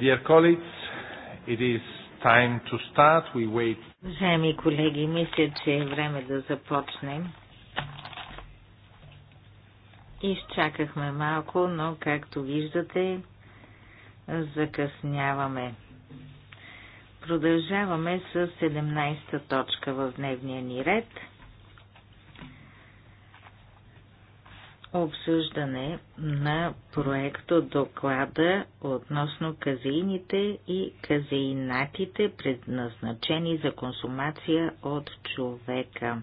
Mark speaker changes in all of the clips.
Speaker 1: Dear colleagues, it is time to start. We wait.
Speaker 2: Уважаеми колеги, мисля, че е време да започнем. Изчакахме малко, но както виждате, закъсняваме. Продължаваме с 17-та точка в дневния ни ред – обсъждане на проекто доклада относно казеините и казеинатите, предназначени за консумация от човека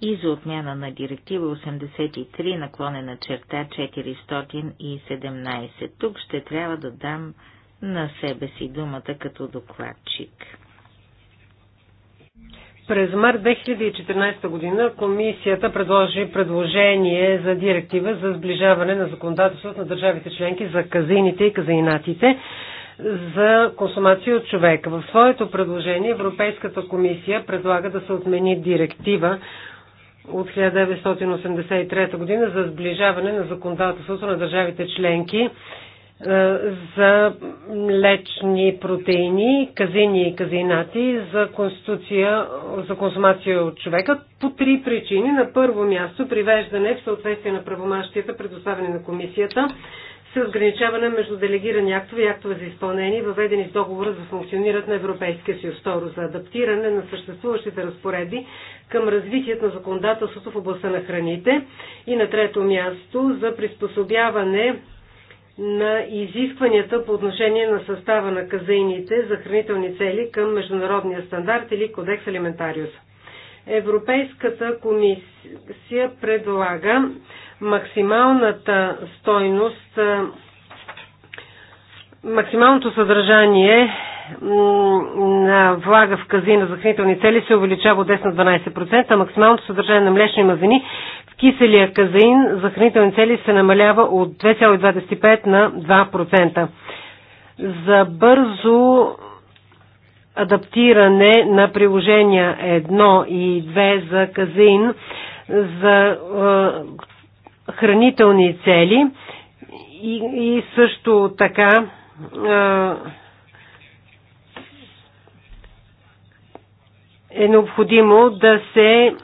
Speaker 2: и за отмяна на директива 83 наклонена черта 417. Тук ще трябва да дам на себе си думата като докладчик. През март
Speaker 1: 2014 година комисията предложи предложение за директива за сближаване на законодателството на държавите членки за казините и казинатите за консумация от човека. В своето предложение Европейската комисия предлага да се отмени директива от 1983 година за сближаване на законодателството на държавите членки е, за млечни протеини, казини и казинати за, конституция, за консумация от човека по три причини. На първо място привеждане в съответствие на правомащията, предоставени на комисията, се разграничаване между делегирани актове и актове за изпълнение, въведени с договора за функционират на Европейския съюз. Второ, за адаптиране на съществуващите разпоредби към развитието на законодателството в областта на храните. И на трето място, за приспособяване на изискванията по отношение на състава на казейните за хранителни цели към международния стандарт или кодекс елементариус. Европейската комисия предлага максималната стойност максималното съдържание на влага в казина за хранителни цели се увеличава от 10 на 12%, а максималното съдържание на млечни мазнини в киселия казаин за хранителни цели се намалява от 2,25 на 2%. За бързо адаптиране на приложения 1 и 2 за казеин за е, хранителни цели и, и също така е, е необходимо да се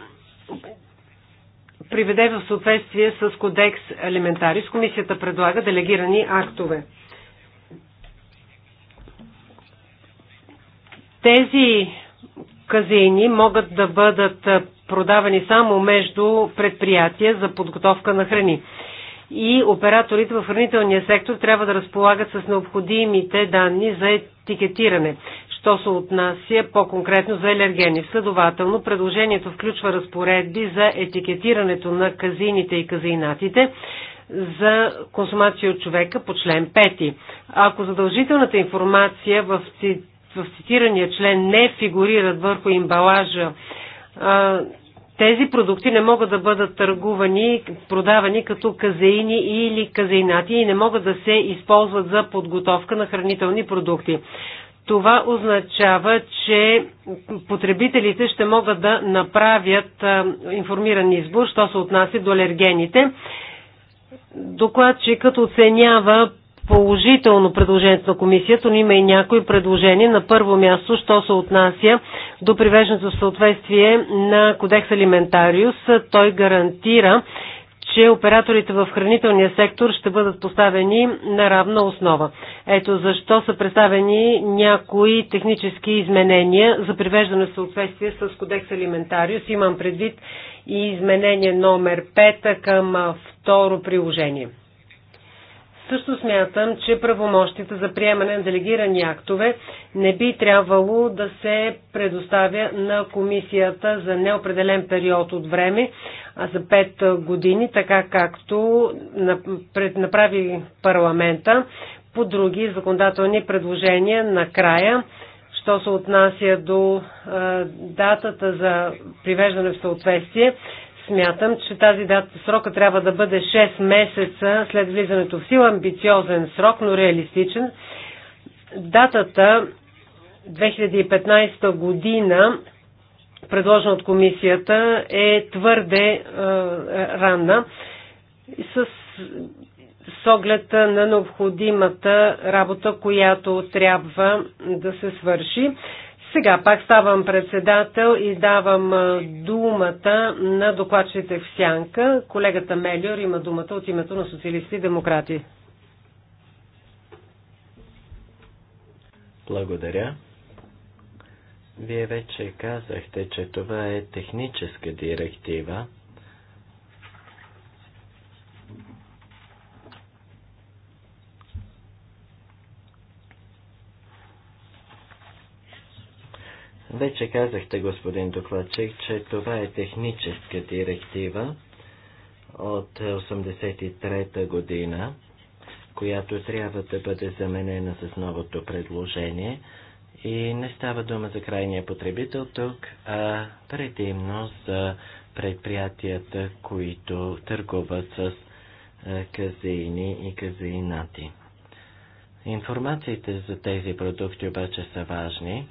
Speaker 1: приведе в съответствие с кодекс елементарис. Комисията предлага делегирани актове. Тези казеини могат да бъдат продавани само между предприятия за подготовка на храни. И операторите в хранителния сектор трябва да разполагат с необходимите данни за етикетиране що се отнася по-конкретно за алергени. Следователно, предложението включва разпоредби за етикетирането на казините и казинатите за консумация от човека по член 5. Ако задължителната информация в, в цитирания член не фигурират върху имбалажа, тези продукти не могат да бъдат търгувани, продавани като казеини или казеинати и не могат да се използват за подготовка на хранителни продукти. Това означава, че потребителите ще могат да направят информиран избор, що се отнася до алергените. Докладчикът оценява положително предложението на комисията, но има и някои предложения. На първо място, що се отнася до привеждането в съответствие на Кодекс Алиментариус, той гарантира че операторите в хранителния сектор ще бъдат поставени на равна основа. Ето защо са представени някои технически изменения за привеждане в съответствие с Кодекс Алиментариус. Имам предвид и изменение номер 5 към второ приложение. Също смятам, че правомощите за приемане на делегирани актове не би трябвало да се предоставя на комисията за неопределен период от време, а за 5 години, така както направи парламента по други законодателни предложения накрая. Що се отнася до датата за привеждане в съответствие, Смятам, че тази дата срока трябва да бъде 6 месеца след влизането в сила. Амбициозен срок, но реалистичен. Датата 2015 година, предложена от комисията, е твърде е, ранна с, с оглед на необходимата работа, която трябва да се свърши. Сега пак ставам председател и давам думата на докладчите в сянка. Колегата Мелиор има думата от името на социалисти и демократи.
Speaker 3: Благодаря. Вие вече казахте, че това е техническа директива. Вече казахте, господин докладчик, че това е техническа директива от 83-та година, която трябва да бъде заменена с новото предложение. И не става дума за крайния потребител тук, а предимно за предприятията, които търгуват с е, казеини и казеинати. Информациите за тези продукти обаче са важни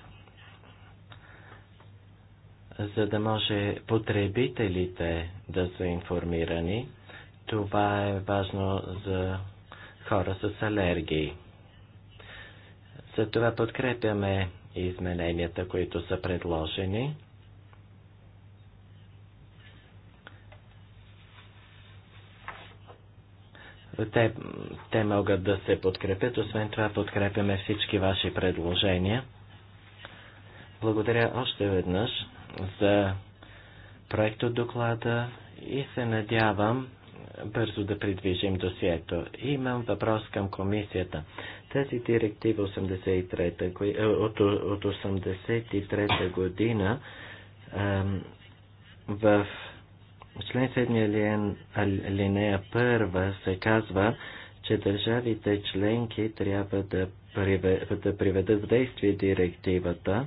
Speaker 3: за да може потребителите да са информирани. Това е важно за хора с алергии. Затова подкрепяме измененията, които са предложени. Те, те могат да се подкрепят. Освен това, подкрепяме всички ваши предложения. Благодаря още веднъж за проекто доклада и се надявам бързо да придвижим досието. Имам въпрос към комисията. Тази директива 83, е, от, от 83 година в член 7 линея 1 се казва, че държавите членки трябва да приведат в действие директивата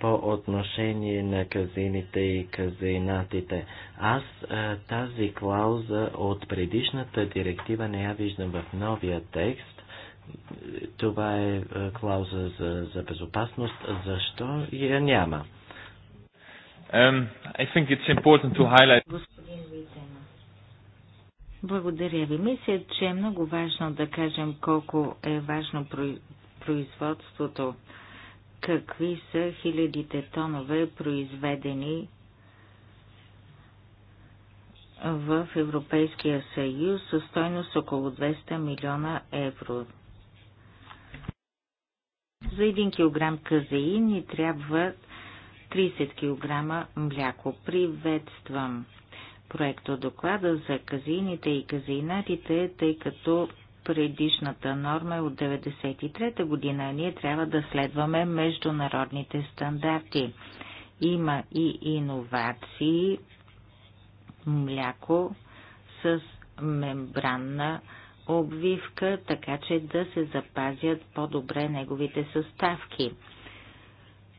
Speaker 3: по отношение на казините и казинатите. Аз а, тази клауза от предишната директива не я виждам в новия текст. Това е клауза за, за безопасност. Защо я няма? Um,
Speaker 2: I think it's important to highlight... Благодаря ви. Мисля, че е много важно да кажем колко е важно производството какви са хилядите тонове произведени в Европейския съюз със стойност около 200 милиона евро. За 1 кг казеин ни трябва 30 кг мляко. Приветствам проекто доклада за казеините и казеинатите, тъй като Предишната норма е от 1993 година. Ние трябва да следваме международните стандарти. Има и иновации, мляко с мембранна обвивка, така че да се запазят по-добре неговите съставки.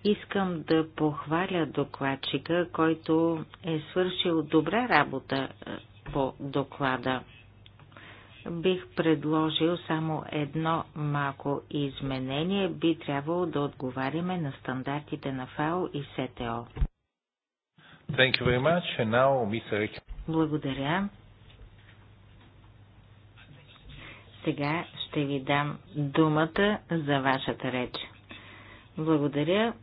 Speaker 2: Искам да похваля докладчика, който е свършил добра работа е, по доклада бих предложил само едно малко изменение. Би трябвало да отговаряме на стандартите на ФАО и СТО.
Speaker 1: Thank you very much. And now, Mr.
Speaker 2: Благодаря. Сега ще ви дам думата за вашата реч. Благодаря.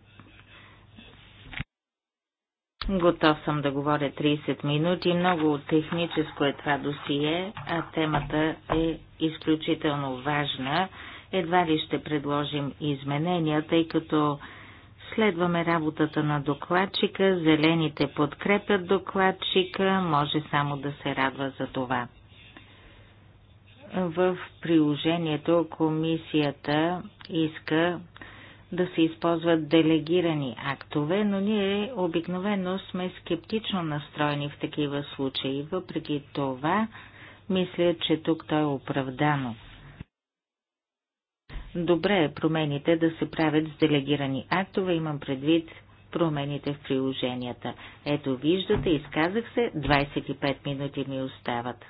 Speaker 2: Готов съм да говоря 30 минути. Много техническо е това досие, а темата е изключително важна. Едва ли ще предложим изменения, тъй като следваме работата на докладчика, зелените подкрепят докладчика, може само да се радва за това. В приложението комисията иска да се използват делегирани актове, но ние обикновено сме скептично настроени в такива случаи. Въпреки това, мисля, че тук то е оправдано. Добре е промените да се правят с делегирани актове, имам предвид промените в приложенията. Ето виждате, изказах се, 25 минути ми остават.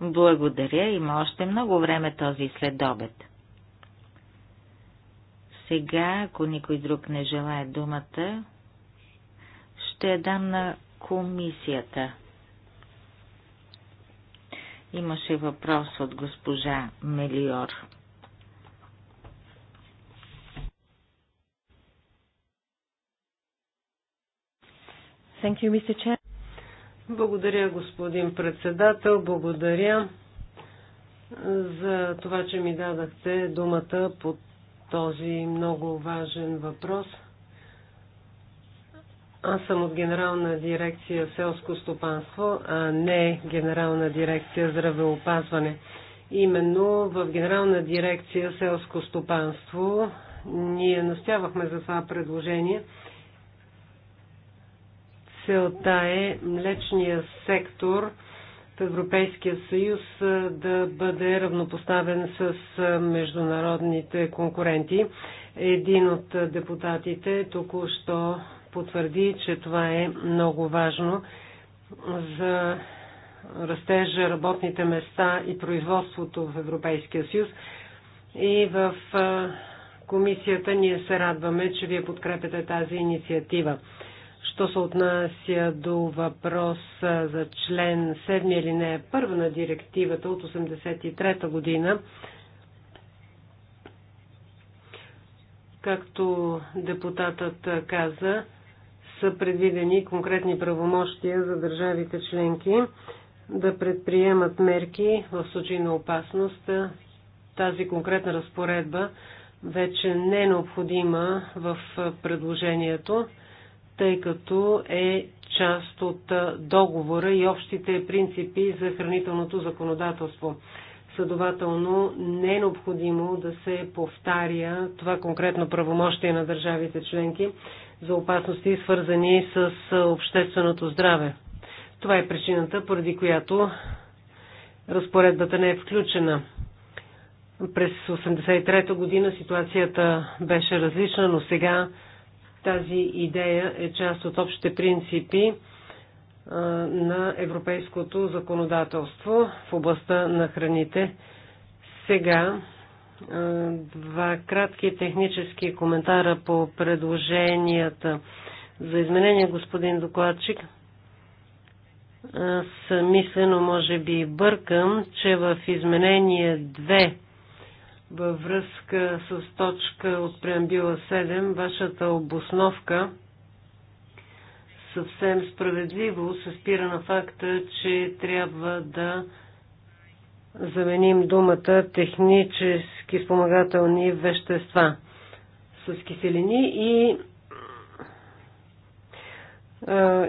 Speaker 2: Благодаря, има още много време този следобед. Сега, ако никой друг не желая думата, ще я дам на комисията. Имаше въпрос от госпожа Мелиор.
Speaker 1: Thank you, Mr. Chair. Благодаря, господин председател. Благодаря за това, че ми дадахте думата под този много важен въпрос. Аз съм от Генерална дирекция селско стопанство, а не Генерална дирекция здравеопазване. Именно в Генерална дирекция селско стопанство ние настявахме за това предложение. Целта е млечния сектор – в Европейския съюз да бъде равнопоставен с международните конкуренти. Един от депутатите току-що потвърди, че това е много важно за растежа, работните места и производството в Европейския съюз. И в комисията ние се радваме, че вие подкрепяте тази инициатива. Що се отнася до въпрос за член 7 или не първа на директивата от 83 година, както депутатът каза, са предвидени конкретни правомощия за държавите членки да предприемат мерки в случай на опасност. Тази конкретна разпоредба вече не е необходима в предложението тъй като е част от договора и общите принципи за хранителното законодателство. Следователно не е необходимо да се повтаря това конкретно правомощие на държавите членки за опасности, свързани с общественото здраве. Това е причината, поради която разпоредбата не е включена. През 1983 година ситуацията беше различна, но сега тази идея е част от общите принципи на европейското законодателство в областта на храните. Сега два кратки технически коментара по предложенията за изменение, господин докладчик. Аз мислено, може би бъркам, че в изменение във връзка с точка от преамбила 7, вашата обосновка съвсем справедливо се спира на факта, че трябва да заменим думата технически спомагателни вещества с киселини и,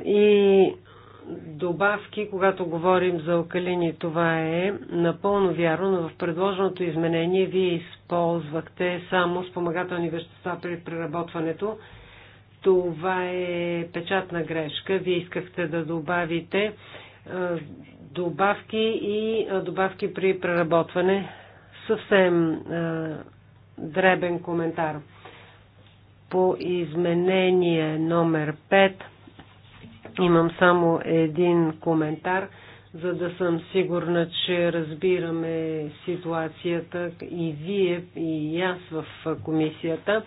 Speaker 1: и добавки, когато говорим за окалини, Това е напълно вярно, но в предложеното изменение вие използвахте само спомагателни вещества при преработването. Това е печатна грешка. Вие искахте да добавите добавки и добавки при преработване. Съвсем дребен коментар. По изменение номер 5 Имам само един коментар, за да съм сигурна, че разбираме ситуацията и вие, и аз в комисията.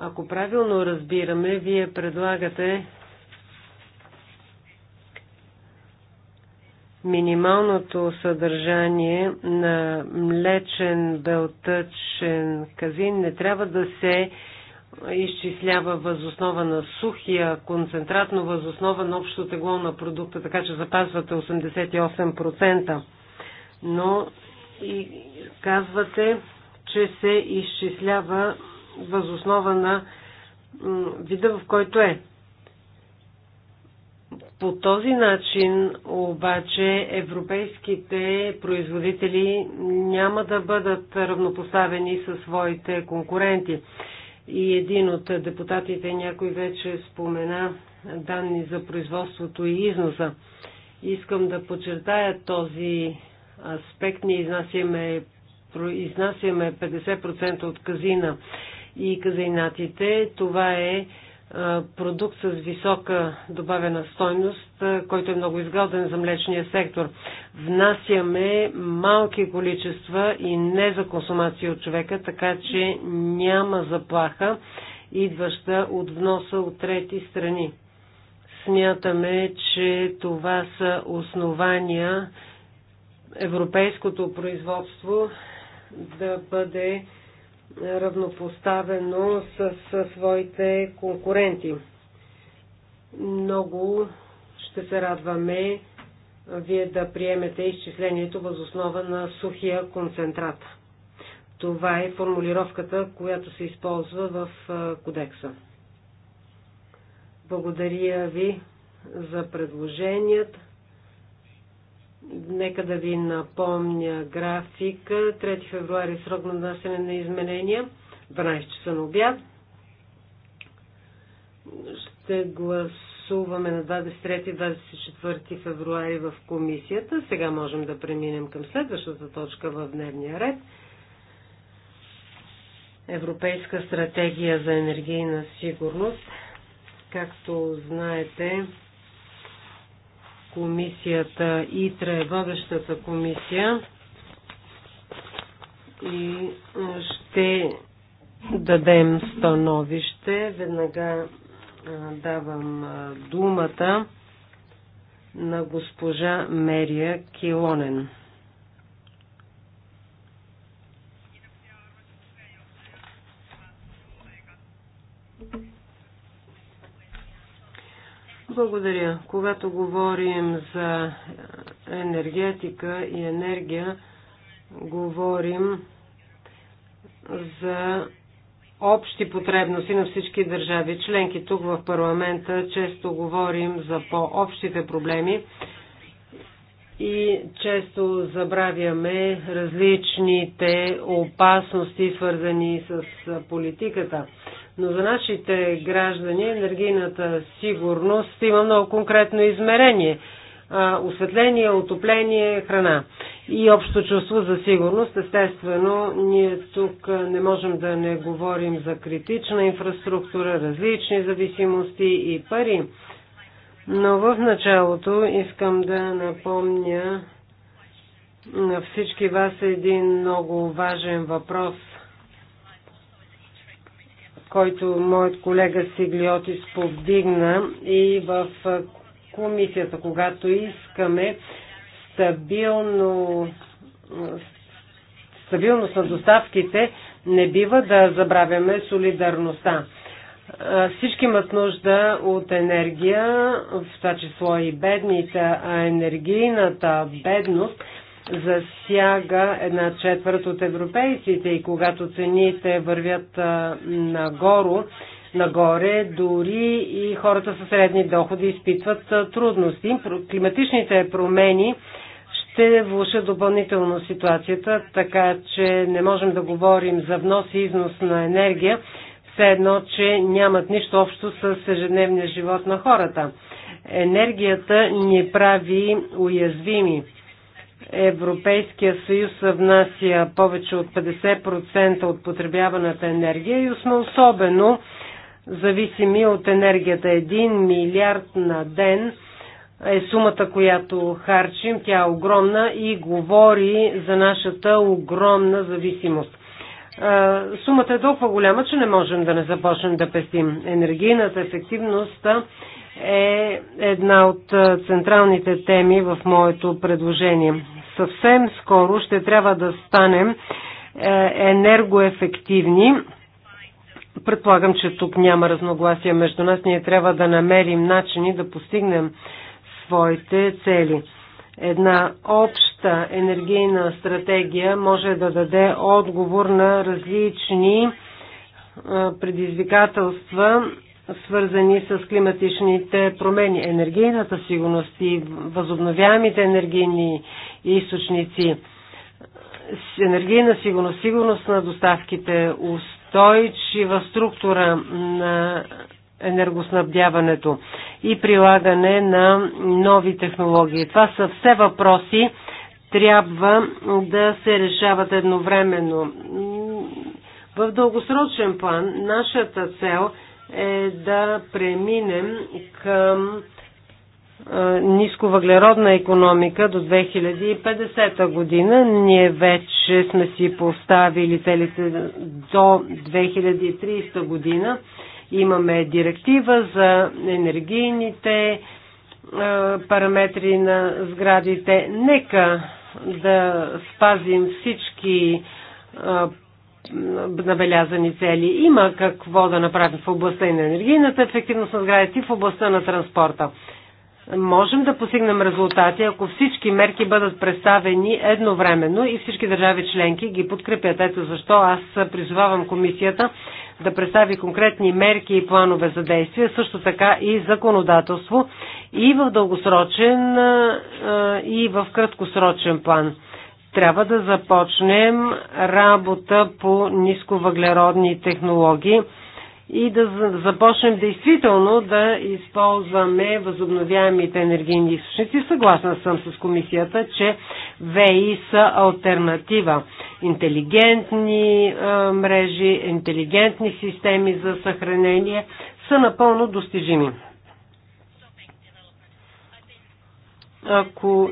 Speaker 1: Ако правилно разбираме, вие предлагате минималното съдържание на млечен белтъчен казин не трябва да се изчислява възоснова на сухия концентрат, но възоснова на общото тегло на продукта, така че запазвате 88%. Но и казвате, че се изчислява възоснова на вида, в който е. По този начин обаче европейските производители няма да бъдат равнопоставени със своите конкуренти и един от депутатите, някой вече спомена данни за производството и износа. Искам да подчертая този аспект. Ние изнасяме, изнасяме 50% от казина и казинатите. Това е продукт с висока добавена стойност, който е много изгоден за млечния сектор. Внасяме малки количества и не за консумация от човека, така че няма заплаха, идваща от вноса от трети страни. Смятаме, че това са основания европейското производство да бъде равнопоставено с, с своите конкуренти. Много ще се радваме вие да приемете изчислението въз основа на сухия концентрат. Това е формулировката, която се използва в кодекса. Благодаря ви за предложенията. Нека да ви напомня графика. 3 февруари е срок на внасяне на изменения. 12 часа на обяд. Ще гласуваме на 23-24 февруари в комисията. Сега можем да преминем към следващата точка в дневния ред. Европейска стратегия за енергийна сигурност. Както знаете, комисията ИТРА е водещата комисия и е, ще дадем становище. Веднага е, давам е, думата на госпожа Мерия Килонен. Благодаря. Когато говорим за енергетика и енергия, говорим за общи потребности на всички държави членки. Тук в парламента често говорим за по-общите проблеми и често забравяме различните опасности, свързани с политиката. Но за нашите граждани енергийната сигурност има много конкретно измерение. Осветление, отопление, храна и общо чувство за сигурност. Естествено, ние тук не можем да не говорим за критична инфраструктура, различни зависимости и пари. Но в началото искам да напомня на всички вас един много важен въпрос, който моят колега Сиглиотис повдигна и в комисията, когато искаме стабилно, стабилност на доставките, не бива да забравяме солидарността. Всички имат нужда от енергия, в това число и бедните, а енергийната бедност – засяга една четвърт от европейците и когато цените вървят нагоро, нагоре, дори и хората със средни доходи изпитват трудности. Климатичните промени ще влушат допълнително ситуацията, така че не можем да говорим за внос и износ на енергия, все едно, че нямат нищо общо с ежедневния живот на хората. Енергията ни прави уязвими Европейския съюз внася повече от 50% от потребяваната енергия и сме особено зависими от енергията. 1 милиард на ден е сумата, която харчим. Тя е огромна и говори за нашата огромна зависимост. Сумата е толкова голяма, че не можем да не започнем да пестим. Енергийната ефективност е една от централните теми в моето предложение съвсем скоро ще трябва да станем е, енергоефективни. Предполагам, че тук няма разногласия между нас. Ние трябва да намерим начини да постигнем своите цели. Една обща енергийна стратегия може да даде отговор на различни е, предизвикателства свързани с климатичните промени, енергийната сигурност и възобновяемите енергийни източници, енергийна сигурност, сигурност на доставките, устойчива структура на енергоснабдяването и прилагане на нови технологии. Това са все въпроси, трябва да се решават едновременно. В дългосрочен план нашата цел е е да преминем към нисковъглеродна економика до 2050 година. Ние вече сме си поставили целите до 2030 година. Имаме директива за енергийните параметри на сградите. Нека да спазим всички набелязани цели. Има какво да направим в областта и на енергийната ефективност на сградите и в областта на транспорта. Можем да постигнем резултати, ако всички мерки бъдат представени едновременно и всички държави членки ги подкрепят. Ето защо аз призовавам комисията да представи конкретни мерки и планове за действие, също така и законодателство и в дългосрочен и в краткосрочен план. Трябва да започнем работа по нисковъглеродни технологии и да започнем действително да използваме възобновяемите енергийни източници. Съгласна съм с комисията, че ВИ са альтернатива. Интелигентни мрежи, интелигентни системи за съхранение са напълно достижими. Ако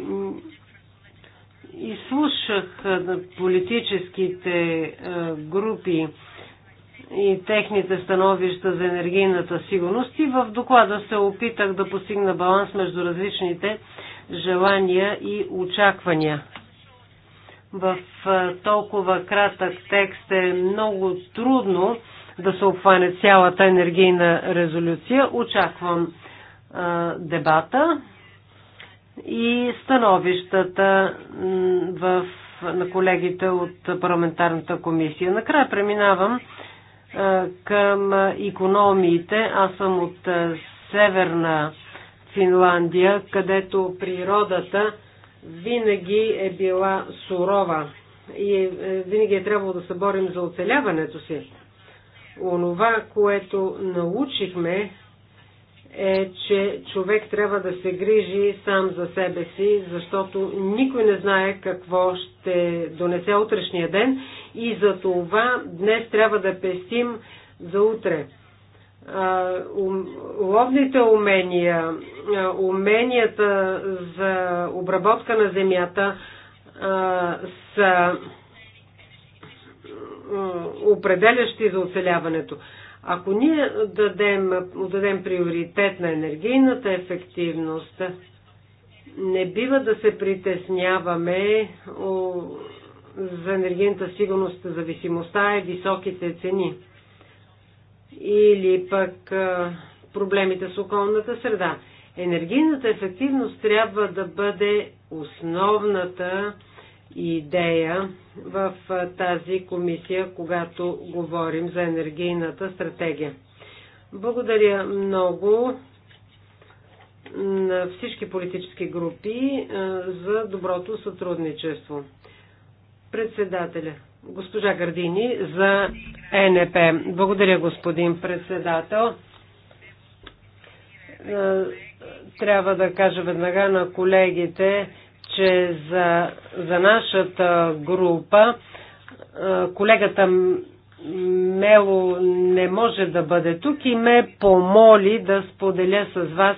Speaker 1: изслушах политическите групи и техните становища за енергийната сигурност и в доклада се опитах да постигна баланс между различните желания и очаквания. В толкова кратък текст е много трудно да се обхване цялата енергийна резолюция. Очаквам а, дебата и становищата в, на колегите от парламентарната комисия. Накрая преминавам към економиите. Аз съм от северна Финландия, където природата винаги е била сурова и е, винаги е трябвало да се борим за оцеляването си. Онова, което научихме е, че човек трябва да се грижи сам за себе си, защото никой не знае какво ще донесе утрешния ден и за това днес трябва да пестим за утре. Ловните умения, уменията за обработка на земята са определящи за оцеляването. Ако ние дадем, дадем приоритет на енергийната ефективност, не бива да се притесняваме за енергийната сигурност, зависимостта и е високите цени. Или пък проблемите с околната среда. Енергийната ефективност трябва да бъде основната идея в тази комисия, когато говорим за енергийната стратегия. Благодаря много на всички политически групи за доброто сътрудничество. Председателя, госпожа Гардини за ЕНП. Благодаря, господин председател. Трябва да кажа веднага на колегите, че за, за нашата група колегата Мело не може да бъде тук и ме помоли да споделя с вас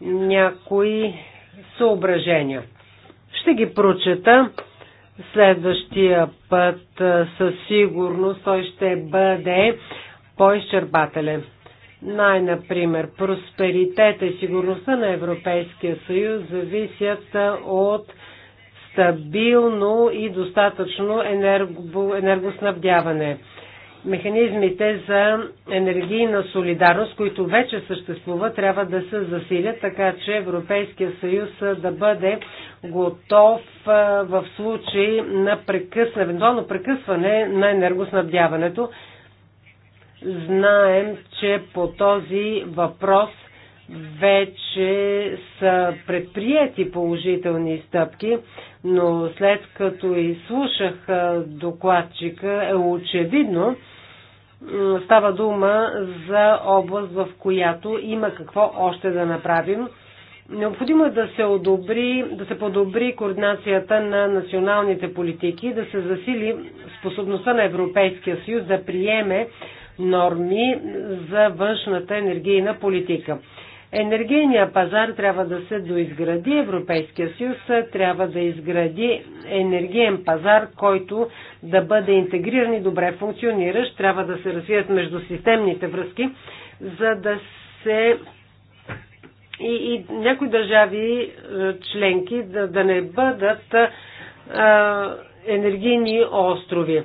Speaker 1: някои съображения. Ще ги прочета. Следващия път със сигурност той ще бъде по-изчерпателен. Най-например, просперитета и сигурността на Европейския съюз зависят от стабилно и достатъчно енергоснабдяване. Механизмите за енергийна солидарност, които вече съществуват, трябва да се засилят, така че Европейския съюз да бъде готов в случай на прекъсване, евентуално прекъсване на енергоснабдяването Знаем, че по този въпрос вече са предприяти положителни стъпки, но след като изслушах докладчика е очевидно, става дума за област, в която има какво още да направим. Необходимо е да се, одобри, да се подобри координацията на националните политики, да се засили способността на Европейския съюз да приеме норми за външната енергийна политика. Енергийният пазар трябва да се доизгради, Европейския съюз трябва да изгради енергиен пазар, който да бъде интегриран и добре функциониращ, трябва да се развият междусистемните връзки, за да се и, и някои държави е, членки да, да не бъдат а, е, енергийни острови.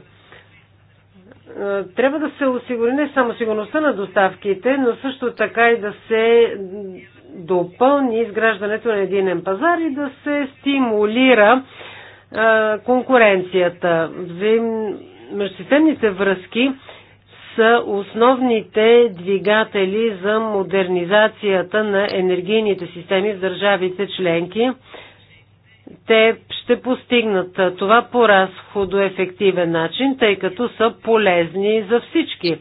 Speaker 1: Е, трябва да се осигури не само сигурността на доставките, но също така и да се допълни изграждането на единен пазар и да се стимулира е, конкуренцията. Междусистемните връзки са основните двигатели за модернизацията на енергийните системи в държавите членки те ще постигнат това по разходоефективен начин, тъй като са полезни за всички,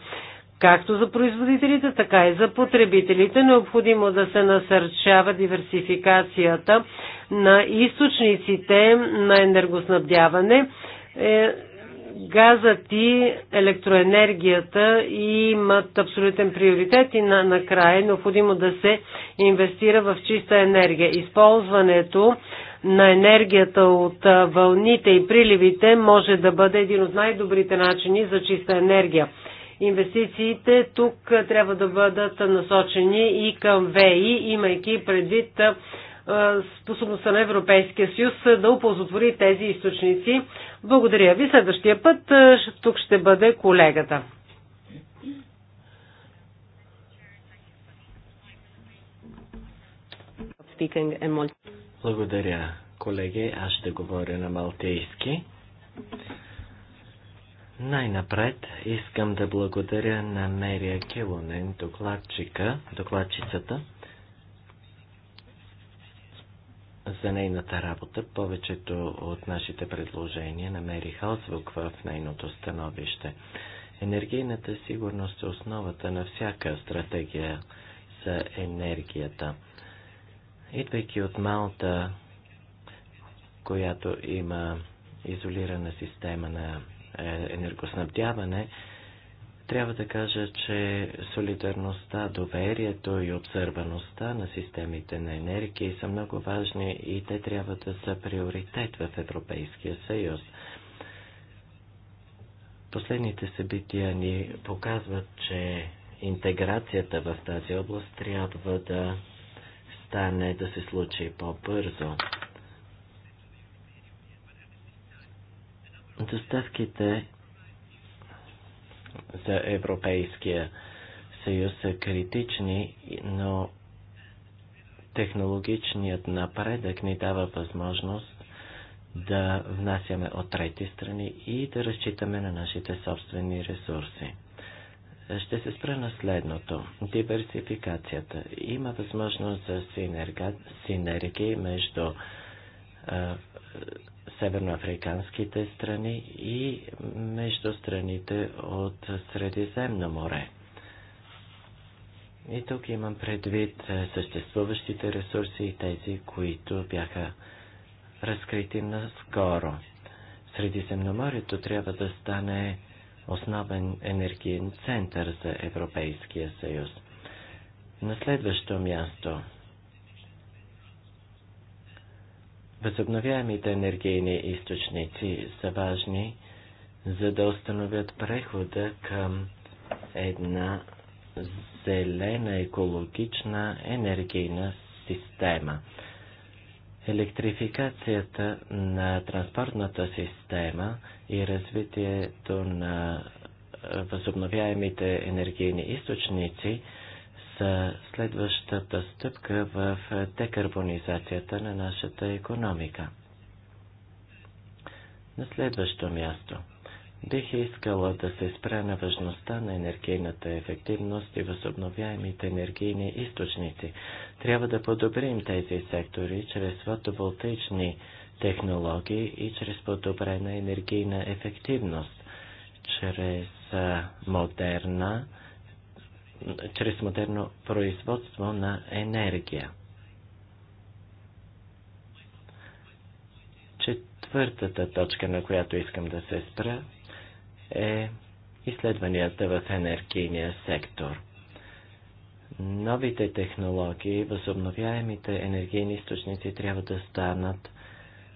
Speaker 1: както за производителите, така и за потребителите. Необходимо да се насърчава диверсификацията на източниците на енергоснабдяване. Е, газът и електроенергията имат абсолютен приоритет и на, накрая е необходимо да се инвестира в чиста енергия. Използването на енергията от вълните и приливите може да бъде един от най-добрите начини за чиста енергия. Инвестициите тук трябва да бъдат насочени и към ВЕИ, имайки предвид способността на Европейския съюз да оползотвори тези източници. Благодаря ви. Следващия път тук ще бъде колегата.
Speaker 3: Благодаря, колеги. Аз ще говоря на малтейски. Най-напред искам да благодаря на Мерия Килонен, докладчика, докладчицата, за нейната работа. Повечето от нашите предложения намериха отзвук в нейното становище. Енергийната сигурност е основата на всяка стратегия за енергията. Идвайки от Малта, която има изолирана система на е, енергоснабдяване, трябва да кажа, че солидарността, доверието и обсърваността на системите на енергия са много важни и те трябва да са приоритет в Европейския съюз. Последните събития ни показват, че интеграцията в тази област трябва да стане, да се случи по-бързо. Доставките за Европейския съюз са критични, но технологичният напредък ни дава възможност да внасяме от трети страни и да разчитаме на нашите собствени ресурси. Ще се спра на следното. Диверсификацията. Има възможност за синерга... синергии между северноафриканските страни и между страните от Средиземно море. И тук имам предвид съществуващите ресурси и тези, които бяха разкрити наскоро. Средиземноморието трябва да стане основен енергиен център за Европейския съюз. На следващо място Възобновяемите енергийни източници са важни, за да установят прехода към една зелена екологична енергийна система. Електрификацията на транспортната система и развитието на възобновяемите енергийни източници са следващата стъпка в декарбонизацията на нашата економика. На следващо място – Бих искала да се спра на важността на енергийната ефективност и възобновяемите енергийни източници. Трябва да подобрим тези сектори чрез фотоволтаични технологии и чрез подобрена енергийна ефективност, чрез модерна, чрез модерно производство на енергия. Четвъртата точка, на която искам да се спра, е изследванията в енергийния сектор. Новите технологии, възобновяемите енергийни източници трябва да станат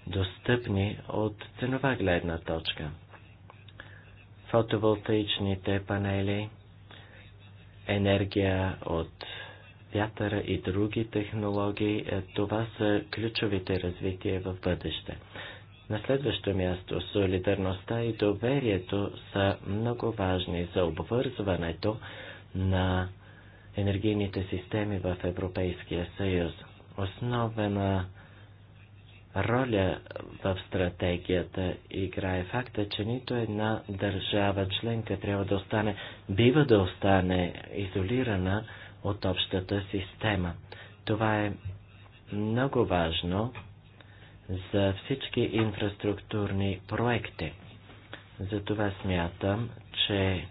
Speaker 3: достъпни от ценова гледна точка. Фотоволтаичните панели, енергия от вятъра и други технологии, е, това са ключовите развития в бъдеще. На следващо място, солидарността и доверието са много важни за обвързването на енергийните системи в Европейския съюз. Основена роля в стратегията играе факта, че нито една държава членка трябва да остане, бива да остане изолирана от общата система. Това е много важно за всички инфраструктурни проекти. Затова смятам, че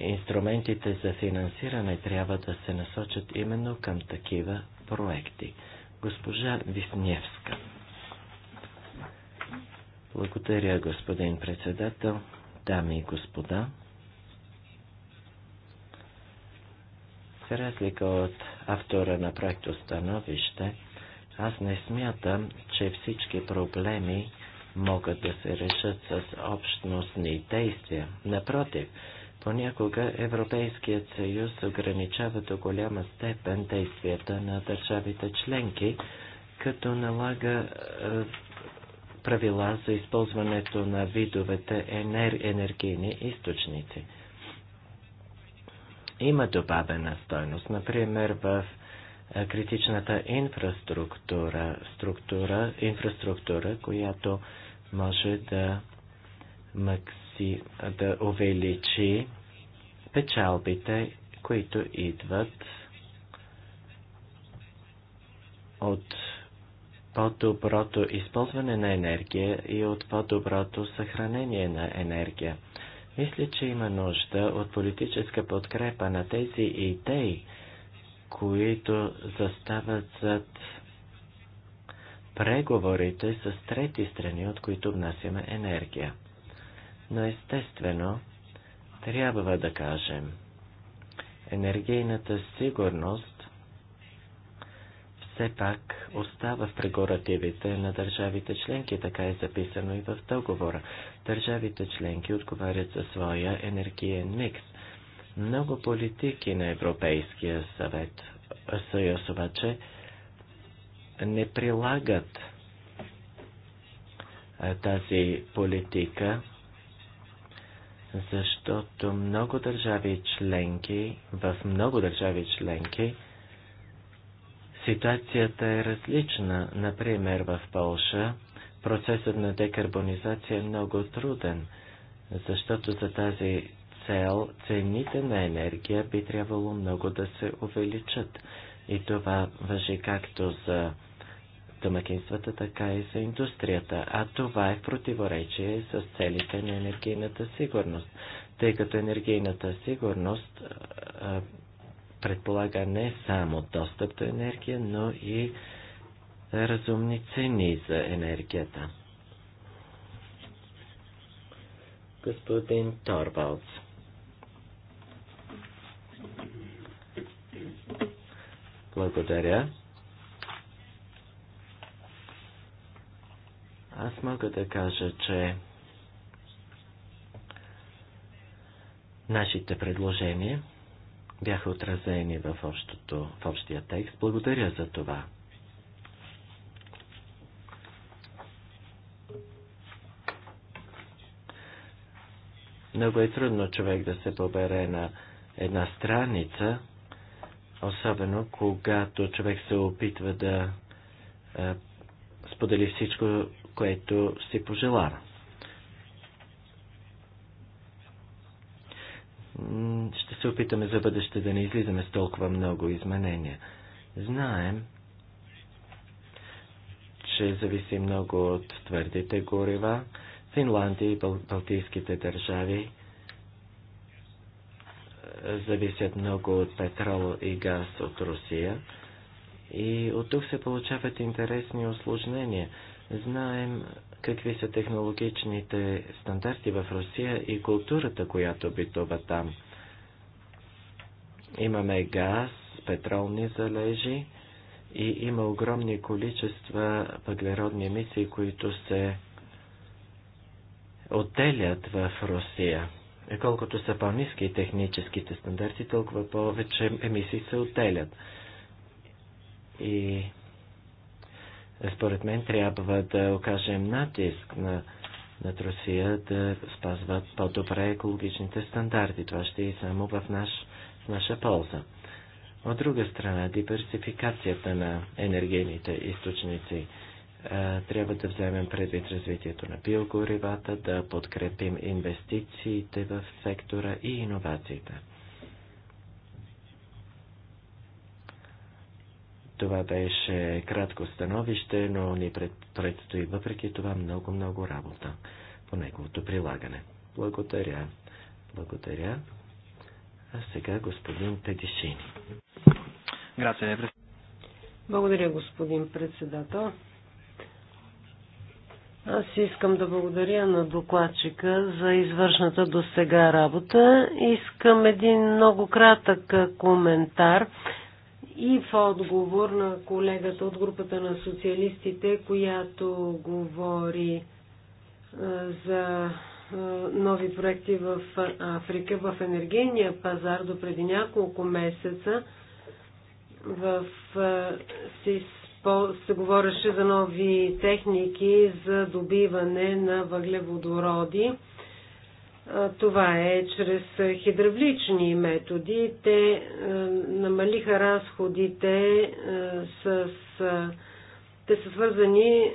Speaker 3: инструментите за финансиране трябва да се насочат именно към такива проекти. Госпожа Висневска. Благодаря, господин председател, дами и господа. За разлика от автора на проекто становище, аз не смятам, че всички проблеми могат да се решат с общностни действия. Напротив, понякога Европейският съюз ограничава до голяма степен действията на държавите членки, като налага е, правила за използването на видовете енер... енергийни източници. Има добавена стойност, например в е, критичната инфраструктура, структура, инфраструктура, която може да, макси, да увеличи печалбите, които идват от по-доброто използване на енергия и от по-доброто съхранение на енергия. Мисля, че има нужда от политическа подкрепа на тези идеи, които застават зад преговорите с трети страни, от които внасяме енергия. Но естествено, трябва да кажем, енергийната сигурност все пак остава в прегоративите на държавите членки, така е записано и в договора. Държавите членки отговарят за своя енергиен микс. Много политики на Европейския съвет, съюз обаче не прилагат тази политика, защото много държави членки, в много държави членки, ситуацията е различна. Например, в Полша процесът на декарбонизация е много труден, защото за тази цел цените на енергия би трябвало много да се увеличат. И това въжи както за домакинствата, така и за индустрията. А това е в противоречие с целите на енергийната сигурност, тъй като енергийната сигурност а, предполага не само достъп до енергия, но и разумни цени за енергията. Господин Торвалдс. Благодаря. Аз мога да кажа, че нашите предложения бяха отразени в, общото, в общия текст. Благодаря за това. Много е трудно човек да се побере на една страница, Особено когато човек се опитва да е, сподели всичко, което си пожелава. Ще се опитаме за бъдеще да не излизаме с толкова много изменения. Знаем, че зависи много от твърдите горива. Финландия и Бал- Балтийските държави зависят много от петрол и газ от Русия. И от тук се получават интересни осложнения. Знаем какви са технологичните стандарти в Русия и културата, която битува там. Имаме газ, петролни залежи и има огромни количества въглеродни емисии, които се отделят в Русия. Е колкото са по-низки техническите стандарти, толкова повече емисии се отделят. И според мен трябва да окажем натиск на, на Русия да спазват по-добре екологичните стандарти. Това ще е само в, наш, в наша полза. От друга страна, диверсификацията на енергийните източници – е, трябва да вземем предвид развитието на биогоривата, да подкрепим инвестициите в сектора и иновациите. Това беше кратко становище, но ни предстои въпреки това много-много работа по неговото прилагане. Благодаря. Благодаря. А сега господин Педишини. Е
Speaker 1: Благодаря, господин председател. Аз искам да благодаря на докладчика за извършната до сега работа. Искам един много кратък коментар и в отговор на колегата от групата на социалистите, която говори за нови проекти в Африка, в енергийния пазар до преди няколко месеца в СИС се говореше за нови техники за добиване на въглеводороди. Това е чрез хидравлични методи. Те е, намалиха разходите е, с. Е, те са свързани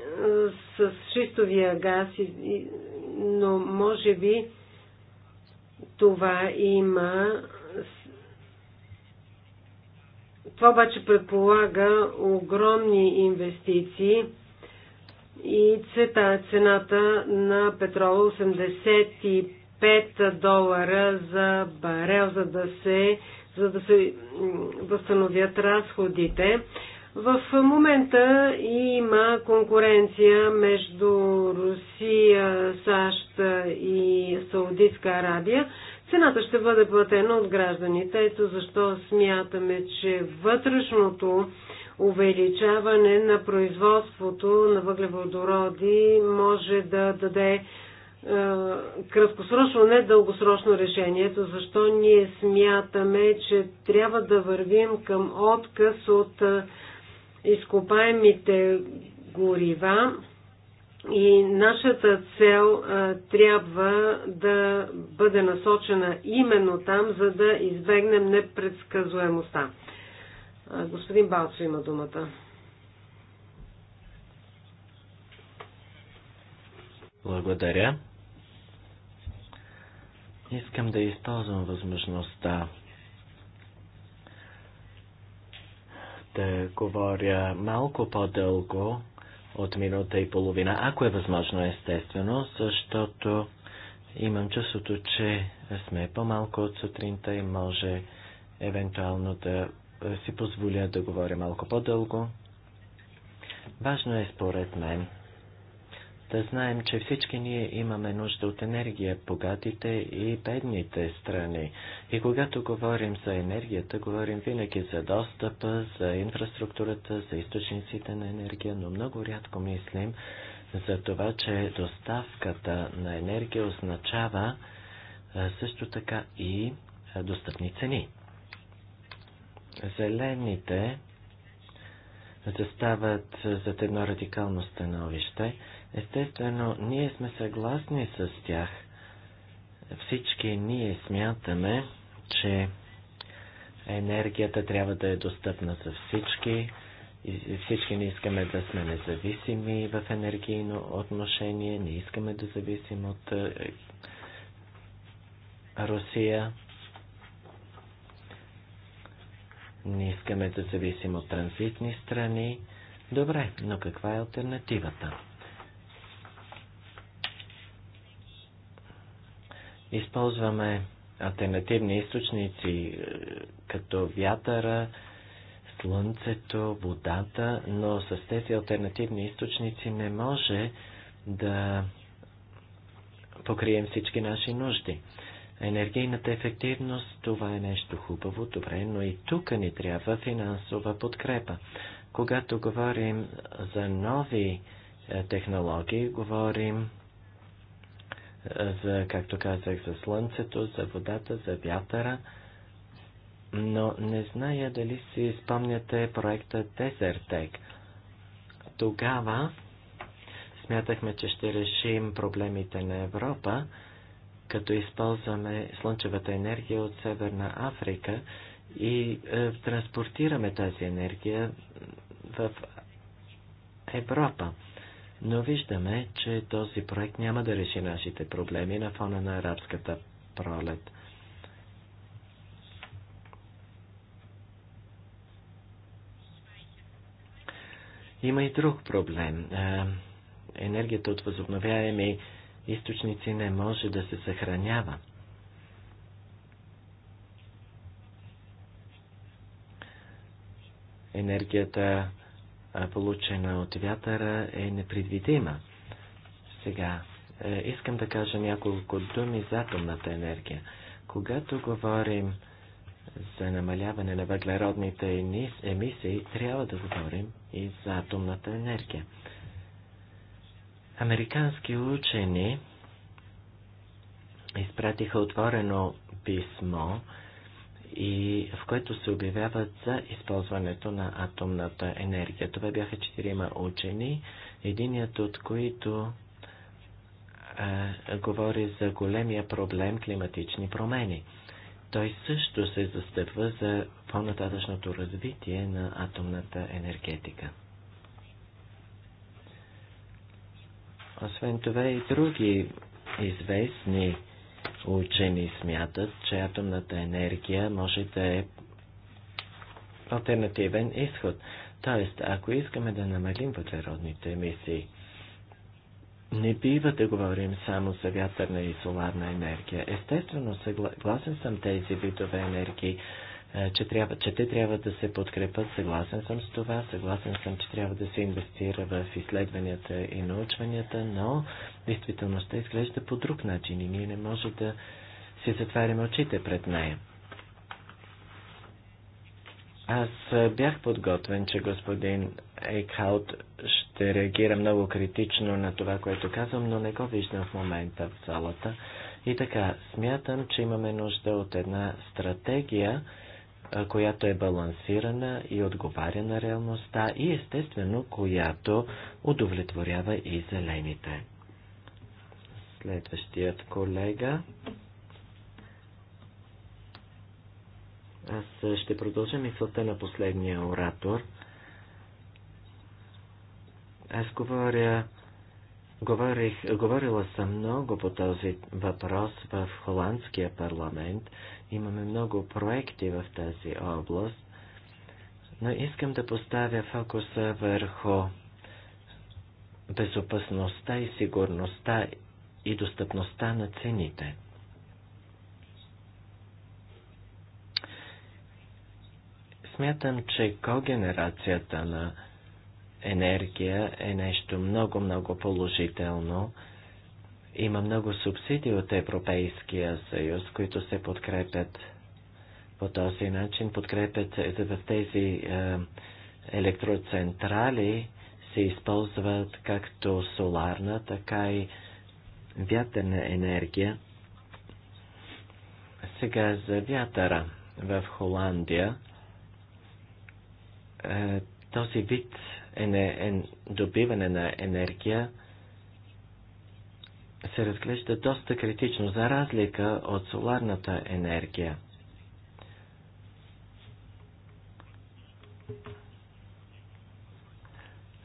Speaker 1: с шистовия газ, но може би това има това обаче предполага огромни инвестиции и цвета, цената на петрола 85 е долара за барел, за да се, за да се възстановят разходите. В момента има конкуренция между Русия, САЩ и Саудитска Арабия. Цената ще бъде платена от гражданите. Ето защо смятаме, че вътрешното увеличаване на производството на въглеводороди може да даде е, краткосрочно, не дългосрочно решение. Ето защо ние смятаме, че трябва да вървим към отказ от е, изкопаемите горива и нашата цел а, трябва да бъде насочена именно там, за да избегнем непредсказуемостта. А, господин Балцо има думата.
Speaker 3: Благодаря. Искам да използвам възможността да говоря малко по-дълго от минута и половина, ако е възможно, естествено, защото имам чувството, че сме по-малко от сутринта и може евентуално да си позволя да говоря малко по-дълго. Важно е, според мен, да знаем, че всички ние имаме нужда от енергия, богатите и бедните страни. И когато говорим за енергията, говорим винаги за достъпа, за инфраструктурата, за източниците на енергия, но много рядко мислим за това, че доставката на енергия означава също така и достъпни цени. Зелените застават зад едно радикално становище – Естествено, ние сме съгласни с тях. Всички ние смятаме, че енергията трябва да е достъпна за всички. И всички не искаме да сме независими в енергийно отношение, не искаме да зависим от е, Русия. Не искаме да зависим от транзитни страни. Добре, но каква е альтернативата? Използваме альтернативни източници, е, като вятъра, слънцето, водата, но с тези альтернативни източници не може да покрием всички наши нужди. Енергийната ефективност, това е нещо хубаво, добре, но и тук ни трябва финансова подкрепа. Когато говорим за нови е, технологии, говорим за, както казах, за слънцето, за водата, за вятъра, но не зная дали си спомняте проекта Desertec. Тогава смятахме, че ще решим проблемите на Европа, като използваме слънчевата енергия от Северна Африка и е, транспортираме тази енергия в Европа. Но виждаме, че този проект няма да реши нашите проблеми на фона на арабската пролет. Има и друг проблем. Енергията от възобновяеми източници не може да се съхранява. Енергията получена от вятъра, е непредвидима. Сега, е, искам да кажа няколко думи за атомната енергия. Когато говорим за намаляване на въглеродните емисии, трябва да говорим и за атомната енергия. Американски учени изпратиха отворено писмо и в което се обявяват за използването на атомната енергия. Това бяха четирима учени, единият от които а, говори за големия проблем климатични промени. Той също се застъпва за по-нататъчното развитие на атомната енергетика. Освен това и други известни учени смятат, че атомната енергия може да е альтернативен изход. Тоест, ако искаме да намалим въглеродните емисии, не бива да говорим само за вятърна и соларна енергия. Естествено, съгласен съм тези видове енергии е, че, трябва, че те трябва да се подкрепят. Съгласен съм с това, съгласен съм, че трябва да се инвестира в изследванията и научванията, но действителността изглежда по друг начин и ние не може да си затваряме очите пред нея. Аз е, бях подготвен, че господин Ейкхаут ще реагира много критично на това, което казвам, но не го виждам в момента в залата. И така, смятам, че имаме нужда от една стратегия, която е балансирана и отговаря на реалността и естествено, която удовлетворява и зелените. Следващият колега. Аз ще продължа мисълта на последния оратор. Аз говоря, говорих, говорила съм много по този въпрос в Холандския парламент Имаме много проекти в тази област, но искам да поставя фокуса върху безопасността и сигурността и достъпността на цените. Смятам, че когенерацията на енергия е нещо много-много положително има много субсидии от Европейския съюз, които се подкрепят по този начин, подкрепят е, в тези е, електроцентрали, се използват както соларна, така и вятърна енергия. Сега за вятъра в Холандия. Е, този вид е, е, добиване на енергия се разглежда доста критично, за разлика от соларната енергия.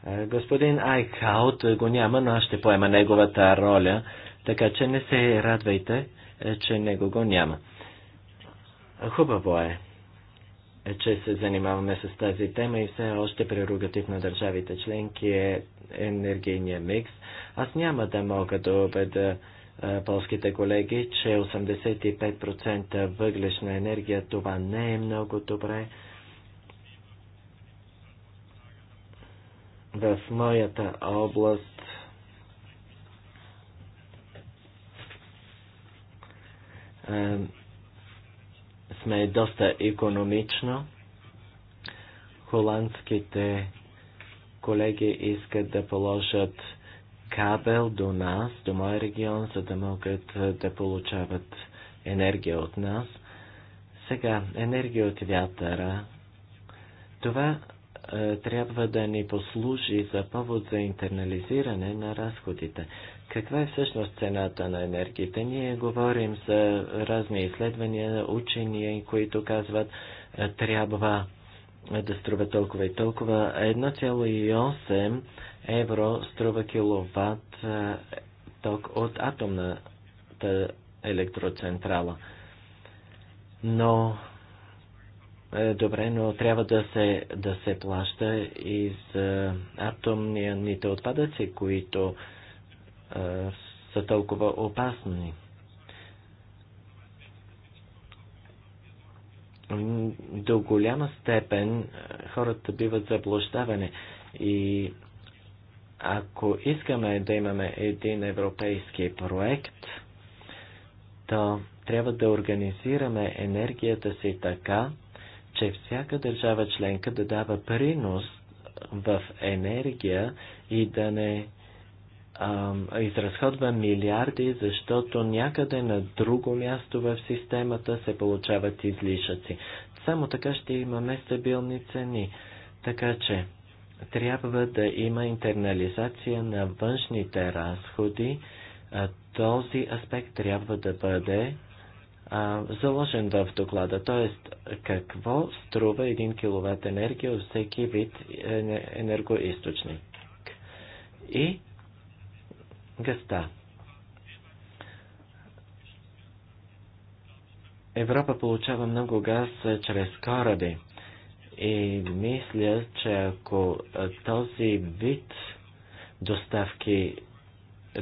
Speaker 3: Е, господин Айкаут го няма, но аз ще поема неговата роля, така че не се радвайте, е, че него го няма. Хубаво е. Е, че се занимаваме с тази тема и все още прерогатив на държавите членки е енергийния микс. Аз няма да мога да убеда е, полските колеги, че 85% въглешна енергия това не е много добре. В моята област е, сме доста економично. Холандските колеги искат да положат кабел до нас, до моя регион, за да могат да получават енергия от нас. Сега, енергия от вятъра. Това е, трябва да ни послужи за повод за интернализиране на разходите. Каква е всъщност цената на енергията? Ние говорим за разни изследвания, учения, които казват, е, трябва да струва толкова и толкова. 1,8 евро струва киловатт е, ток от атомната електроцентрала. Но е, добре, но трябва да се, да се плаща и за атомните отпадъци, които са толкова опасни. До голяма степен хората биват заблуждавани и ако искаме да имаме един европейски проект, то трябва да организираме енергията си така, че всяка държава членка да дава принос в енергия и да не изразходва милиарди, защото някъде на друго място в системата се получават излишъци. Само така ще имаме стабилни цени. Така че трябва да има интернализация на външните разходи. а Този аспект трябва да бъде а, заложен в доклада, Тоест, какво струва 1 кВт енергия от всеки вид е, енергоисточник. И гъста. Европа получава много газ чрез кораби. И мисля, че ако този вид доставки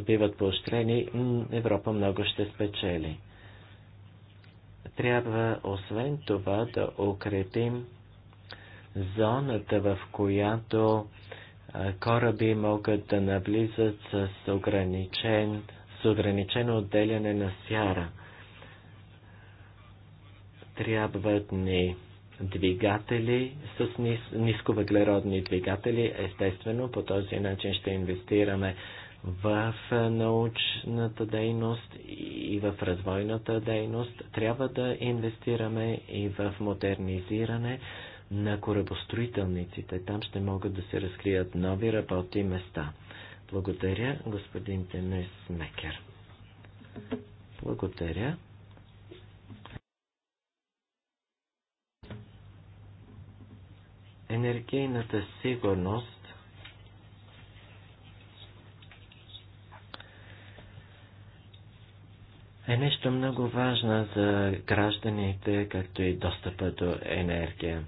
Speaker 3: биват поощрени, Европа много ще спечели. Трябва освен това да укрепим зоната, в която кораби могат да наблизат с, ограничен, с ограничено отделяне на сяра. Трябват ни двигатели с нис, нисковъглеродни двигатели. Естествено, по този начин ще инвестираме в научната дейност и в развойната дейност. Трябва да инвестираме и в модернизиране на корабостроителниците. Там ще могат да се разкрият нови работни места. Благодаря, господин Денис Мекер. Благодаря. Енергийната сигурност е нещо много важно за гражданите, както и достъпа до енергия.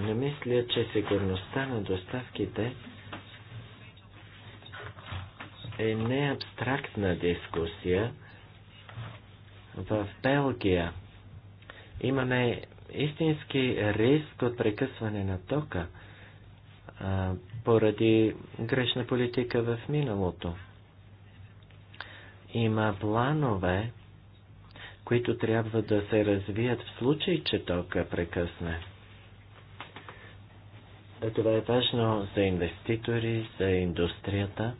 Speaker 3: Не мисля, че сигурността на доставките е не абстрактна дискусия. В Белгия имаме истински риск от прекъсване на тока а, поради грешна политика в миналото. Има планове, които трябва да се развият в случай, че тока прекъсне. Това е важно за инвеститори, за индустрията,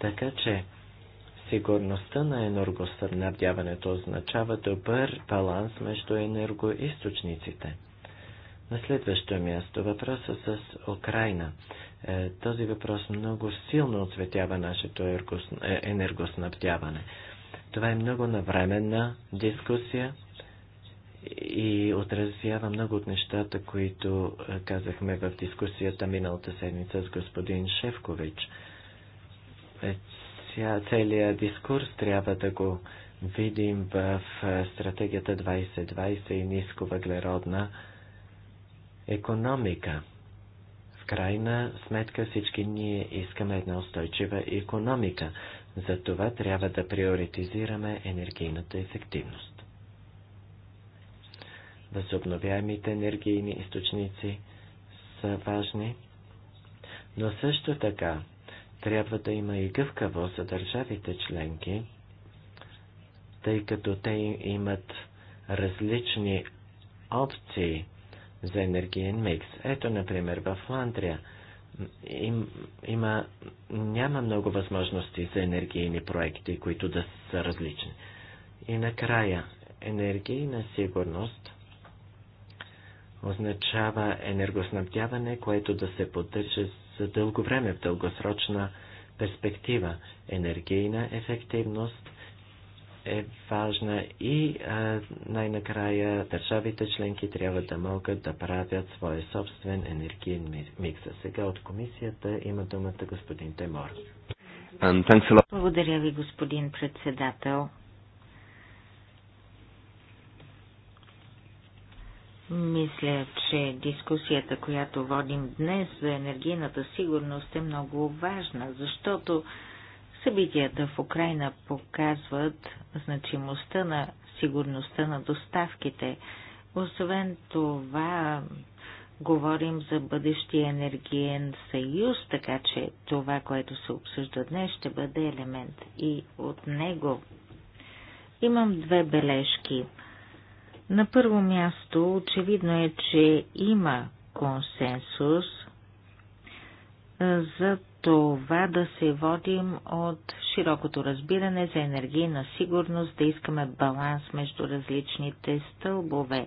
Speaker 3: така че сигурността на енергоснабдяването означава добър баланс между енергоисточниците. На следващо място въпроса с Украина. Е, този въпрос много силно отсветява нашето е, енергоснабдяване. Това е много навременна дискусия и отразява много от нещата, които е, казахме в дискусията миналата седмица с господин Шевкович. Е, целият дискурс трябва да го видим в е, стратегията 2020 и ниско въглеродна економика. В крайна сметка всички ние искаме една устойчива економика. За това трябва да приоритизираме енергийната ефективност. Възобновяемите енергийни източници са важни, но също така трябва да има и гъвкаво за държавите членки, тъй като те имат различни опции за енергиен микс. Ето, например, в Фландрия им, има, няма много възможности за енергийни проекти, които да са различни. И накрая, енергийна сигурност означава енергоснабдяване, което да се поддържа за дълго време, в дългосрочна перспектива. Енергийна ефективност е важна и най-накрая държавите членки трябва да могат да правят своя собствен енергиен микс. сега от комисията има думата господин Темор.
Speaker 2: Благодаря ви, господин председател. Мисля, че дискусията, която водим днес за енергийната сигурност е много важна, защото събитията в Украина показват значимостта на сигурността на доставките. Освен това, говорим за бъдещия енергиен съюз, така че това, което се обсъжда днес, ще бъде елемент и от него. Имам две бележки – на първо място, очевидно е, че има консенсус за това да се водим от широкото разбиране за енергийна сигурност, да искаме баланс между различните стълбове.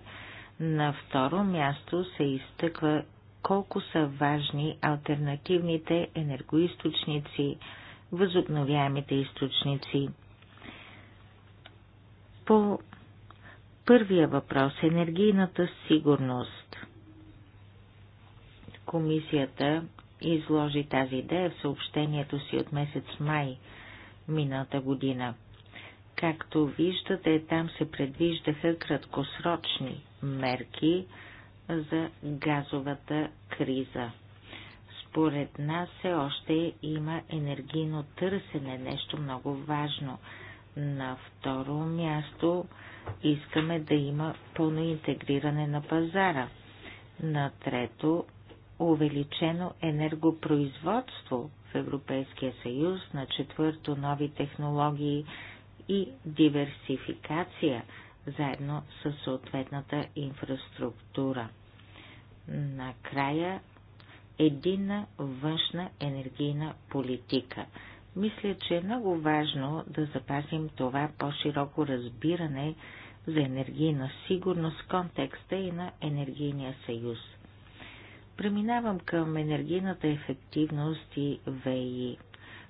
Speaker 2: На второ място се изтъква колко са важни альтернативните енергоисточници, възобновяемите източници. По Първия въпрос – енергийната сигурност. Комисията изложи тази идея в съобщението си от месец май миналата година. Както виждате, там се предвиждаха краткосрочни мерки за газовата криза. Според нас все още има енергийно търсене, нещо много важно. На второ място Искаме да има пълно интегриране на пазара. На трето, увеличено енергопроизводство в Европейския съюз. На четвърто, нови технологии и диверсификация заедно с съответната инфраструктура. Накрая единна външна енергийна политика. Мисля, че е много важно да запазим това по-широко разбиране за енергийна сигурност в контекста и на енергийния съюз. Преминавам към енергийната ефективност и ВИ.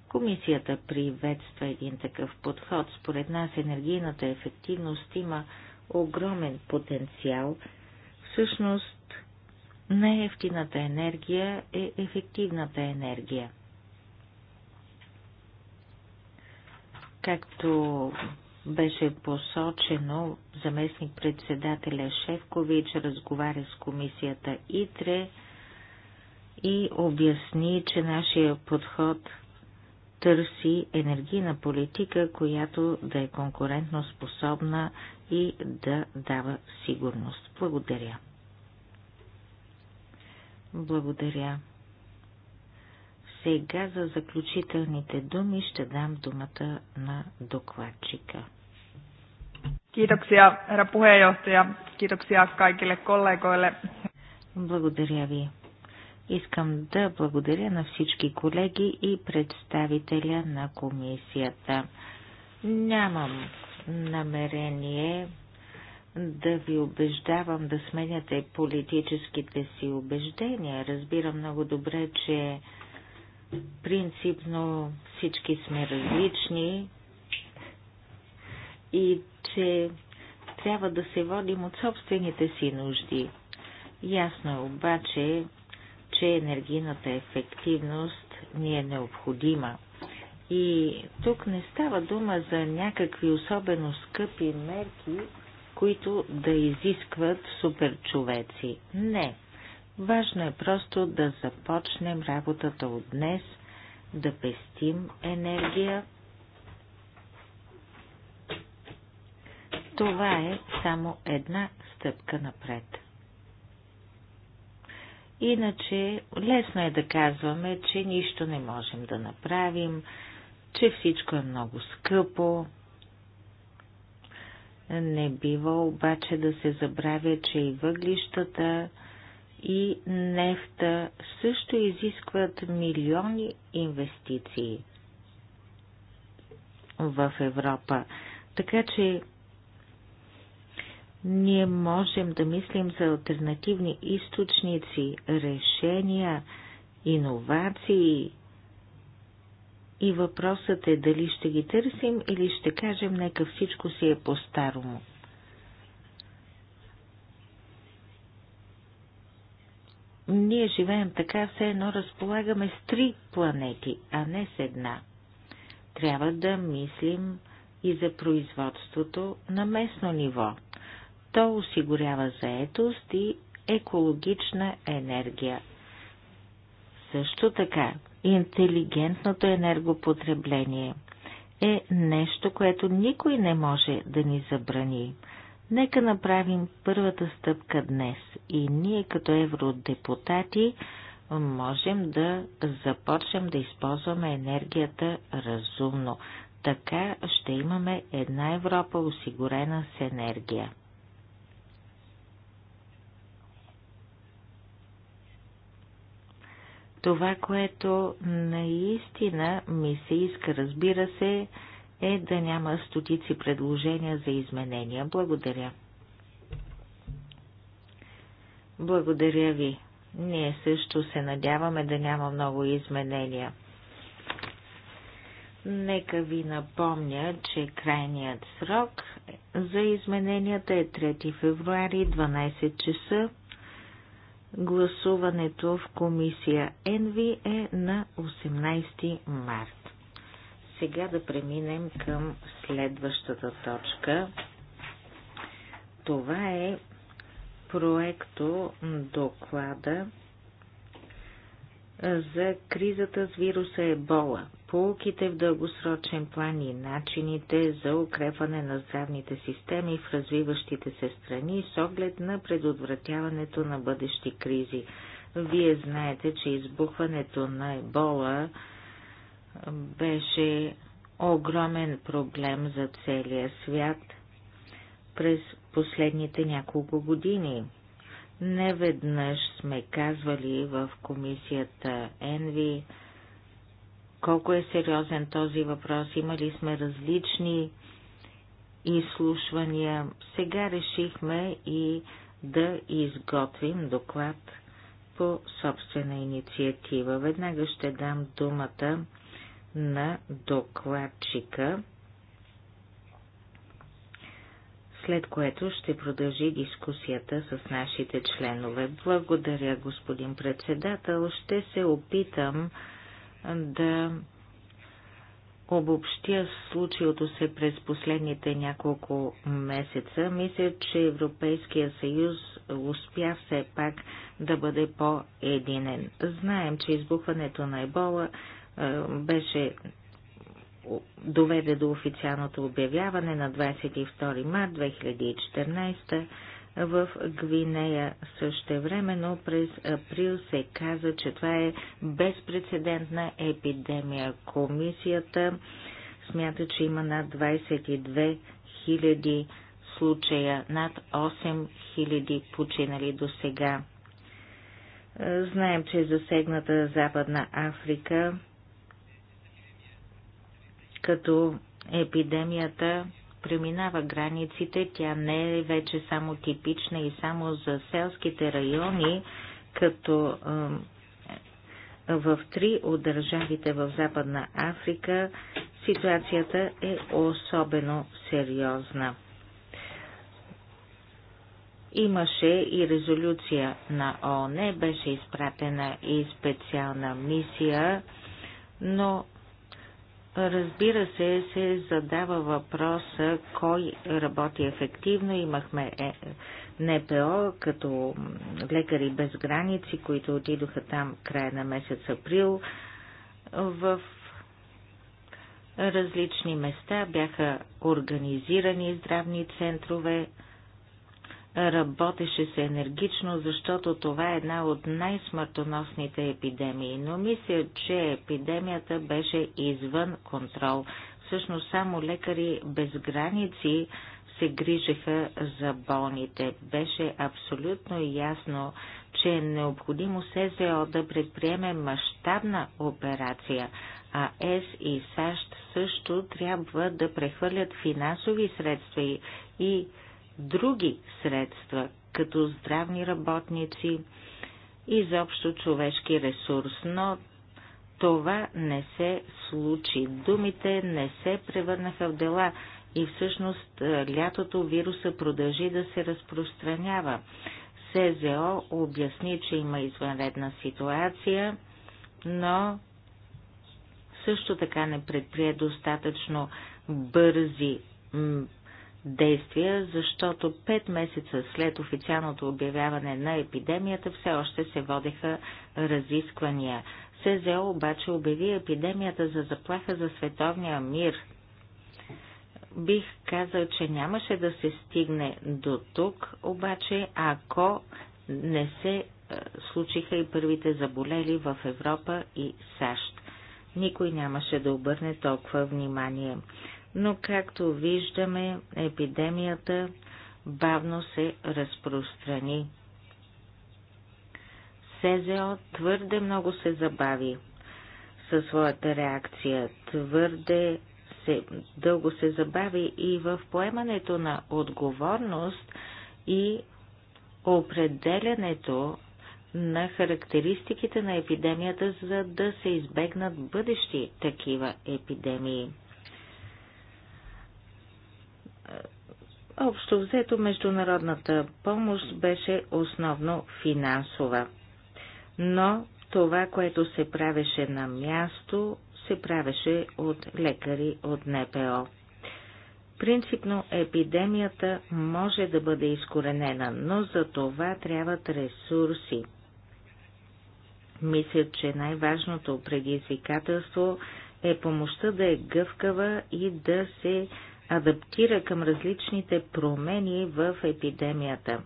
Speaker 2: Комисията приветства един такъв подход. Според нас енергийната ефективност има огромен потенциал. Всъщност, най-ефтината енергия е ефективната енергия – Както беше посочено, заместник председателя Шевкович разговаря с комисията ИТРЕ и обясни, че нашия подход търси енергийна политика, която да е конкурентно способна и да дава сигурност. Благодаря. Благодаря. Сега за заключителните думи ще дам думата на докладчика. Kiitoksia, herra puheenjohtaja. Kiitoksia kaikille kollegoille. Благодаря ви. Искам да благодаря на всички колеги и представителя на комисията. Нямам намерение да ви убеждавам да сменяте политическите си убеждения. Разбирам много добре, че принципно всички сме различни и че трябва да се водим от собствените си нужди. Ясно е обаче, че енергийната ефективност ни е необходима. И тук не става дума за някакви особено скъпи мерки, които да изискват суперчовеци. Не. Важно е просто да започнем работата от днес, да пестим енергия. Това е само една стъпка напред. Иначе лесно е да казваме, че нищо не можем да направим, че всичко е много скъпо. Не бива обаче да се забравя, че и въглищата и нефта също изискват милиони инвестиции в Европа. Така че ние можем да мислим за альтернативни източници, решения, иновации. И въпросът е дали ще ги търсим или ще кажем нека всичко си е по-старому. Ние живеем така, все едно разполагаме с три планети, а не с една. Трябва да мислим и за производството на местно ниво. То осигурява заетост и екологична енергия. Също така, интелигентното енергопотребление е нещо, което никой не може да ни забрани. Нека направим първата стъпка днес и ние като евродепутати можем да започнем да използваме енергията разумно. Така ще имаме една Европа осигурена с енергия. Това, което наистина ми се иска, разбира се, е е да няма стотици предложения за изменения. Благодаря. Благодаря ви. Ние също се надяваме да няма много изменения. Нека ви напомня, че крайният срок за измененията е 3 февруари 12 часа. Гласуването в комисия НВ е на 18 март. Сега да преминем към следващата точка. Това е проекто доклада за кризата с вируса Ебола, полуките в дългосрочен план и начините за укрепване на здравните системи в развиващите се страни с оглед на предотвратяването на бъдещи кризи. Вие знаете, че избухването на Ебола – беше огромен проблем за целия свят през последните няколко години. Неведнъж сме казвали в комисията Енви колко е сериозен този въпрос. Имали сме различни изслушвания. Сега решихме и да изготвим доклад по собствена инициатива. Веднага ще дам думата на докладчика, след което ще продължи дискусията с нашите членове. Благодаря, господин председател. Ще се опитам да обобщя случилото се през последните няколко месеца, мисля, че Европейския съюз успя все пак да бъде по-единен. Знаем, че избухването на ебола е, беше доведе до официалното обявяване на 22 март 2014 в Гвинея. също но през април се каза, че това е безпредседентна епидемия. Комисията смята, че има над 22 000 случая, над 8 000 починали до сега. Е, знаем, че е засегната Западна Африка като епидемията преминава границите, тя не е вече само типична и само за селските райони, като в три от държавите в Западна Африка ситуацията е особено сериозна. Имаше и резолюция на ООН, беше изпратена и специална мисия, но Разбира се, се задава въпроса кой работи ефективно. Имахме е, НПО като лекари без граници, които отидоха там края на месец април. В различни места бяха организирани здравни центрове, Работеше се енергично, защото това е една от най-смъртоносните епидемии, но мисля, че епидемията беше извън контрол. Всъщност само лекари без граници се грижеха за болните. Беше абсолютно ясно, че е необходимо СЗО да предприеме мащабна операция, а ЕС и САЩ също трябва да прехвърлят финансови средства и, и други средства, като здравни работници, изобщо човешки ресурс, но това не се случи. Думите не се превърнаха в дела и всъщност е, лятото вируса продължи да се разпространява. СЗО обясни, че има извънредна ситуация, но също така не предприе достатъчно бързи действия, защото пет месеца след официалното обявяване на епидемията все още се водеха разисквания. СЗО обаче обяви епидемията за заплаха за световния мир. Бих казал, че нямаше да се стигне до тук, обаче ако не се е, случиха и първите заболели в Европа и САЩ. Никой нямаше да обърне толкова внимание но както виждаме, епидемията бавно се разпространи. СЗО твърде много се забави със своята реакция, твърде се, дълго се забави и в поемането на отговорност и определянето на характеристиките на епидемията, за да се избегнат бъдещи такива епидемии. Общо взето международната помощ беше основно финансова. Но това, което се правеше на място, се правеше от лекари от НПО. Принципно епидемията може да бъде изкоренена, но за това трябват ресурси. Мисля, че най-важното предизвикателство е помощта да е гъвкава и да се адаптира към различните промени в епидемията.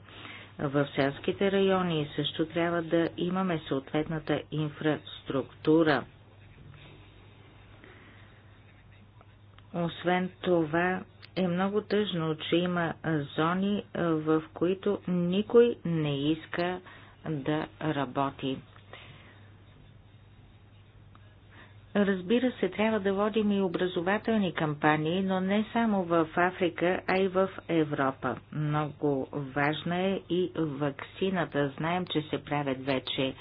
Speaker 2: В селските райони също трябва да имаме съответната инфраструктура. Освен това, е много тъжно, че има зони, в които никой не иска да работи. Разбира се, трябва да водим и образователни кампании, но не само в Африка, а и в Европа. Много важна е и ваксината. Знаем, че се правят вече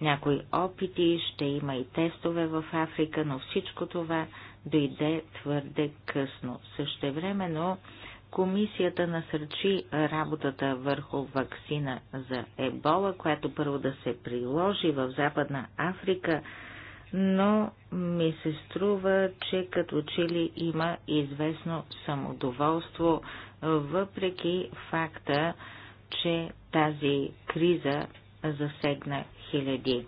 Speaker 2: някои опити, ще има и тестове в Африка, но всичко това дойде твърде късно. Същевременно комисията насърчи работата върху вакцина за ебола, която първо да се приложи в Западна Африка – но ми се струва, че като че ли има известно самодоволство, въпреки факта, че тази криза засегна хиляди.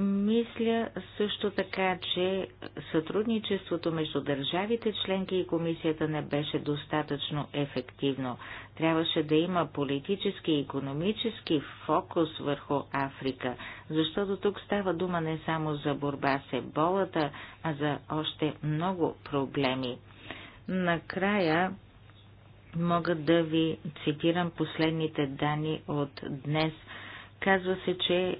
Speaker 2: Мисля също така, че сътрудничеството между държавите членки и комисията не беше достатъчно ефективно. Трябваше да има политически и економически фокус върху Африка, защото тук става дума не само за борба с еболата, а за още много проблеми. Накрая мога да ви цитирам последните данни от днес – Казва се, че е,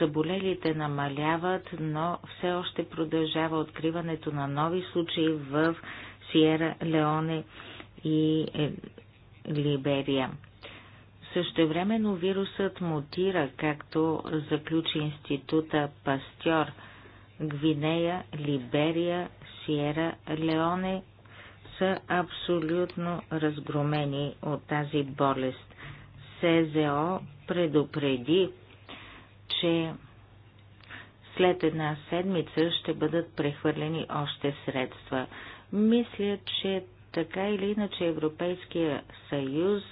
Speaker 2: заболелите намаляват, но все още продължава откриването на нови случаи в Сиера Леоне и е, Либерия. Същевременно вирусът мутира, както заключи института Пастьор. Гвинея, Либерия, Сиера Леоне са абсолютно разгромени от тази болест. СЗО предупреди, че след една седмица ще бъдат прехвърлени още средства. Мисля, че така или иначе Европейския съюз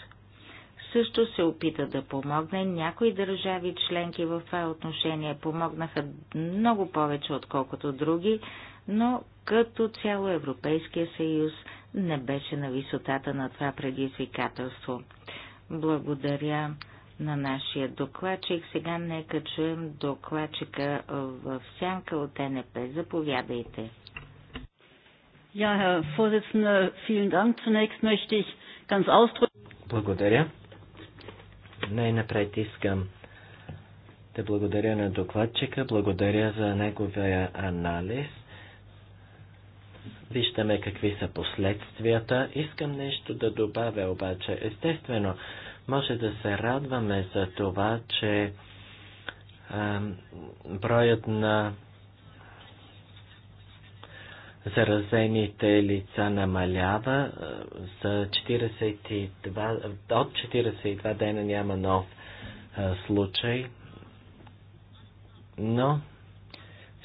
Speaker 2: също се опита да помогне. Някои държави членки в това отношение помогнаха много повече, отколкото други, но като цяло Европейския съюз не беше на висотата на това предизвикателство. Благодаря на нашия докладчик. Сега нека чуем докладчика в сянка от НП. Заповядайте. Ja, Herr Vorsitzender, vielen Dank. Zunächst möchte ich ganz ausdrücklich.
Speaker 3: Благодаря. Най-напред искам да благодаря на докладчика, благодаря за неговия анализ. Виждаме какви са последствията. Искам нещо да добавя обаче. Естествено, може да се радваме за това, че а, броят на заразените лица намалява. За 42, от 42 дена няма нов а, случай. Но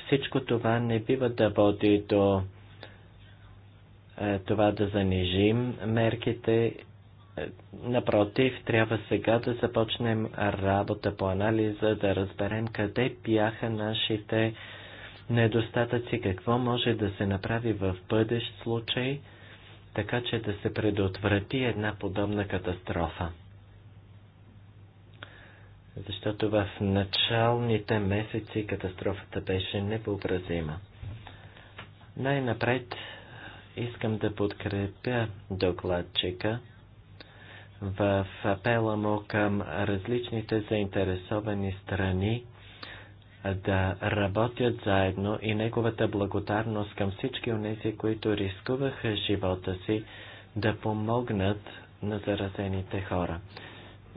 Speaker 3: всичко това не бива да води до това да занижим мерките Напротив, трябва сега да започнем работа по анализа, да разберем къде бяха нашите недостатъци, какво може да се направи в бъдещ случай, така че да се предотврати една подобна катастрофа. Защото в началните месеци катастрофата беше непообразима. Най-напред искам да подкрепя докладчика в апела му към различните заинтересовани страни да работят заедно и неговата благодарност към всички тези, които рискуваха живота си да помогнат на заразените хора.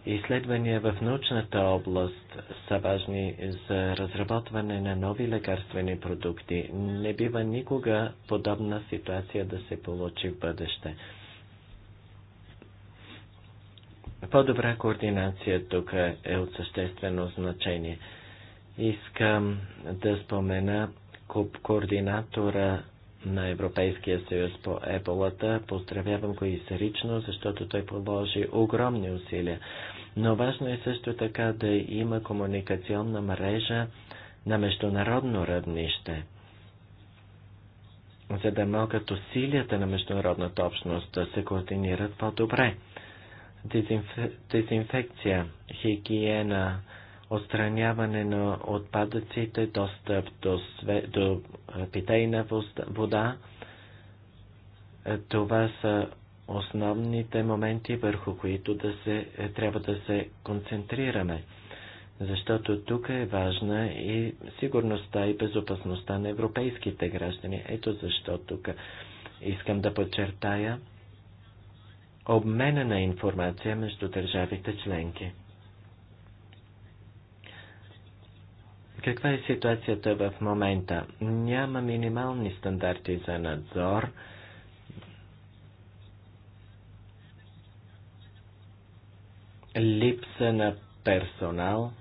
Speaker 3: Изследвания в научната област са важни за разработване на нови лекарствени продукти. Не бива никога подобна ситуация да се получи в бъдеще. По-добра координация тук е, е от съществено значение. Искам да спомена координатора на Европейския съюз по еболата. Поздравявам го изрично, защото той положи огромни усилия. Но важно е също така да има комуникационна мрежа на международно равнище, за да могат усилията на международната общност да се координират по-добре дезинф... дезинфекция, хигиена, отстраняване на отпадъците, достъп до, све... до питейна вода. Е, това са основните моменти, върху които да се, е, трябва да се концентрираме. Защото тук е важна и сигурността и безопасността на европейските граждани. Ето защо тук искам да подчертая, обмена на информация между държавите членки. Каква е ситуацията в момента? Няма минимални стандарти за надзор. Липса на персонал,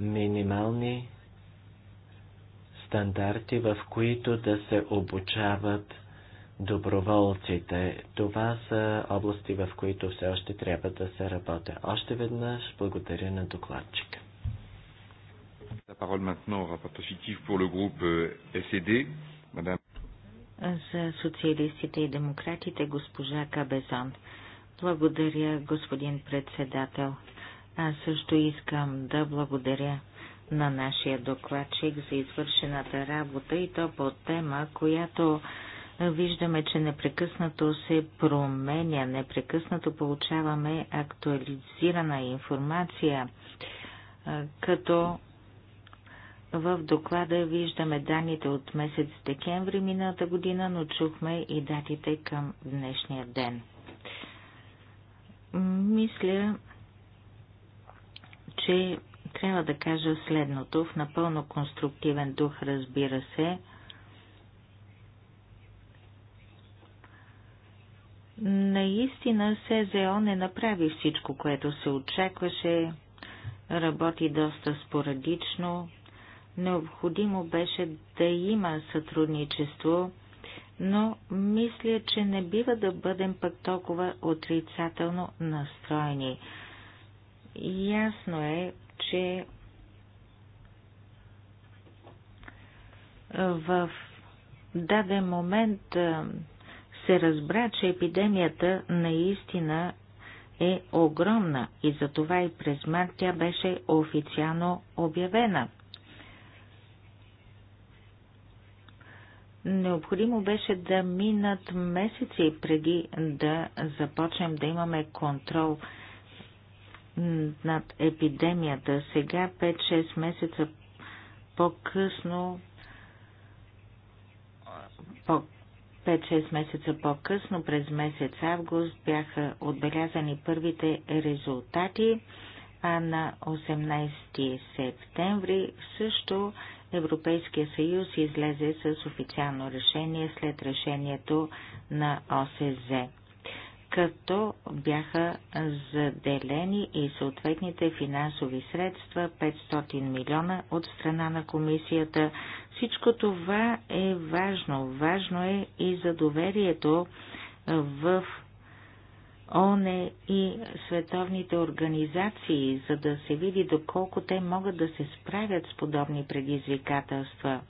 Speaker 3: минимални стандарти, в които да се обучават доброволците. Това са области, в които все още трябва да се работя. Още веднъж благодаря на докладчика. La parole maintenant au rapporteur fictif pour le groupe euh, SED, Madame.
Speaker 2: За социалистите и демократите госпожа Кабезон. Благодаря, господин председател. Аз също искам да благодаря на нашия докладчик за извършената работа и то по тема, която виждаме, че непрекъснато се променя, непрекъснато получаваме актуализирана информация, като в доклада виждаме данните от месец декември миналата година, но чухме и датите към днешния ден. Мисля, че трябва да кажа следното в напълно конструктивен дух, разбира се – Наистина СЗО не направи всичко, което се очакваше, работи доста спорадично, необходимо беше да има сътрудничество, но мисля, че не бива да бъдем пък толкова отрицателно настроени. Ясно е, че в даден момент се разбра, че епидемията наистина е огромна и затова и през март тя беше официално обявена. Необходимо беше да минат месеци преди да започнем да имаме контрол над епидемията. Сега 5-6 месеца по-късно, по късно 5-6 месеца по-късно, през месец август, бяха отбелязани първите резултати, а на 18 септември също Европейския съюз излезе с официално решение след решението на ОСЗ, като бяха заделени и съответните финансови средства 500 милиона от страна на комисията всичко това е важно. Важно е и за доверието в ОНЕ и световните организации, за да се види доколко те могат да се справят с подобни предизвикателства.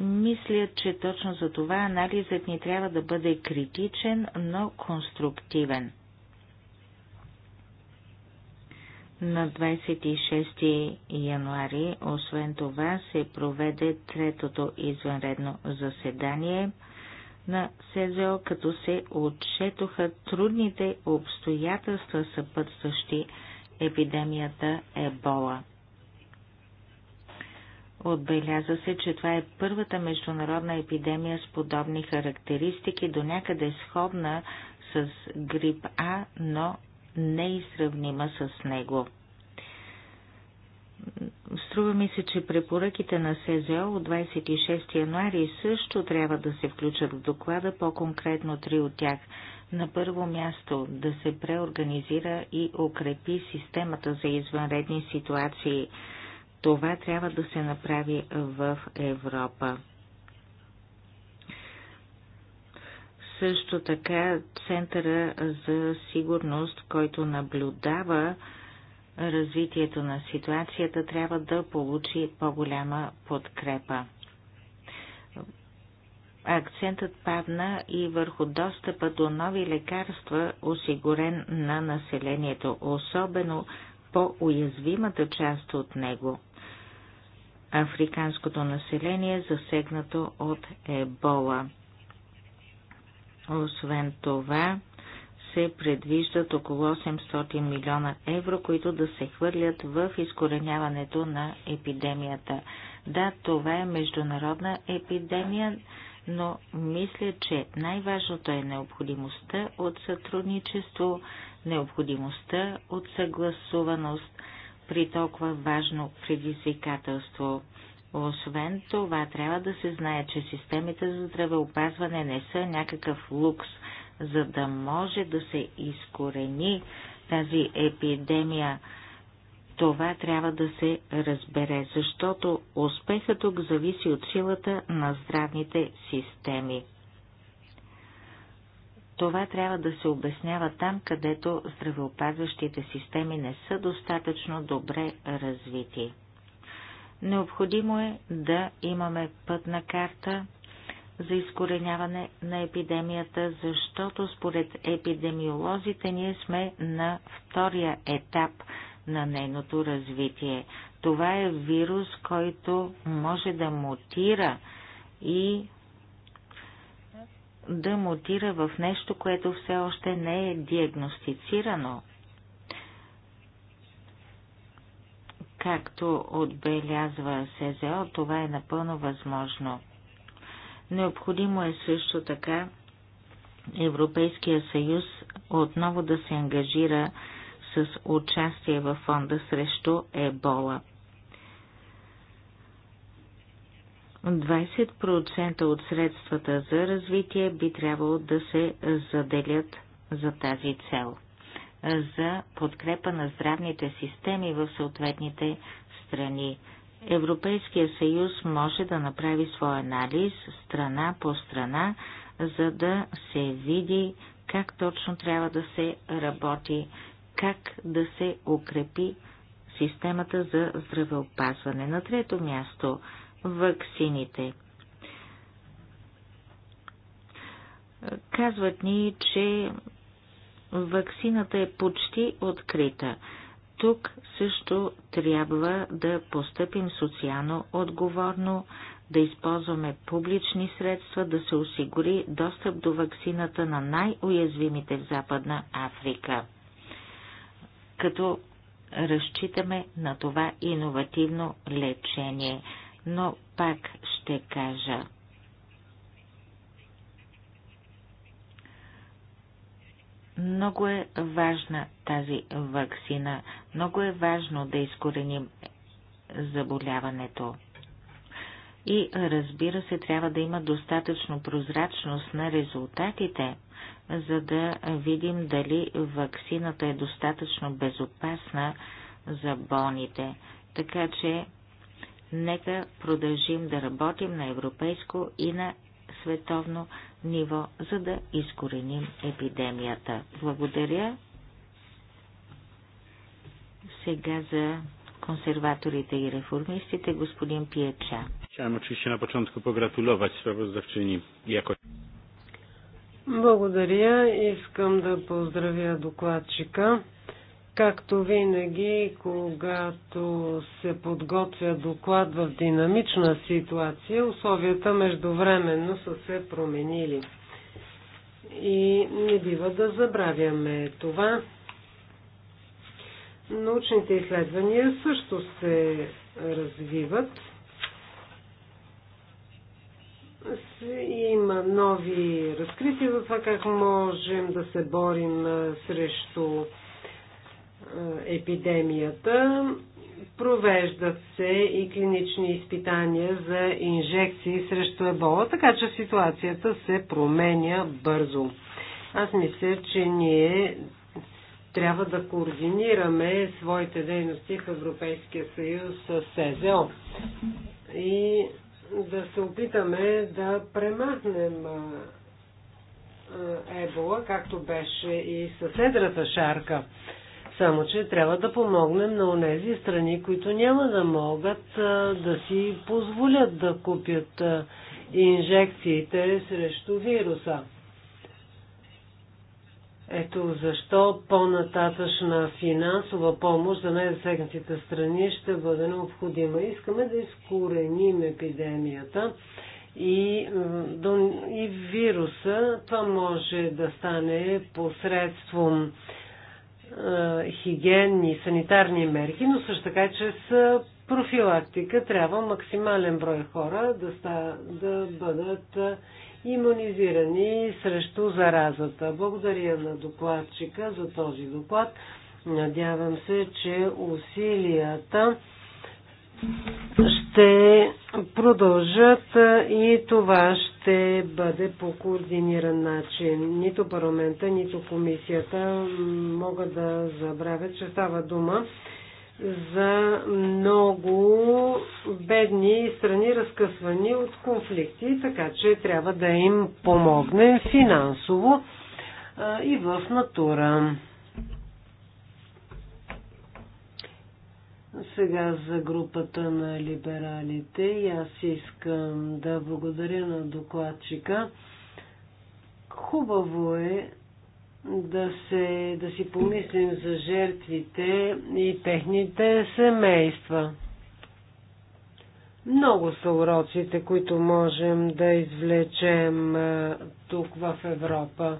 Speaker 2: Мисля, че точно за това анализът ни трябва да бъде критичен, но конструктивен. На 26 януари, освен това, се проведе третото извънредно заседание на СЗО, като се отчетоха трудните обстоятелства, съпътстващи епидемията Ебола. Отбеляза се, че това е първата международна епидемия с подобни характеристики, до някъде сходна с грип А, но неизравнима с него. Струва ми се, че препоръките на СЗО от 26 януари също трябва да се включат в доклада, по-конкретно три от тях. На първо място да се преорганизира и укрепи системата за извънредни ситуации. Това трябва да се направи в Европа. Също така Центъра за сигурност, който наблюдава развитието на ситуацията, трябва да получи по-голяма подкрепа. Акцентът падна и върху достъпа до нови лекарства, осигурен на населението, особено по-уязвимата част от него. Африканското население засегнато от ебола. Освен това, се предвиждат около 800 милиона евро, които да се хвърлят в изкореняването на епидемията. Да, това е международна епидемия, но мисля, че най-важното е необходимостта от сътрудничество, необходимостта от съгласуваност при толкова важно предизвикателство. Освен това, трябва да се знае, че системите за здравеопазване не са някакъв лукс, за да може да се изкорени тази епидемия. Това трябва да се разбере, защото успехът тук зависи от силата на здравните системи. Това трябва да се обяснява там, където здравеопазващите системи не са достатъчно добре развити. Необходимо е да имаме пътна карта за изкореняване на епидемията, защото според епидемиолозите ние сме на втория етап на нейното развитие. Това е вирус, който може да мутира и да мутира в нещо, което все още не е диагностицирано. Както отбелязва СЗО, това е напълно възможно. Необходимо е също така Европейския съюз отново да се ангажира с участие в фонда срещу ебола. 20% от средствата за развитие би трябвало да се заделят за тази цел за подкрепа на здравните системи в съответните страни. Европейския съюз може да направи свой анализ страна по страна, за да се види как точно трябва да се работи, как да се укрепи системата за здравеопазване. На трето място – ваксините. Казват ни, че Ваксината е почти открита. Тук също трябва да постъпим социално отговорно, да използваме публични средства, да се осигури достъп до ваксината на най-уязвимите в Западна Африка. Като разчитаме на това иновативно лечение. Но пак ще кажа, Много е важна тази вакцина. Много е важно да изкореним заболяването. И разбира се, трябва да има достатъчно прозрачност на резултатите, за да видим дали ваксината е достатъчно безопасна за болните. Така че нека продължим да работим на европейско и на световно ниво, за да изкореним епидемията. Благодаря. Сега за консерваторите и реформистите, господин Пиеча.
Speaker 1: Благодаря. Искам да поздравя докладчика. Както винаги, когато се подготвя доклад в динамична ситуация, условията междувременно са се променили. И не бива да забравяме това. Научните изследвания също се развиват. Има нови разкрития за това как можем да се борим срещу е, епидемията. Провеждат се и клинични изпитания за инжекции срещу ебола, така че ситуацията се променя бързо. Аз мисля, че ние трябва да координираме своите дейности в Европейския съюз с СЗО и да се опитаме да премахнем ебола, както беше и съседрата шарка. Само, че трябва да помогнем на онези страни, които няма да могат да си позволят да купят инжекциите срещу вируса. Ето защо по-нататъчна финансова помощ за най-засегнатите страни ще бъде необходима. Искаме да изкореним епидемията и, и вируса. Това може да стане посредством е, хигиенни и санитарни мерки, но също така че с профилактика трябва максимален брой хора да, ста, да бъдат е, иммунизирани срещу заразата. Благодаря на докладчика за този доклад. Надявам се, че усилията ще продължат и това ще бъде по координиран начин. Нито парламента, нито комисията могат да забравят, че става дума за много бедни страни, разкъсвани от конфликти, така че трябва да им помогне финансово и в натура. Сега за групата на либералите и аз искам да благодаря на докладчика. Хубаво е да, се, да си помислим за жертвите и техните семейства. Много са уроците, които можем да извлечем тук в Европа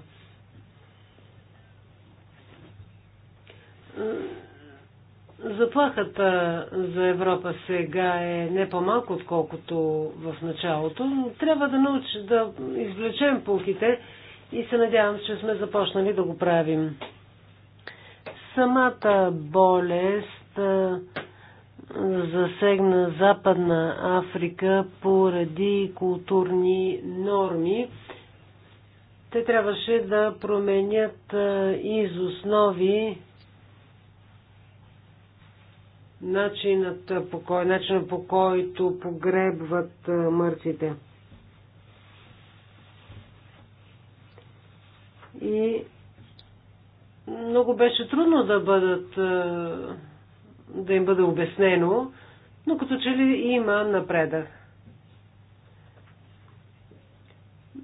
Speaker 1: Заплахата за Европа сега е не по-малко, отколкото в началото, но трябва да научим да извлечем пулките и се надявам, че сме започнали да го правим. Самата болест засегна Западна Африка поради културни норми. Те трябваше да променят из основи начинът по, кой, начинът по който погребват мъртвите. И много беше трудно да бъдат, да им бъде обяснено, но като че ли има напредък.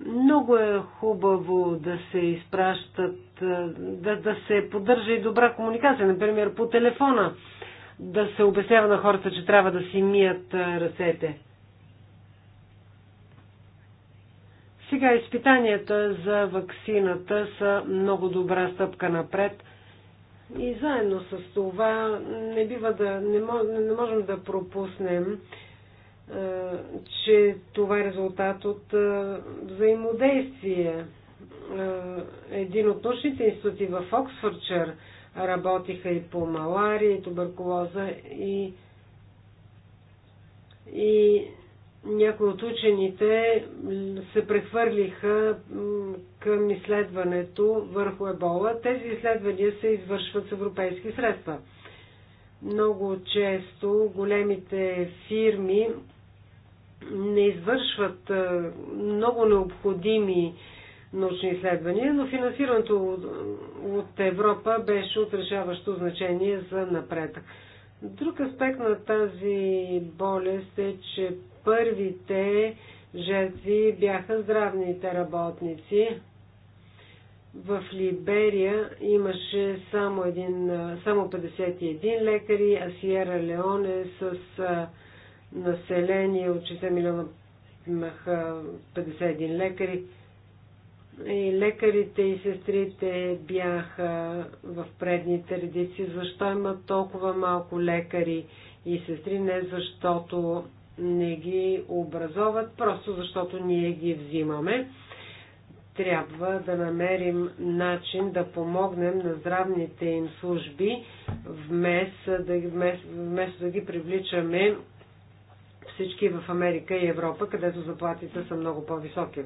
Speaker 1: Много е хубаво да се изпращат, да, да се поддържа и добра комуникация, например по телефона да се обяснява на хората, че трябва да си мият ръцете. Сега изпитанията за ваксината са много добра стъпка напред и заедно с това не бива да, не, мож, не можем да пропуснем, че това е резултат от взаимодействие. Един от научните институти в Оксфордшир – Работиха и по малария, и туберкулоза, и, и някои от учените се прехвърлиха към изследването върху ебола. Тези изследвания се извършват с европейски средства. Много често големите фирми не извършват много необходими научни изследвания, но финансирането от Европа беше от решаващо значение за напредък. Друг аспект на тази болест е, че първите жертви бяха здравните работници. В Либерия имаше само, един, само 51 лекари, а Сиера Леоне с население от 60 милиона имаха 51 лекари и лекарите и сестрите бяха в предните редици. Защо има толкова малко лекари и сестри? Не защото не ги образоват, просто защото ние ги взимаме. Трябва да намерим начин да помогнем на здравните им служби, вместо да, вместо, вместо да ги привличаме всички в Америка и Европа, където заплатите са много по-високи.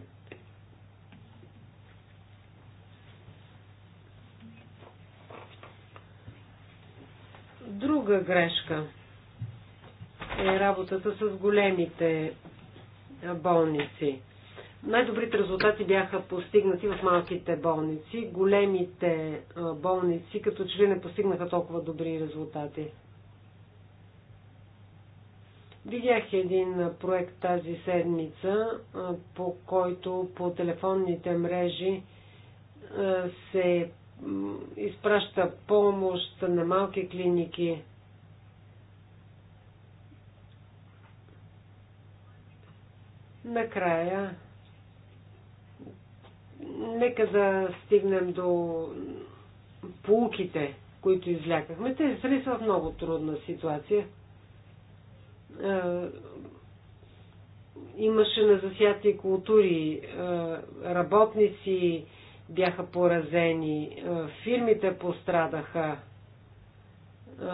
Speaker 1: Друга грешка е работата с големите болници. Най-добрите резултати бяха постигнати в малките болници. Големите болници като че ли не постигнаха толкова добри резултати. Видях един проект тази седмица, по който по телефонните мрежи се изпраща помощ на малки клиники. Накрая, нека да стигнем до полуките, които излякахме. Те страни са в много трудна ситуация. Имаше на засяти култури работници, бяха поразени, е, фирмите пострадаха. Е,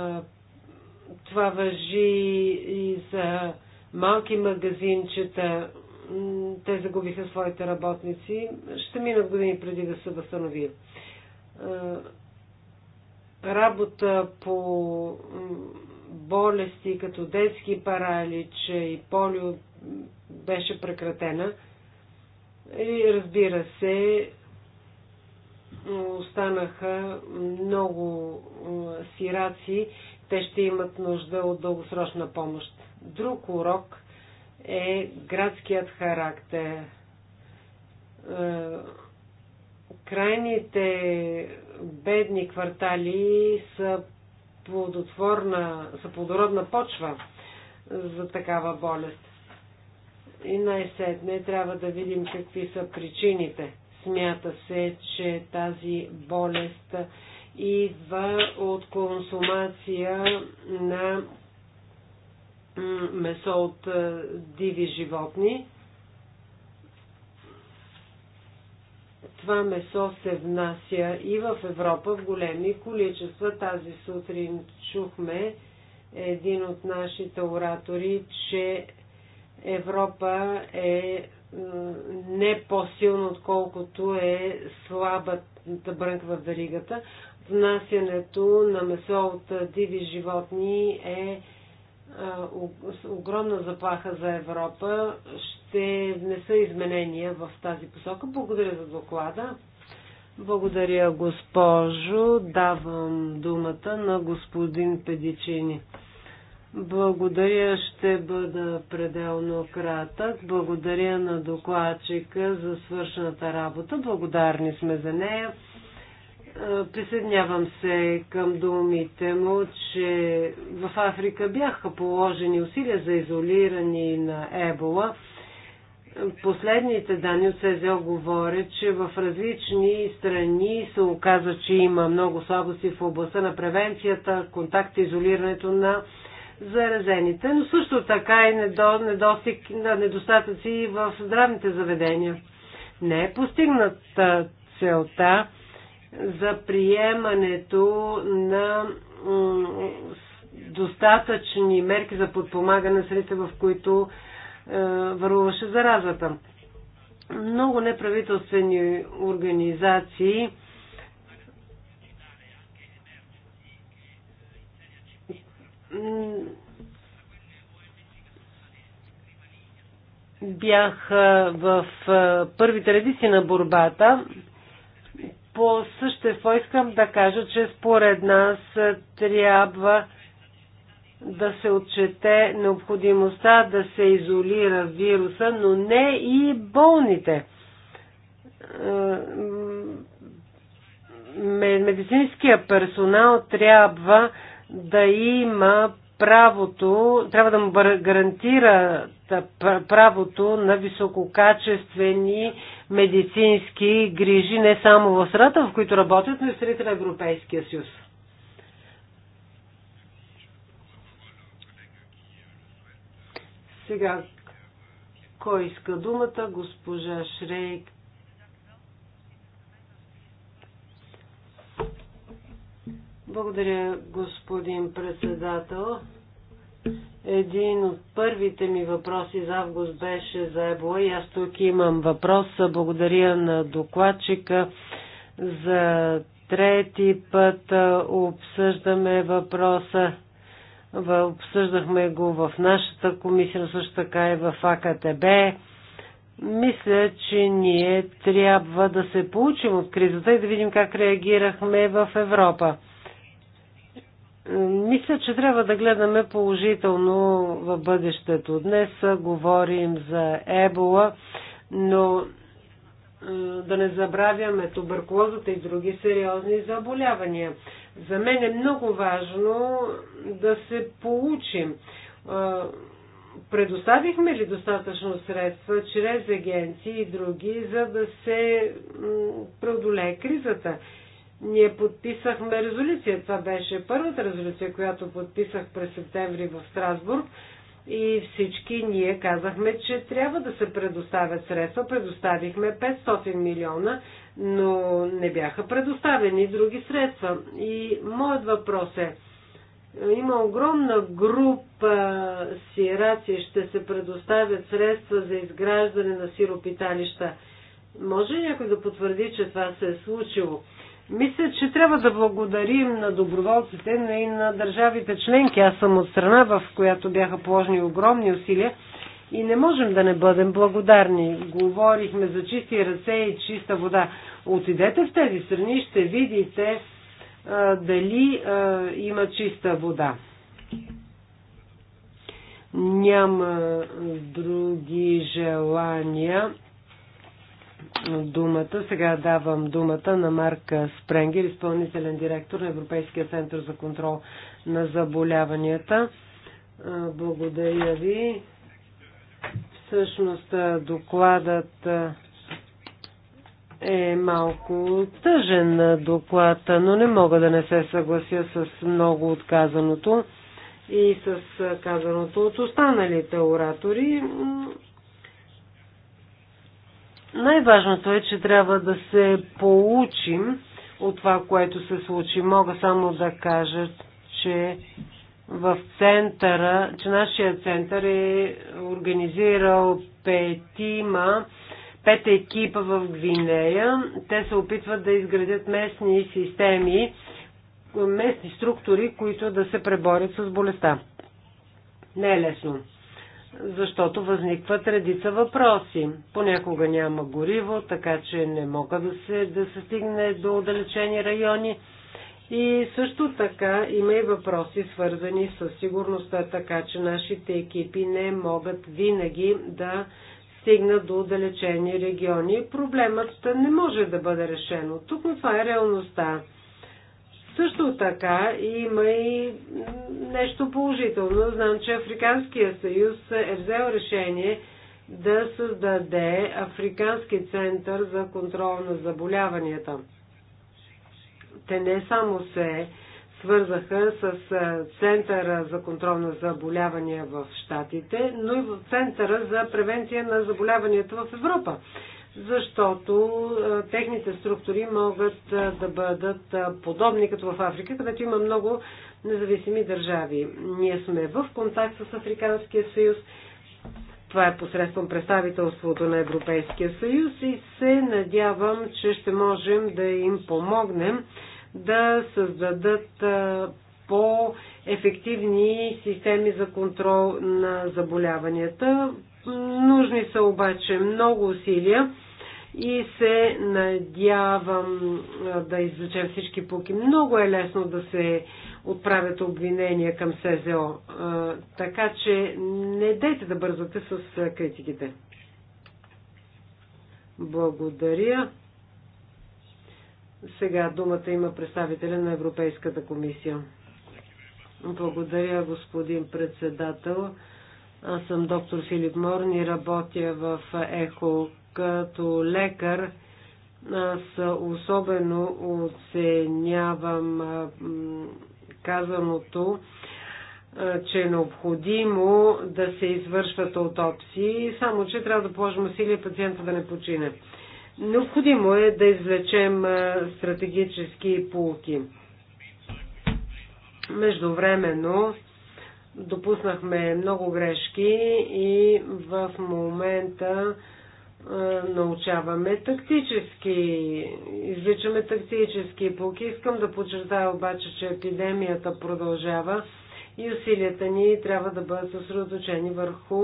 Speaker 1: това въжи и за малки магазинчета. Те загубиха своите работници. Ще минат години преди да се възстанови. Е, работа по болести като детски паралич и полио беше прекратена. И разбира се, останаха много сираци. Те ще имат нужда от дългосрочна помощ. Друг урок е градският характер. Е, крайните бедни квартали са плодотворна, са плодородна почва за такава болест. И най-сетне трябва да видим какви са причините – Смята се, че тази болест идва от консумация на месо от диви животни. Това месо се внася и в Европа в големи количества. Тази сутрин чухме един от нашите оратори, че Европа е не по-силно, отколкото е слабата брънка в веригата. Внасянето на месо от диви животни е огромна заплаха за Европа. Ще внеса изменения в тази посока. Благодаря за доклада. Благодаря, госпожо. Давам думата на господин Педичини. Благодаря, ще бъда пределно кратък. Благодаря на докладчика за свършената работа. Благодарни сме за нея. Присъединявам се към думите му, че в Африка бяха положени усилия за изолирани на ебола. Последните данни от СЗО говорят, че в различни страни се оказа, че има много слабости в областта на превенцията, контакт, изолирането на заразените, но също така и недостиг, недостатъци в здравните заведения. Не е постигната целта за приемането на достатъчни мерки за подпомагане на средите, в които е, върлуваше заразата. Много неправителствени организации бях в първите редици на борбата. По същество искам да кажа, че според нас трябва да се отчете необходимостта да се изолира вируса, но не и болните. Медицинския персонал трябва да има правото, трябва да му гарантира правото на висококачествени медицински грижи не само в страната, в които работят, но и в страните на Европейския съюз. Сега, кой иска думата? Госпожа Шрейк Благодаря, господин председател. Един от първите ми въпроси за август беше за ЕБО и аз тук имам въпрос. Благодаря на докладчика за трети път обсъждаме въпроса. Обсъждахме го в нашата комисия, също така и в АКТБ. Мисля, че ние трябва да се получим от кризата и да видим как реагирахме в Европа. Мисля, че трябва да гледаме положително в бъдещето. Днес говорим за ебола, но да не забравяме туберкулозата и други сериозни заболявания. За мен е много важно да се получим. Предоставихме ли достатъчно средства чрез агенции и други, за да се преодолее кризата? Ние подписахме резолюция. Това беше първата резолюция, която подписах през септември в Страсбург. И всички ние казахме, че трябва да се предоставят средства. Предоставихме 500 милиона, но не бяха предоставени други средства. И моят въпрос е, има огромна група сираци, ще се предоставят средства за изграждане на сиропиталища. Може ли някой да потвърди, че това се е случило? Мисля, че трябва да благодарим на доброволците, но и на държавите членки. Аз съм от страна, в която бяха положени огромни усилия и не можем да не бъдем благодарни. Говорихме за чисти ръце и чиста вода. Отидете в тези страни и ще видите а, дали а, има чиста вода. Няма други желания думата. Сега давам думата на Марк Спренгер, изпълнителен директор на Европейския център за контрол на заболяванията. Благодаря ви. Всъщност докладът е малко тъжен доклад, но не мога да не се съглася с много отказаното и с казаното от останалите оратори. Най-важното е, че трябва да се получим от това, което се случи. Мога само да кажа, че в центъра, че нашия център е организирал петима, пет екипа в Гвинея. Те се опитват да изградят местни системи, местни структури, които да се преборят с болестта. Не е лесно защото възникват редица въпроси. Понякога няма гориво, така че не мога да се, да се стигне до отдалечени райони. И също така има и въпроси свързани с сигурността, така че нашите екипи не могат винаги да стигнат до отдалечени региони. Проблемът не може да бъде решен. Тук но това е реалността. Също така има и нещо положително. Знам, че Африканския съюз е взел решение да създаде Африкански център за контрол на заболяванията. Те не само се свързаха с Центъра за контрол на заболявания в Штатите, но и в Центъра за превенция на заболяванията в Европа защото техните структури могат да бъдат подобни като в Африка, където има много независими държави. Ние сме в контакт с Африканския съюз. Това е посредством представителството на Европейския съюз и се надявам, че ще можем да им помогнем да създадат по-ефективни системи за контрол на заболяванията. Нужни са обаче много усилия и се надявам да извлечем всички пуки. Много е лесно да се отправят обвинения към СЗО, така че не дейте да бързате с критиките. Благодаря. Сега думата има представителя на Европейската комисия. Благодаря, господин председател. Аз съм доктор Филип Морн и работя в ЕХО като лекар. Аз особено оценявам казаното, че е необходимо да се извършват аутопсии, само че трябва да положим усилия пациента да не почине. Необходимо е да извлечем стратегически полки. Междувременно, допуснахме много грешки и в момента научаваме тактически, извличаме тактически полки. Искам да подчертая обаче, че епидемията продължава и усилията ни трябва да бъдат съсредоточени върху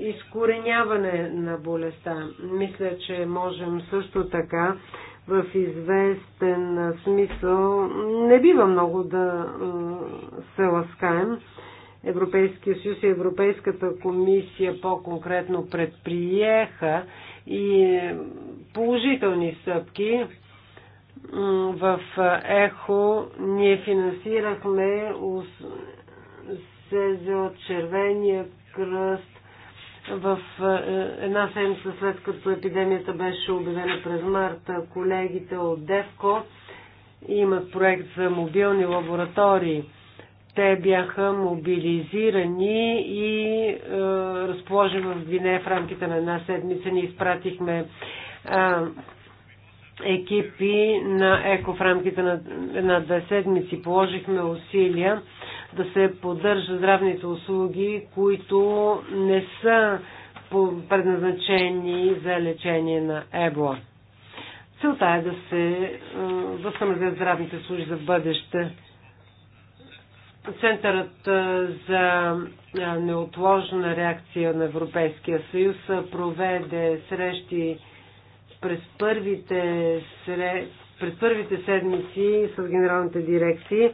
Speaker 1: изкореняване на болестта. Мисля, че можем също така в известен смисъл не бива много да се ласкаем. Европейския съюз и Европейската комисия по-конкретно предприеха и положителни стъпки. В ЕХО ние финансирахме се за Червения кръст в е, една седмица след като епидемията беше обявена през марта, колегите от ДЕВКО имат проект за мобилни лаборатории. Те бяха мобилизирани и е, разположени в Гвинея в рамките на една седмица. Ние изпратихме е, екипи на ЕКО в рамките на една-две седмици. Положихме усилия да се поддържат здравните услуги, които не са предназначени за лечение на ебола. Целта е да се възстановят здравните служби за бъдеще. Центърът за неотложна реакция на Европейския съюз проведе срещи през първите, сред... през първите седмици с генералните дирекции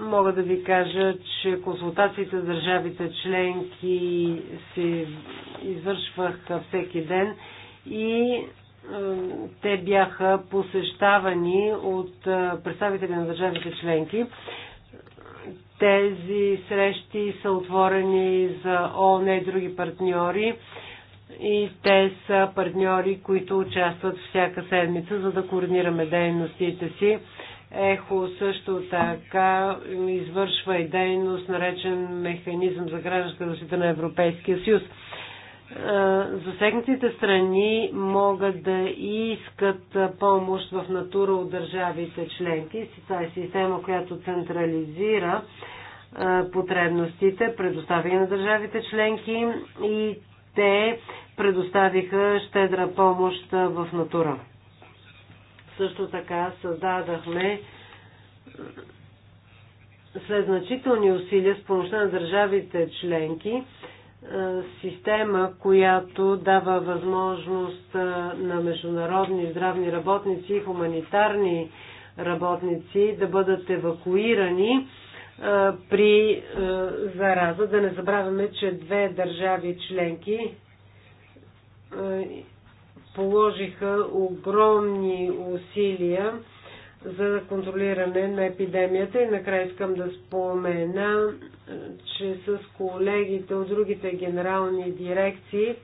Speaker 1: Мога да ви кажа, че консултациите с държавите членки се извършваха всеки ден и е, те бяха посещавани от е, представители на държавите членки. Тези срещи са отворени за ООН и други партньори и те са партньори, които участват всяка седмица, за да координираме дейностите си. ЕХО също така извършва и дейност, наречен механизъм за гражданска защита на Европейския съюз. Засегнатите страни могат да искат помощ в натура от държавите членки. Това е система, която централизира потребностите, предоставени на държавите членки и те предоставиха щедра помощ в натура. Също така създадахме след значителни усилия с помощта на държавите членки система, която дава възможност на международни здравни работници и хуманитарни работници да бъдат евакуирани при зараза. Да не забравяме, че две държави членки положиха огромни усилия за контролиране на епидемията и накрая искам да спомена, че с колегите от другите генерални дирекции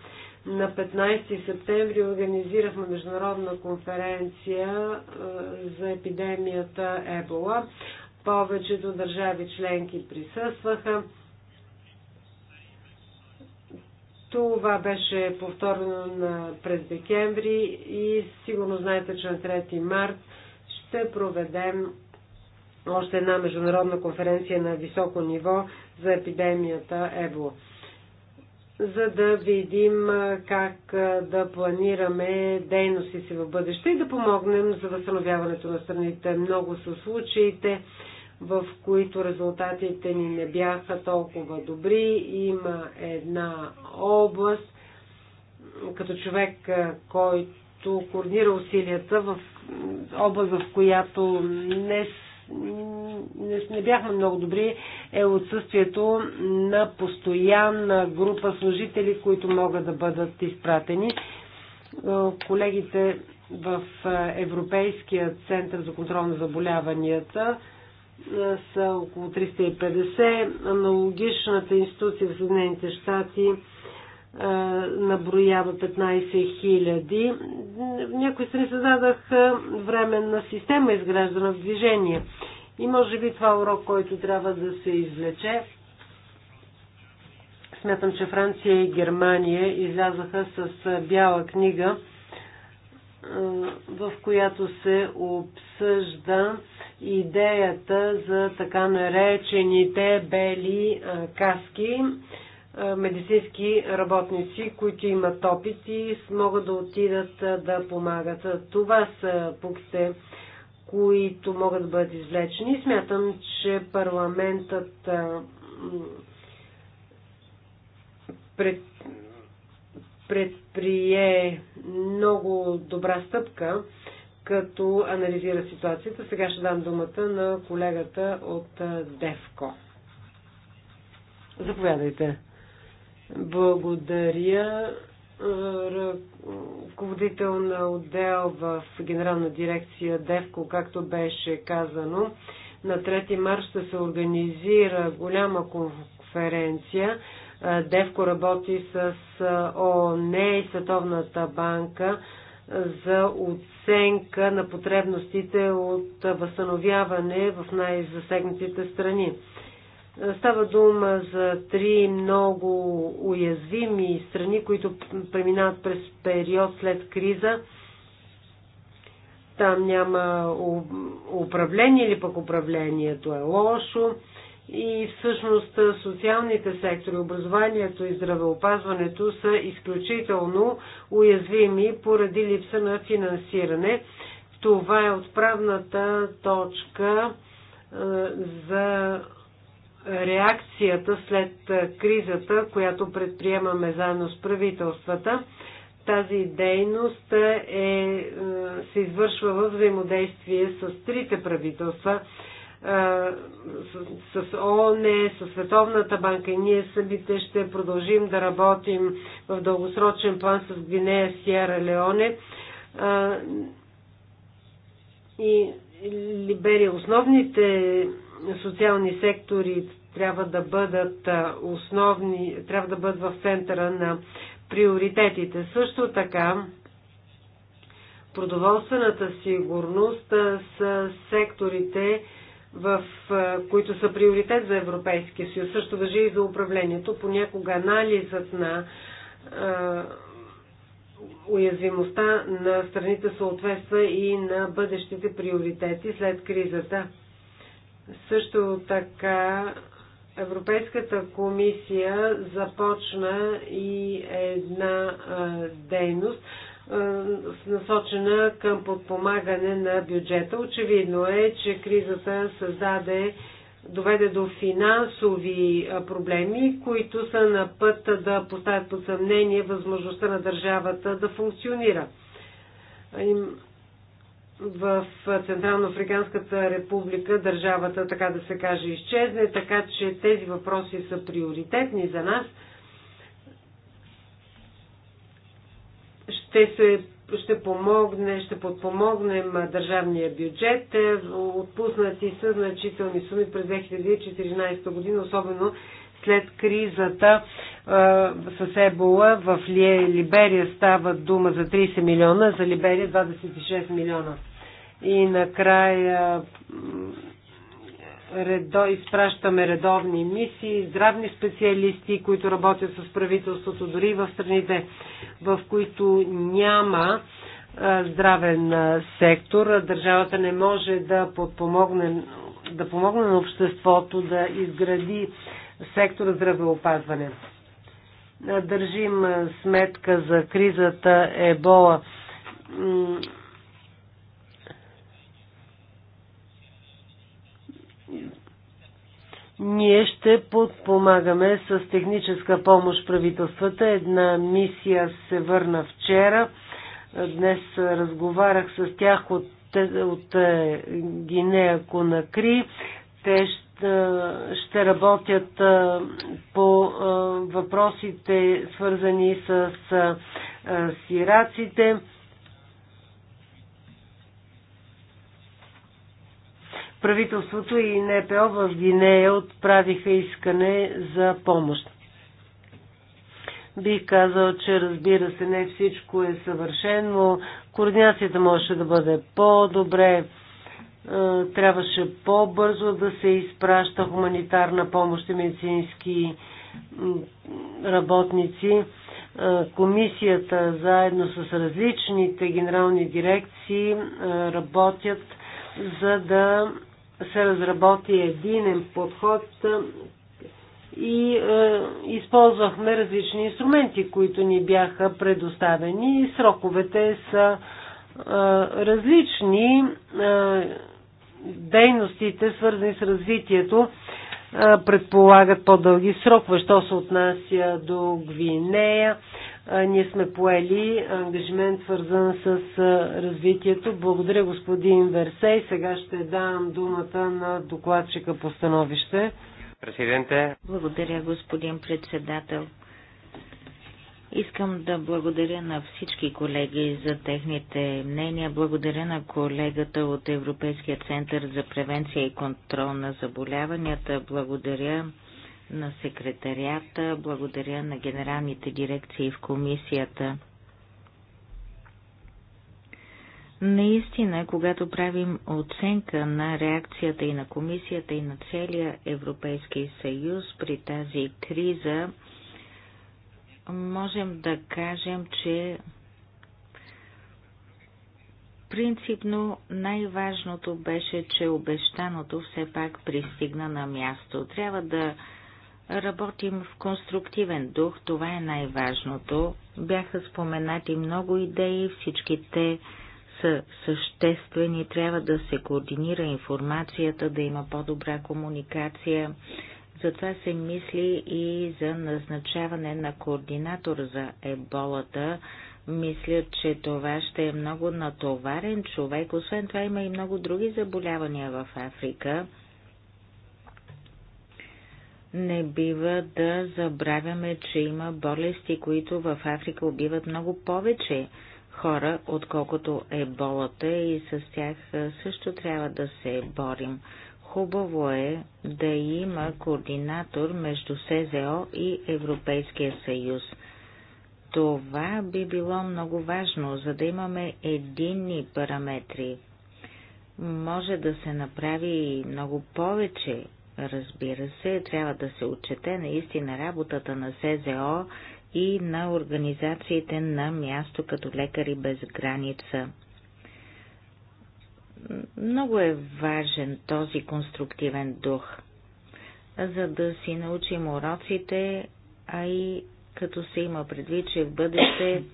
Speaker 1: на 15 септември организирахме международна конференция за епидемията Ебола. Повечето държави членки присъстваха. Това беше повторено на, през декември и сигурно знаете, че на 3 март ще проведем още една международна конференция на високо ниво за епидемията ЕБО, за да видим как да планираме дейности си в бъдеще и да помогнем за възстановяването на страните. Много са случаите в които резултатите ни не бяха толкова добри. Има една област, като човек, който координира усилията в област, в която не, не, не бяхме много добри, е отсъствието на постоянна група служители, които могат да бъдат изпратени. Колегите в Европейския център за контрол на заболяванията са около 350. Аналогичната институция в Съединените щати наброява 15 хиляди. В някои страни създадах временна система, изграждана в движение. И може би това е урок, който трябва да се извлече. Смятам, че Франция и Германия излязаха с бяла книга – в която се обсъжда идеята за така наречените бели каски, медицински работници, които имат опит и могат да отидат да помагат. Това са пуксте, които могат да бъдат извлечени. Смятам, че парламентът пред предприе много добра стъпка, като анализира ситуацията. Сега ще дам думата на колегата от ДЕВКО. Заповядайте. Благодаря. Ръководител на отдел в Генерална дирекция ДЕВКО, както беше казано, на 3 марта ще се организира голяма конференция е, Девко работи с е, ООН и Световната банка за оценка на потребностите от възстановяване в най-засегнатите страни. Е, Става дума за три много уязвими страни, които преминават през период след криза. Там няма управление или пък управлението е лошо. И всъщност социалните сектори, образованието и здравеопазването са изключително уязвими поради липса на финансиране. Това е отправната точка за реакцията след кризата, която предприемаме заедно с правителствата. Тази дейност е, се извършва във взаимодействие с трите правителства с, с ООН, с Световната банка и ние самите ще продължим да работим в дългосрочен план с Гвинея, Сиера Леоне и Либерия. Основните социални сектори трябва да бъдат основни, трябва да бъдат в центъра на приоритетите. Също така, продоволствената сигурност са секторите, в, които са приоритет за Европейския съюз. Също въжи и за управлението. Понякога анализът на а, уязвимостта на страните съответства и на бъдещите приоритети след кризата. Също така Европейската комисия започна и една а, дейност, е, насочена към подпомагане на бюджета. Очевидно е, че кризата създаде доведе до финансови е, проблеми, които са на път да поставят под съмнение възможността на държавата да функционира. В Централно-Африканската република държавата, така да се каже, изчезне, така че тези въпроси са приоритетни за нас – ще се ще помогне, ще подпомогнем държавния бюджет. Отпуснати са значителни суми през 2014 година, особено след кризата с Ебола в Либерия става дума за 30 милиона, за Либерия 26 милиона. И накрая редо, изпращаме редовни мисии, здравни специалисти, които работят с правителството, дори в страните, в които няма здравен сектор. Държавата не може да подпомогне да помогне на обществото да изгради сектора здравеопазване. Държим сметка за кризата Ебола Ние ще подпомагаме с техническа помощ правителствата. Една мисия се върна вчера. Днес разговарях с тях от, от е, Гинея Конакри. Те ще, ще работят е, по е, въпросите свързани с сираците. правителството и НПО в Гинея отправиха искане за помощ. Бих казал, че разбира се, не всичко е съвършено. Координацията можеше да бъде по-добре. Е, трябваше по-бързо да се изпраща хуманитарна помощ и медицински работници. Е, комисията заедно с различните генерални дирекции е, работят за да се разработи единен подход и е, използвахме различни инструменти, които ни бяха предоставени сроковете са е, различни. Е, дейностите, свързани с развитието, предполагат по-дълги срокове, що се отнася до Гвинея ние сме поели ангажимент, свързан с развитието. Благодаря, господин Версей. Сега ще дам думата на докладчика по становище. Президенте. Благодаря,
Speaker 2: господин председател. Искам да благодаря на всички колеги за техните мнения. Благодаря на колегата от Европейския център за превенция и контрол на заболяванията. Благодаря на секретарията, благодаря на генералните дирекции в комисията. Наистина, когато правим оценка на реакцията и на комисията и на целия Европейски съюз при тази криза, можем да кажем, че Принципно най-важното беше, че обещаното все пак пристигна на място. Трябва да Работим в конструктивен дух, това е най-важното. Бяха споменати много идеи, всички те са съществени, трябва да се координира информацията, да има по-добра комуникация. Затова се мисли и за назначаване на координатор за еболата. Мисля, че това ще е много натоварен човек. Освен това има и много други заболявания в Африка. Не бива да забравяме, че има болести, които в Африка убиват много повече хора, отколкото еболата и с тях също трябва да се борим. Хубаво е да има координатор между СЗО и Европейския съюз. Това би било много важно, за да имаме единни параметри. Може да се направи много повече Разбира се, трябва да се отчете наистина работата на СЗО и на организациите на място като Лекари без граница. Много е важен този конструктивен дух, за да си научим уроците, а и като се има предвид, че в бъдеще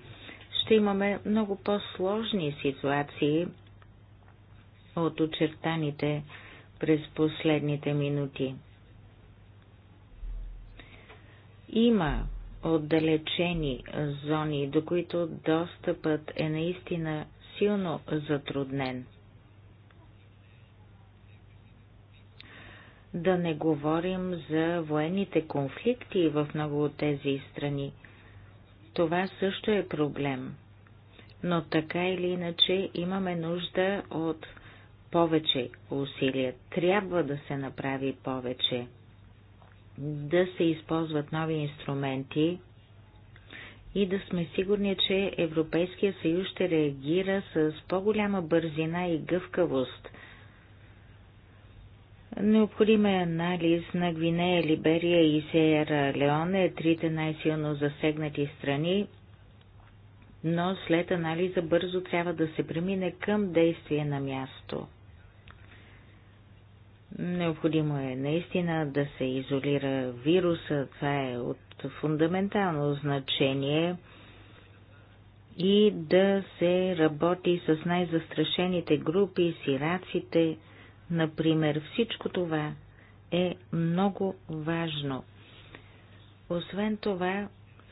Speaker 2: ще имаме много по-сложни ситуации от очертаните през последните минути. Има отдалечени зони, до които достъпът е наистина силно затруднен. Да не говорим за военните конфликти в много от тези страни. Това също е проблем. Но така или иначе имаме нужда от повече усилия, трябва да се направи повече, да се използват нови инструменти и да сме сигурни, че Европейския съюз ще реагира с по-голяма бързина и гъвкавост. Необходим е анализ на Гвинея, Либерия и Сеера Леоне, трите най-силно засегнати страни, но след анализа бързо трябва да се премине към действие на място. Необходимо е наистина да се изолира вируса, това е от фундаментално значение и да се работи с най-застрашените групи, сираците, например. Всичко това е много важно. Освен това,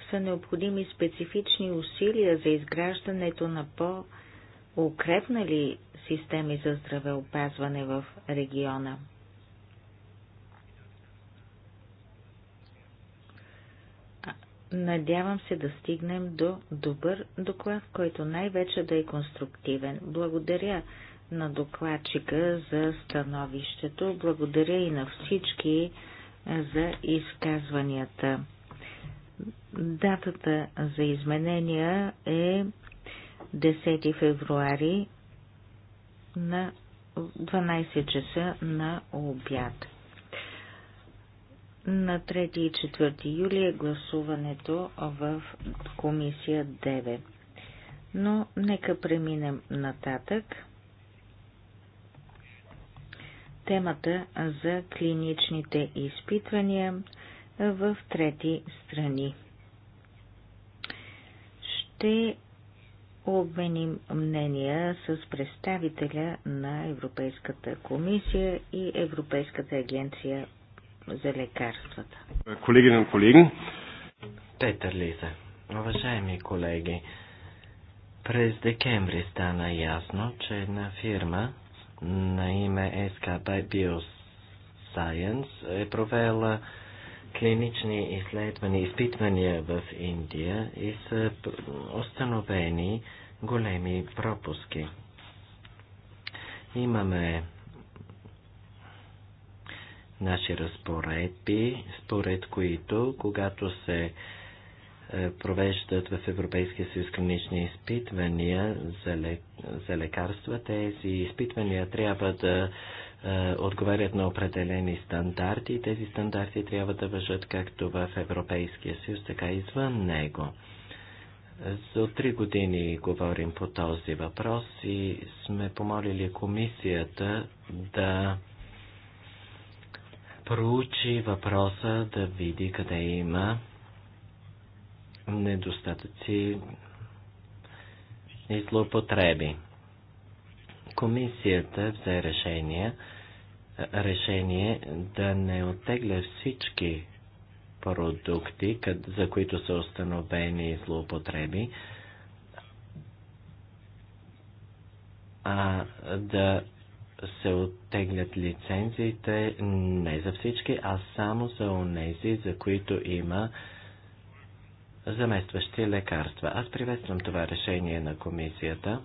Speaker 2: са необходими специфични усилия за изграждането на по-укрепнали системи за здравеопазване в региона. Надявам се да стигнем до добър доклад, който най-вече да е конструктивен. Благодаря на докладчика за становището. Благодаря и на всички за изказванията. Датата за изменения е 10 февруари на 12 часа на обяд. На 3 и 4 юли е гласуването в комисия 9. Но нека преминем нататък. Темата за клиничните изпитвания в трети страни. Ще обменим мнения с представителя на Европейската комисия и Европейската агенция за лекарствата. Колеги
Speaker 1: на колеги.
Speaker 3: Петър Лиза, уважаеми колеги, през декември стана ясно, че една фирма на име SKB Bioscience е провела клинични изследвания, изпитвания в Индия и са установени големи пропуски. Имаме наши разпоредби, според които, когато се е, провеждат в Европейския съюз клинични изпитвания за, лек... за лекарства. Тези изпитвания трябва да е, отговарят на определени стандарти и тези стандарти трябва да въжат както в Европейския съюз, така и извън него. За три години говорим по този въпрос и сме помолили комисията да проучи въпроса, да види къде има недостатъци и злоупотреби. Комисията взе решение, решение да не оттегля всички продукти, за които са установени злоупотреби, а да се оттеглят лицензиите не за всички, а само за онези, за които има заместващи лекарства. Аз приветствам това решение на комисията.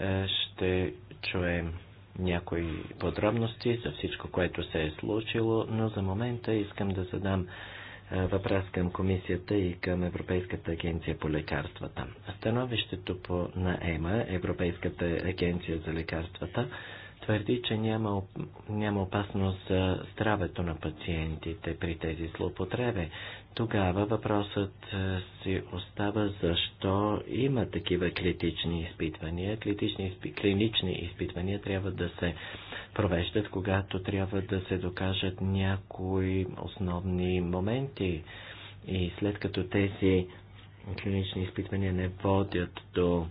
Speaker 3: Е, ще чуем някои подробности за всичко, което се е случило, но за момента искам да задам е, въпрос към комисията и към Европейската агенция по лекарствата. Становището по, на ЕМА, Европейската агенция за лекарствата, твърди, че няма, няма опасност за здравето на пациентите при тези злоупотреби. Тогава въпросът е, си остава защо има такива клинични изпитвания. Клинични, клинични изпитвания трябва да се провеждат, когато трябва да се докажат някои основни моменти. И след като тези клинични изпитвания не водят до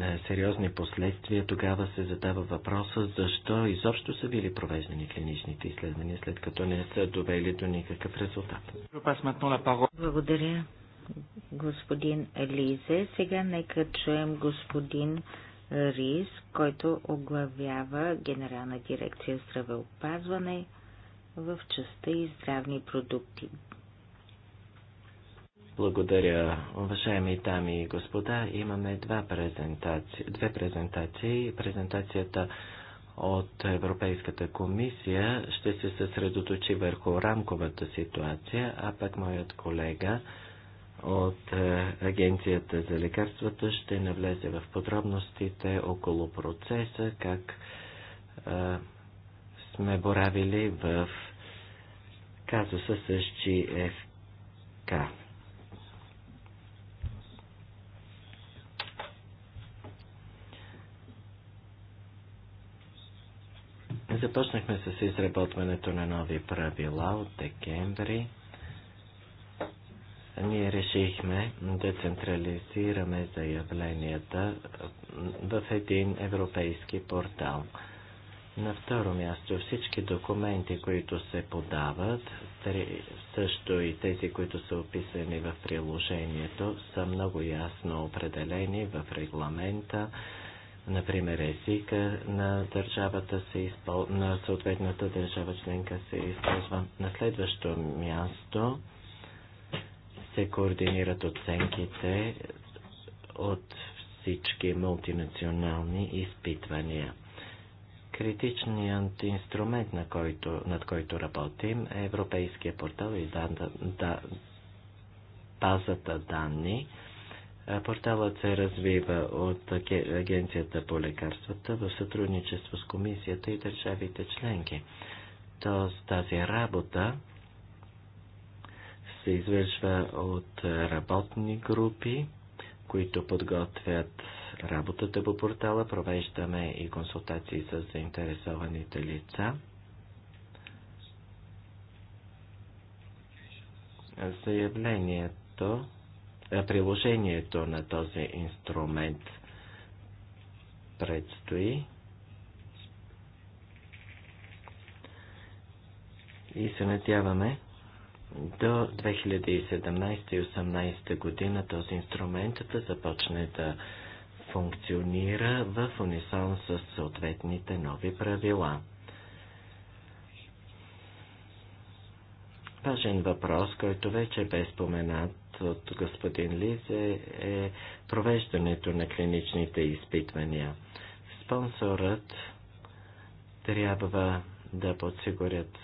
Speaker 3: е, сериозни последствия, тогава се задава въпроса защо изобщо са били провеждани клиничните изследвания, след като не са довели до никакъв
Speaker 2: резултат. Благодаря, господин Елизе. Сега нека чуем господин Рис, който оглавява Генерална дирекция здравеопазване в частта и здравни продукти.
Speaker 3: Благодаря, уважаеми дами и господа. Имаме два презентаци... две презентации. Презентацията от Европейската комисия ще се съсредоточи върху рамковата ситуация, а пък моят колега от е, Агенцията за лекарствата ще навлезе в подробностите около процеса, как а, е, сме боравили в казуса с GFK. Започнахме с изработването на нови правила от декември. Ние решихме да централизираме заявленията в един европейски портал. На второ място всички документи, които се подават, също и тези, които са описани в приложението, са много ясно определени в регламента Например, езика на държавата се изпол... на съответната държава членка се използва. На следващо място се координират оценките от всички мултинационални изпитвания. Критичният инструмент, на който, над който работим, е Европейския портал и да, да, базата данни, Порталът се развива от Агенцията по лекарствата в сътрудничество с комисията и държавите членки. Тоест тази работа се извършва от работни групи, които подготвят работата по портала, провеждаме и консултации с заинтересованите лица. Заявлението приложението на този инструмент предстои. И се надяваме до 2017 2018 година този инструмент да започне да функционира в унисон с съответните нови правила. Важен въпрос, който вече бе споменат от господин Лизе е провеждането на клиничните изпитвания. Спонсорът трябва да подсигурят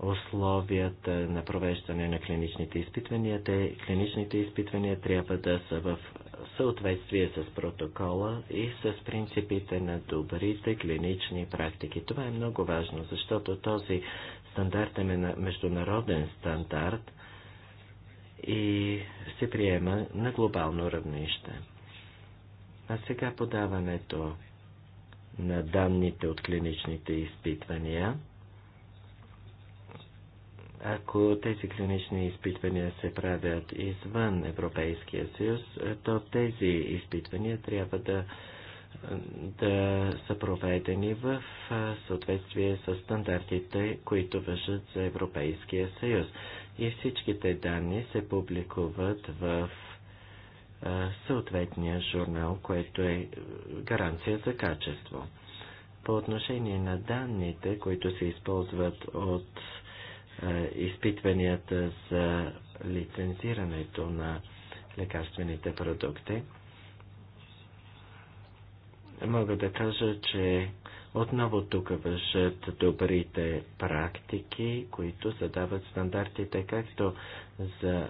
Speaker 3: условията на провеждане на клиничните изпитвания. Те, клиничните изпитвания трябва да са в съответствие с протокола и с принципите на добрите клинични практики. Това е много важно, защото този стандарт е международен стандарт и се приема на глобално равнище. А сега подаването на данните от клиничните изпитвания. Ако тези клинични изпитвания се правят извън Европейския съюз, то тези изпитвания трябва да, да са проведени в съответствие с стандартите, които въжат за Европейския съюз и всичките данни се публикуват в съответния журнал, което е гаранция за качество. По отношение на данните, които се използват от изпитванията за лицензирането на лекарствените продукти, мога да кажа, че отново тук въжат добрите практики, които задават стандартите както за,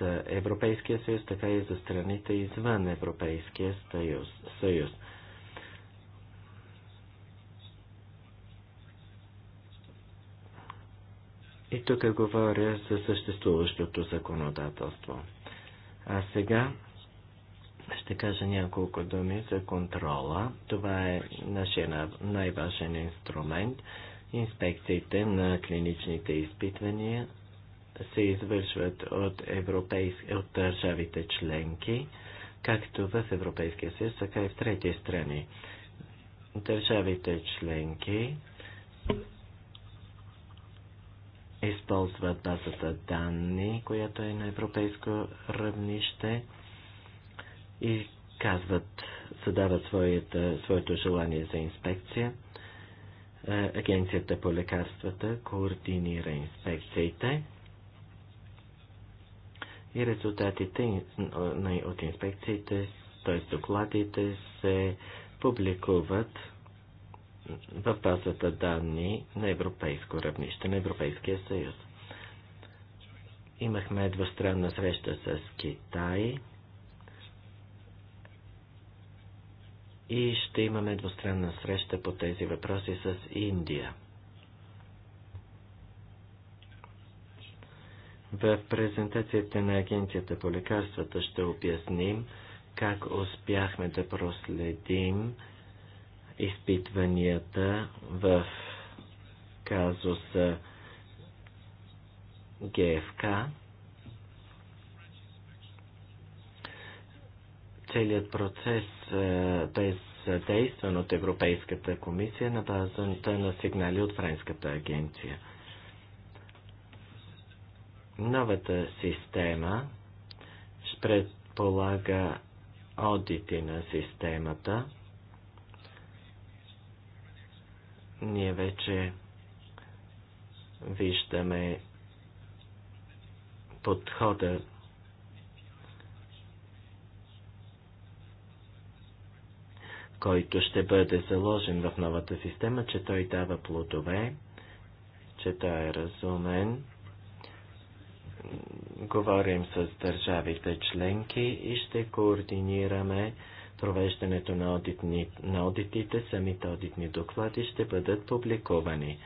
Speaker 3: за Европейския съюз, така и за страните извън Европейския съюз. съюз. И тук говоря за съществуващото законодателство. А сега ще кажа няколко думи за контрола. Това е нашия най-важен инструмент. Инспекциите на клиничните изпитвания се извършват от, европейс... от държавите членки, както в Европейския съюз, така и в трети страни. Държавите членки използват базата данни, която е на европейско равнище и казват, задават своята, своето желание за инспекция. Е, Агенцията по лекарствата координира инспекциите и резултатите от инспекциите, т.е. докладите се публикуват в базата данни на европейско равнище, на Европейския съюз. Имахме двустранна среща с Китай и ще имаме двустранна среща по тези въпроси с Индия. В презентацията на Агенцията по лекарствата ще обясним как успяхме да проследим изпитванията в казуса ГФК. целият процес е, без действан от Европейската комисия на базата на сигнали от Френската агенция. Новата система ще предполага одити на системата. Ние вече виждаме подхода който ще бъде заложен в новата система, че той дава плодове, че той е разумен. Говорим с държавите членки и ще координираме провеждането на, одитни, на одитите. Самите одитни доклади ще бъдат публикувани.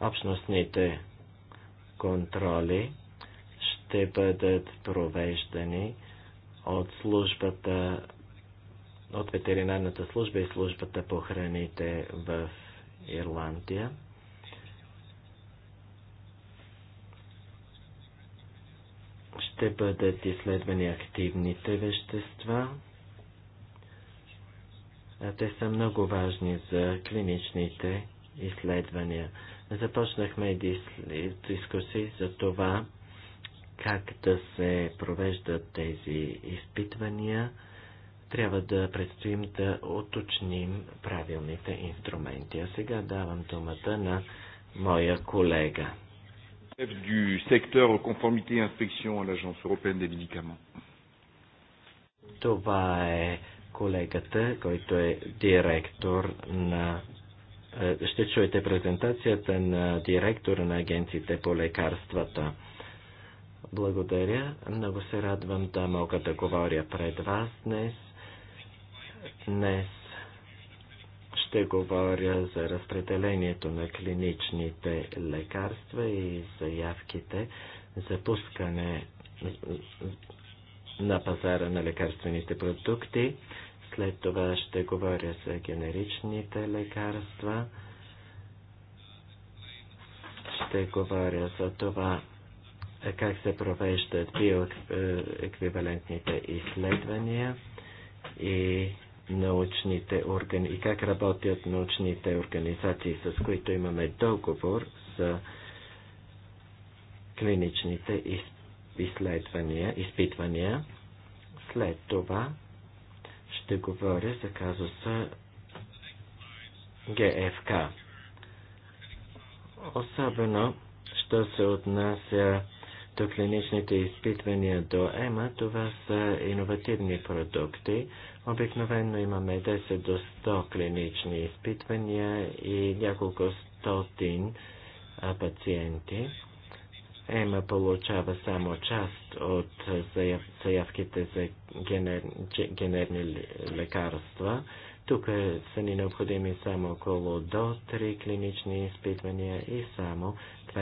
Speaker 3: Общностните контроли ще бъдат провеждани от службата, от ветеринарната служба и службата по храните в Ирландия. Ще бъдат изследвани активните вещества. Те са много важни за клиничните изследвания. Започнахме дискусии за това, как да се провеждат тези изпитвания, трябва да предстоим да уточним правилните инструменти. А сега давам думата на моя колега. du secteur conformité inspection à l'Agence européenne des médicaments. Това е колегата, който е директор на е, ще чуете презентацията на директора на агенциите по лекарствата. Благодаря. Много се радвам да мога да говоря пред вас днес. Днес ще говоря за разпределението на клиничните лекарства и заявките за пускане на пазара на лекарствените продукти. След това ще говоря за генеричните лекарства. Ще говоря за това как се провеждат биоеквивалентните е, изследвания и научните органи, и как работят научните организации, с които имаме договор за клиничните изследвания, изпитвания. След това ще говоря за казуса ГФК. Особено, що се отнася до клиничните изпитвания до ЕМА, това са иновативни продукти. Обикновено имаме 10 до 100 клинични изпитвания и няколко стотин пациенти. ЕМА получава само част от заявките за генер... генерни лекарства. Тук е, са ни необходими само около до 3 клинични изпитвания и само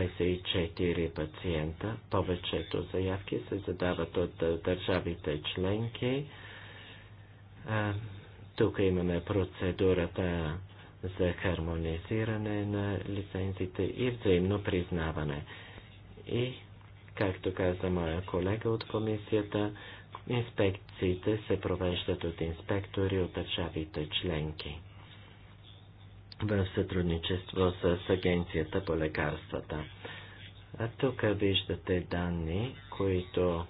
Speaker 3: 24 пациента. Повечето заявки се задават от държавите членки. Тук имаме процедурата за хармонизиране на лицензите и взаимно признаване. И, както каза моя колега от комисията, инспекциите се провеждат от инспектори от държавите членки в сътрудничество с Агенцията по лекарствата. А тук виждате данни, които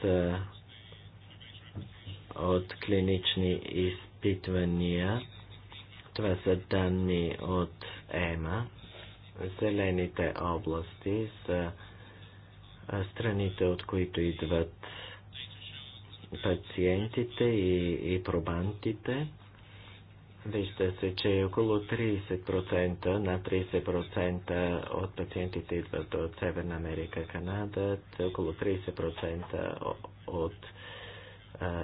Speaker 3: са от клинични изпитвания. Това са данни от ЕМА. Зелените области са страните, от които идват пациентите и, и пробантите. Вижда се, че около 30%, на 30% от пациентите идват от Северна Америка, Канада, около 30% от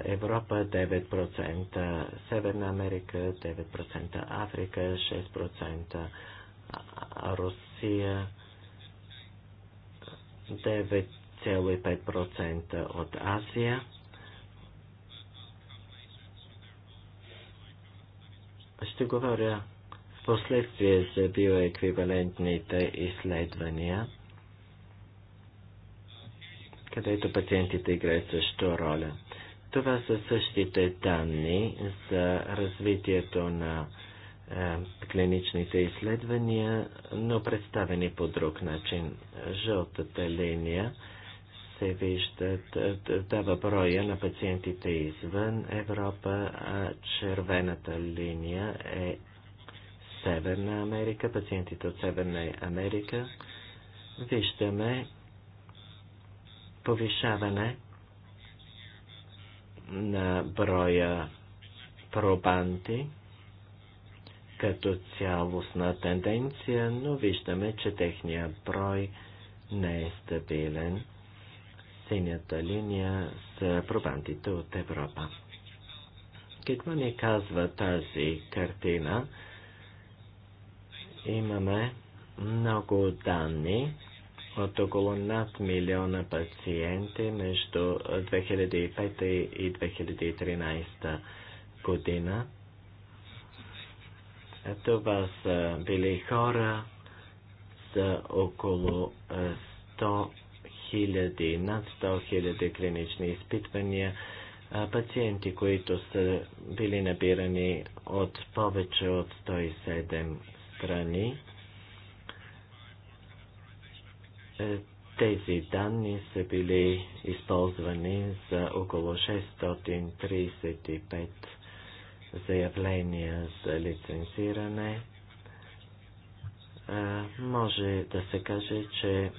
Speaker 3: Европа, 9% Северна Америка, 9% Африка, 6% Русия, 9,5% от Азия. Ще говоря в последствие за биоеквивалентните изследвания, където пациентите играят също роля. Това са същите данни за развитието на е, клиничните изследвания, но представени по друг начин. Жълтата линия се виждат, дава броя на пациентите извън Европа, а червената линия е Северна Америка, пациентите от Северна Америка. Виждаме повишаване на броя пробанти като цялостна тенденция, но виждаме, че техният брой не е стабилен синята линия с пробантите от Европа. Какво ни казва тази картина? Имаме много данни от около над милиона пациенти между 2005 и 2013 година. Това са били хора за около 100 хиляди, над 100 хиляди клинични изпитвания, пациенти, които са били набирани от повече от 107 страни. Е, тези данни са били използвани за около 635 заявления за лицензиране. Е, може да се каже, че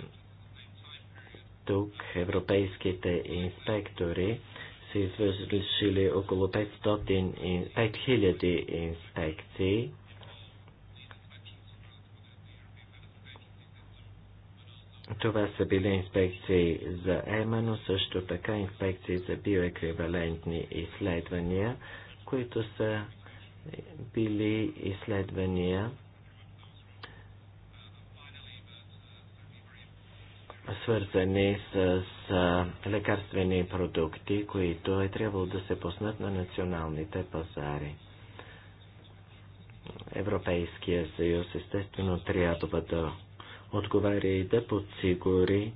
Speaker 3: тук европейските инспектори са извършили около 500, 5000 инспекции. Това са били инспекции за ЕМА, но също така инспекции за биоеквивалентни изследвания, които са били изследвания свързани с лекарствени продукти, които е трябвало да се пуснат на националните пазари. Европейския съюз естествено трябва да отговаря и да подсигури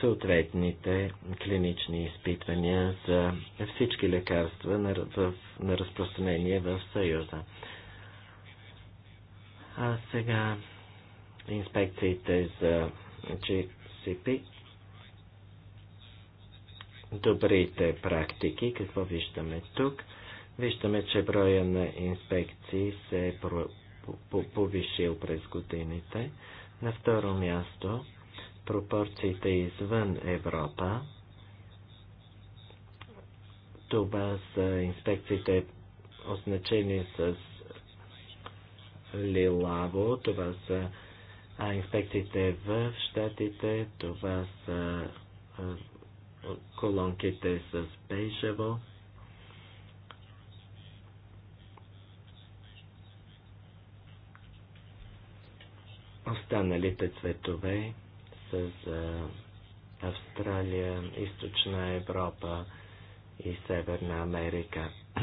Speaker 3: съответните клинични изпитвания за всички лекарства на, в, на разпространение в Съюза. А сега инспекциите за GCP, добрите практики, какво виждаме тук? Виждаме, че броя на инспекции се е повишил през годините. На второ място, пропорциите извън Европа. Това са инспекциите означени с лилаво. Това са а инфекциите в щатите, това са колонките с бежево. Останалите цветове с Австралия, Източна Европа и Северна Америка.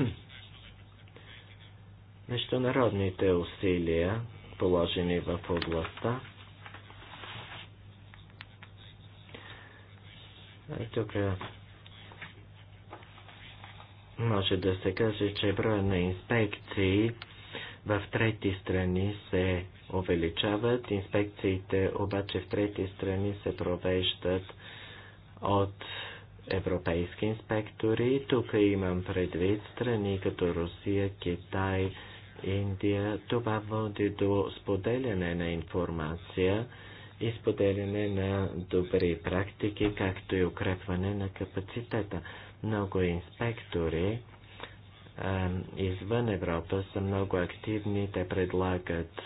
Speaker 3: Международните усилия положени в областта. Тук е, може да се каже, че броя на инспекции в трети страни се увеличават. Инспекциите обаче в трети страни се провеждат от европейски инспектори. Тук имам предвид страни като Русия, Китай, Индия. Това води до споделяне на информация и споделяне на добри практики, както и укрепване на капацитета. Много инспектори а, извън Европа са много активни, те предлагат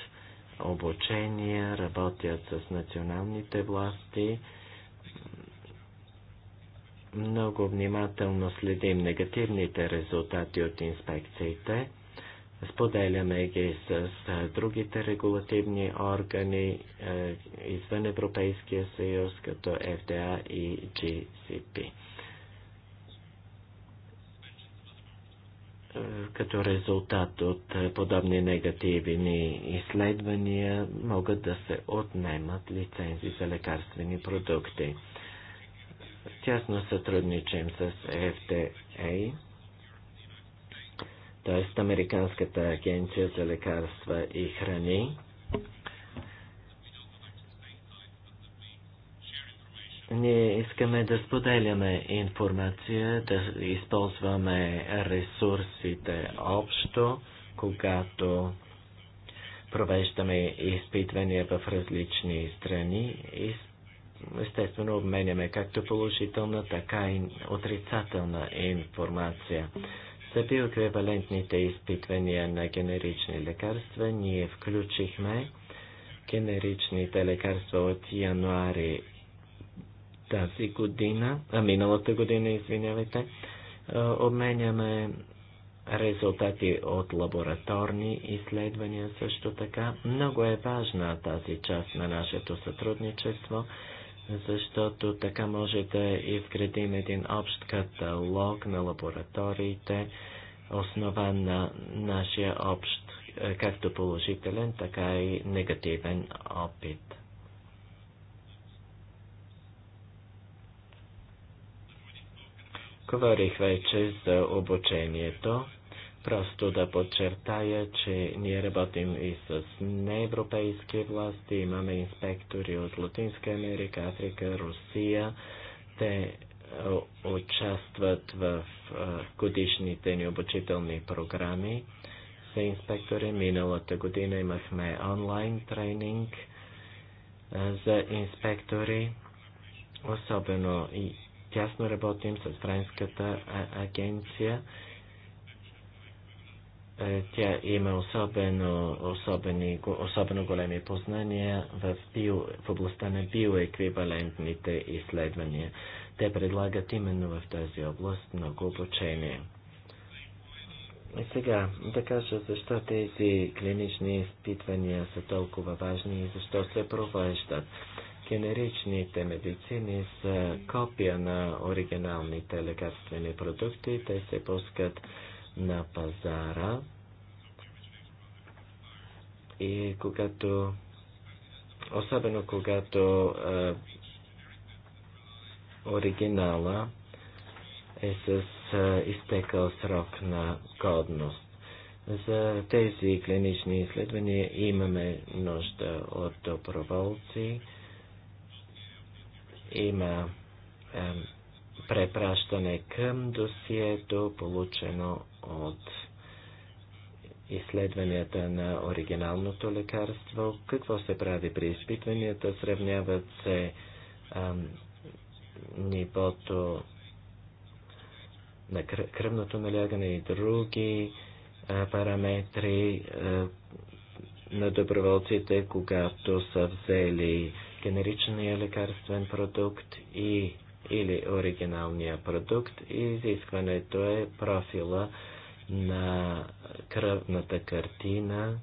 Speaker 3: обучения, работят с националните власти. Много внимателно следим негативните резултати от инспекциите Споделяме ги с другите регулативни органи е, извън Европейския съюз, като FDA и GCP. Е, като резултат от е, подобни негативни изследвания могат да се отнемат лицензи за лекарствени продукти. Тясно сътрудничим с FDA т.е. Американската агенция за лекарства и храни. Ние искаме да споделяме информация, да използваме ресурсите общо, когато провеждаме изпитвания в различни страни и естествено обменяме както положителна, така и отрицателна информация. За биокривалентните изпитвания на генерични лекарства ние включихме генеричните лекарства от януари тази година, а миналата година, извинявайте, е, обменяме резултати от лабораторни изследвания също така. Много е важна тази част на нашето сътрудничество защото така може да изградим един общ каталог на лабораториите, основан на нашия общ, е, както положителен, така и негативен опит. Говорих вече за обучението. Просто да подчертая, че ние работим и с неевропейски власти, имаме инспектори от Латинска Америка, Африка, Русия. Те е, участват в е, годишните ни обучителни програми за инспектори. Миналата година имахме онлайн тренинг е, за инспектори. Особено и тясно работим с Френската агенция е, тя има особено, особени, особено големи познания в, био, в областта на биоеквивалентните изследвания. Те предлагат именно в тази област много обучение. И сега да кажа защо тези клинични изпитвания са толкова важни и защо се провеждат. Генеричните медицини са копия на оригиналните лекарствени продукти. Те се пускат на пазара и когато, особено когато е, оригинала е с е, изтекал срок на годност. За тези клинични изследвания имаме нужда от доброволци. Има е, препращане към досието, получено от изследванията на оригиналното лекарство, какво се прави при изпитванията, сравняват се а, нивото на кръвното налягане и други а, параметри а, на доброволците, когато са взели генеричния лекарствен продукт и или оригиналния продукт. И изискването е профила на кръвната картина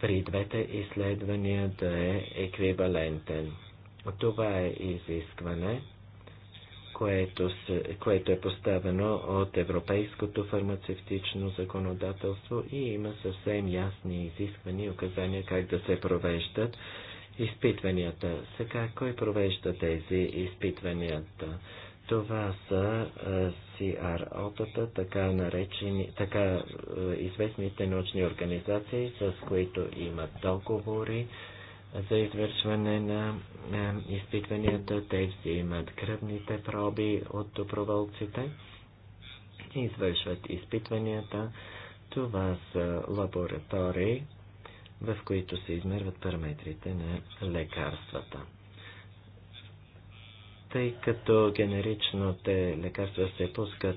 Speaker 3: при двете изследвания да е еквивалентен. Това е изискване, което, се, което е поставено от европейското фармацевтично законодателство и има съвсем ясни изисквания и указания как да се провеждат изпитванията. Сега кой провежда тези изпитванията? Това са CRO-тата, е, така, наречени, така е, известните научни организации, с които имат договори за извършване на е, изпитванията. Те взимат кръвните проби от доброволците и извършват изпитванията. Това са лаборатории, в които се измерват параметрите на лекарствата. Тъй като генеричните лекарства се пускат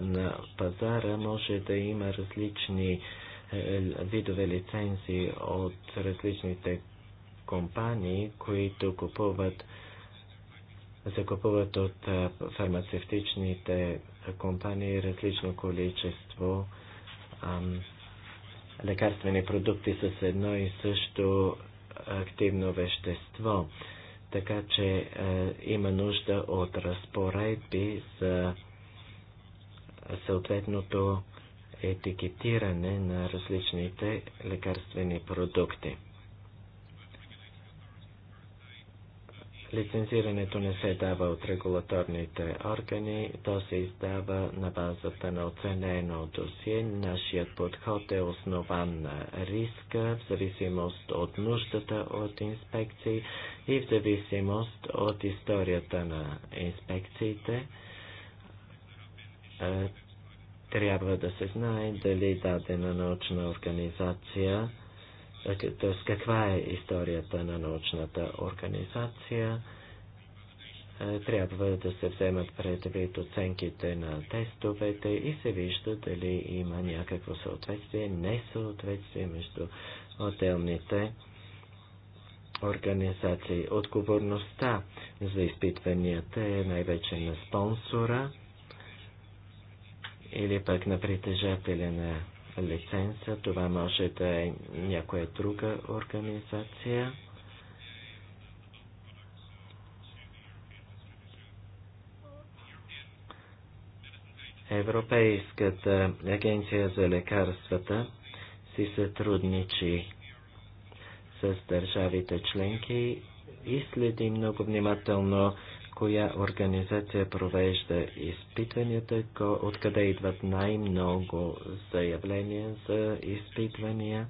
Speaker 3: на пазара, може да има различни е, видове лицензии от различните компании, които купуват закупуват от е, фармацевтичните компании различно количество ам, лекарствени продукти с едно и също активно вещество. Така че е, има нужда от разпоредби за съответното етикетиране на различните лекарствени продукти. Лицензирането не се дава от регулаторните органи, то се издава на базата на оценено досие. Нашият подход е основан на риска, в зависимост от нуждата от инспекции и в зависимост от историята на инспекциите. Е, трябва да се знае дали дадена научна организация т.е. каква е историята на научната организация. Е, трябва да се вземат предвид оценките на тестовете и се вижда дали има някакво съответствие, несъответствие между отделните организации. Отговорността за изпитванията е най-вече на спонсора или пък на притежателя на лиценза, това може да е някоя друга организация. Европейската агенция за лекарствата си сътрудничи с държавите членки и следи много внимателно коя организация провежда изпитванията, откъде идват най-много заявления за изпитвания,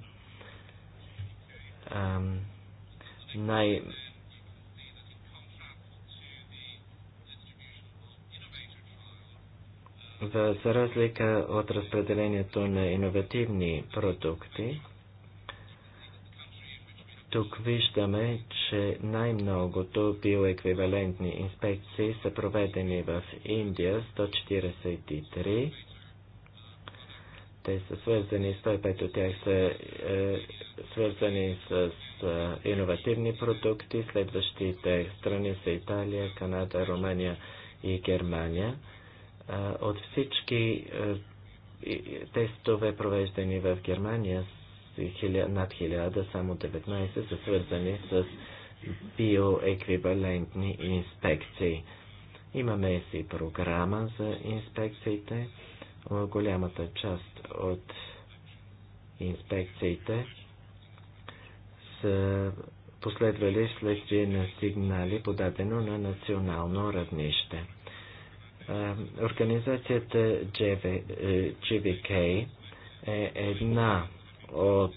Speaker 3: най- за разлика от разпределението на иновативни продукти, тук виждаме, че най-многото биоеквивалентни инспекции са проведени в Индия 143. Те са свързани, 105 от тях са е, свързани с е, иновативни продукти. Следващите страни са Италия, Канада, Румъния и Германия. Е, от всички е, тестове, провеждани в Германия, над 1000, само 19 са свързани с биоеквивалентни инспекции. Имаме си програма за инспекциите. Голямата част от инспекциите са последвали следствие на сигнали, подадено на национално равнище. Организацията GVK е, е една от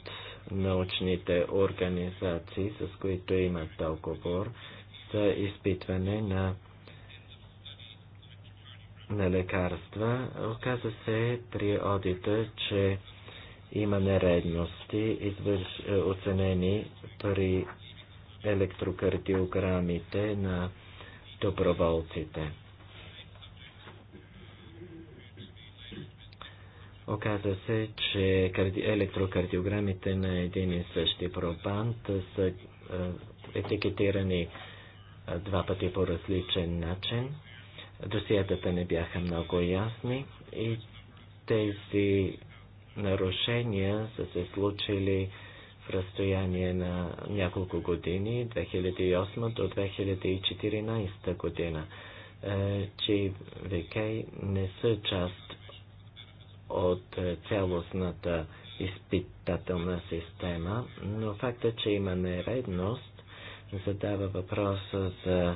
Speaker 3: научните организации, с които имат договор за изпитване на, на лекарства. Оказа се при одита, че има нередности, извърш, е, оценени при електрокардиограмите на доброволците. Оказа се, че електрокардиограмите на един и същи пробант са е, етикетирани е, два пъти по различен начин. Досиятата не бяха много ясни и тези нарушения са се случили в разстояние на няколко години, 2008 до 2014 година. Че ВК не са част от е, цялостната изпитателна система, но факта, че има нередност, задава въпроса за е,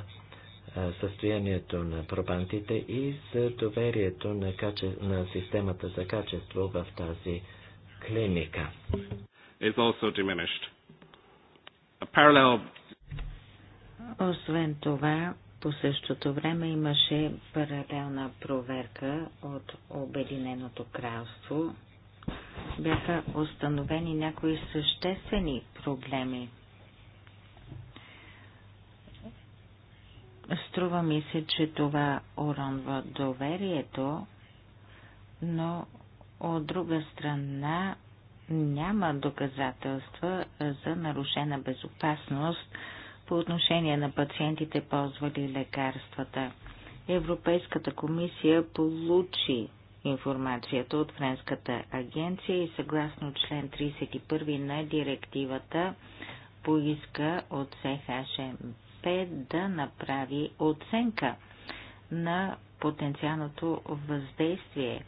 Speaker 3: състоянието на пробантите и за доверието на, каче... на системата за качество в тази клиника. Also
Speaker 2: Освен това, по същото време имаше паралелна проверка от Обединеното кралство. Бяха установени някои съществени проблеми. Струва ми се, че това уронва доверието, но от друга страна няма доказателства за нарушена безопасност по отношение на пациентите, ползвали лекарствата. Европейската комисия получи информацията от Френската агенция и съгласно член 31 на директивата поиска от СХМП да направи оценка на потенциалното въздействие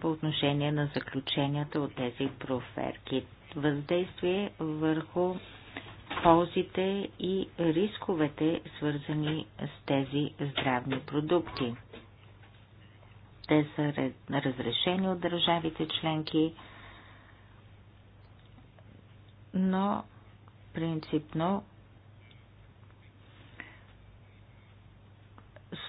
Speaker 2: по отношение на заключенията от тези проверки. Въздействие върху ползите и рисковете, свързани с тези здравни продукти. Те са разрешени от държавите членки, но принципно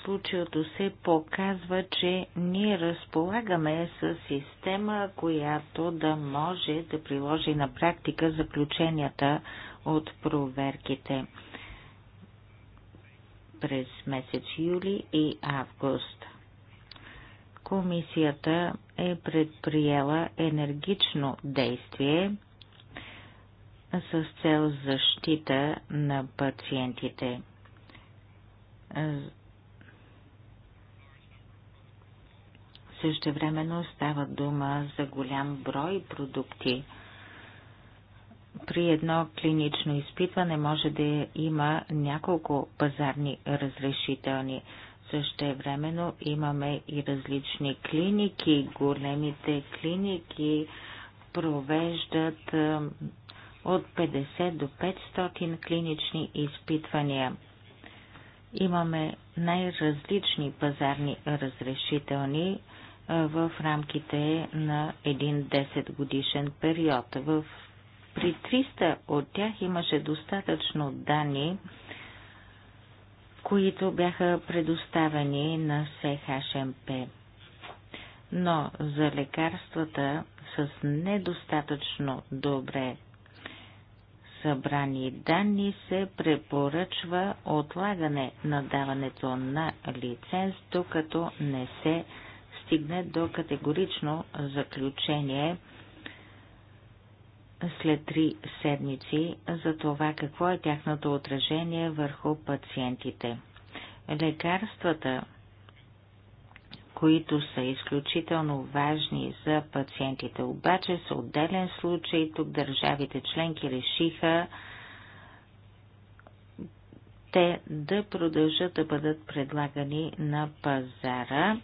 Speaker 2: случилото се показва, че ние разполагаме с система, която да може да приложи на практика заключенията от проверките през месец юли и август. Комисията е предприела енергично действие с цел защита на пациентите. Същевременно става дума за голям брой продукти – при едно клинично изпитване може да има няколко пазарни разрешителни. Същевременно имаме и различни клиники. Големите клиники провеждат е, от 50 до 500 клинични изпитвания. Имаме най-различни пазарни разрешителни е, в рамките на един 10 годишен период. В при 300 от тях имаше достатъчно данни, които бяха предоставени на СХМП. Но за лекарствата с недостатъчно добре събрани данни се препоръчва отлагане на даването на лиценз, докато не се стигне до категорично заключение след три седмици за това какво е тяхното отражение върху пациентите. Лекарствата, които са изключително важни за пациентите, обаче са отделен случай. Тук държавите членки решиха те да продължат да бъдат предлагани на пазара,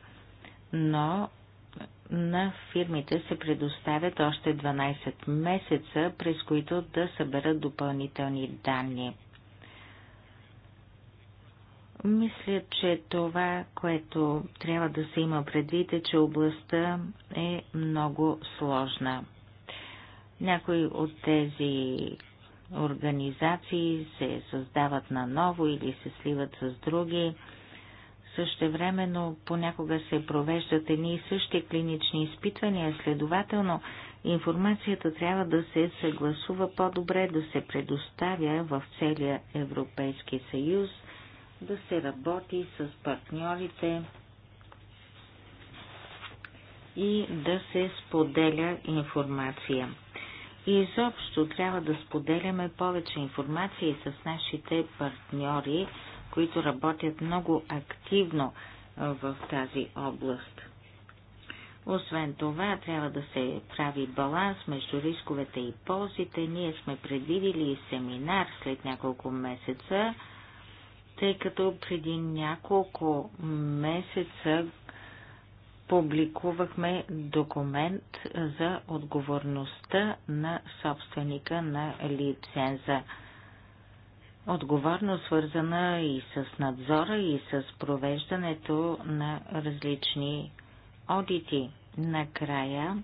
Speaker 2: но на фирмите се предоставят още 12 месеца, през които да съберат допълнителни данни. Мисля, че това, което трябва да се има предвид е, че областта е много сложна. Някои от тези организации се създават наново или се сливат с други. Същевременно понякога се провеждат едни и същи клинични изпитвания, следователно информацията трябва да се съгласува по-добре, да се предоставя в целия Европейски съюз, да се работи с партньорите и да се споделя информация. И изобщо трябва да споделяме повече информация и с нашите партньори, които работят много активно в тази област. Освен това, трябва да се прави баланс между рисковете и ползите. Ние сме предвидили и семинар след няколко месеца, тъй като преди няколко месеца публикувахме документ за отговорността на собственика на лиценза отговорно свързана и с надзора, и с провеждането на различни одити. Накрая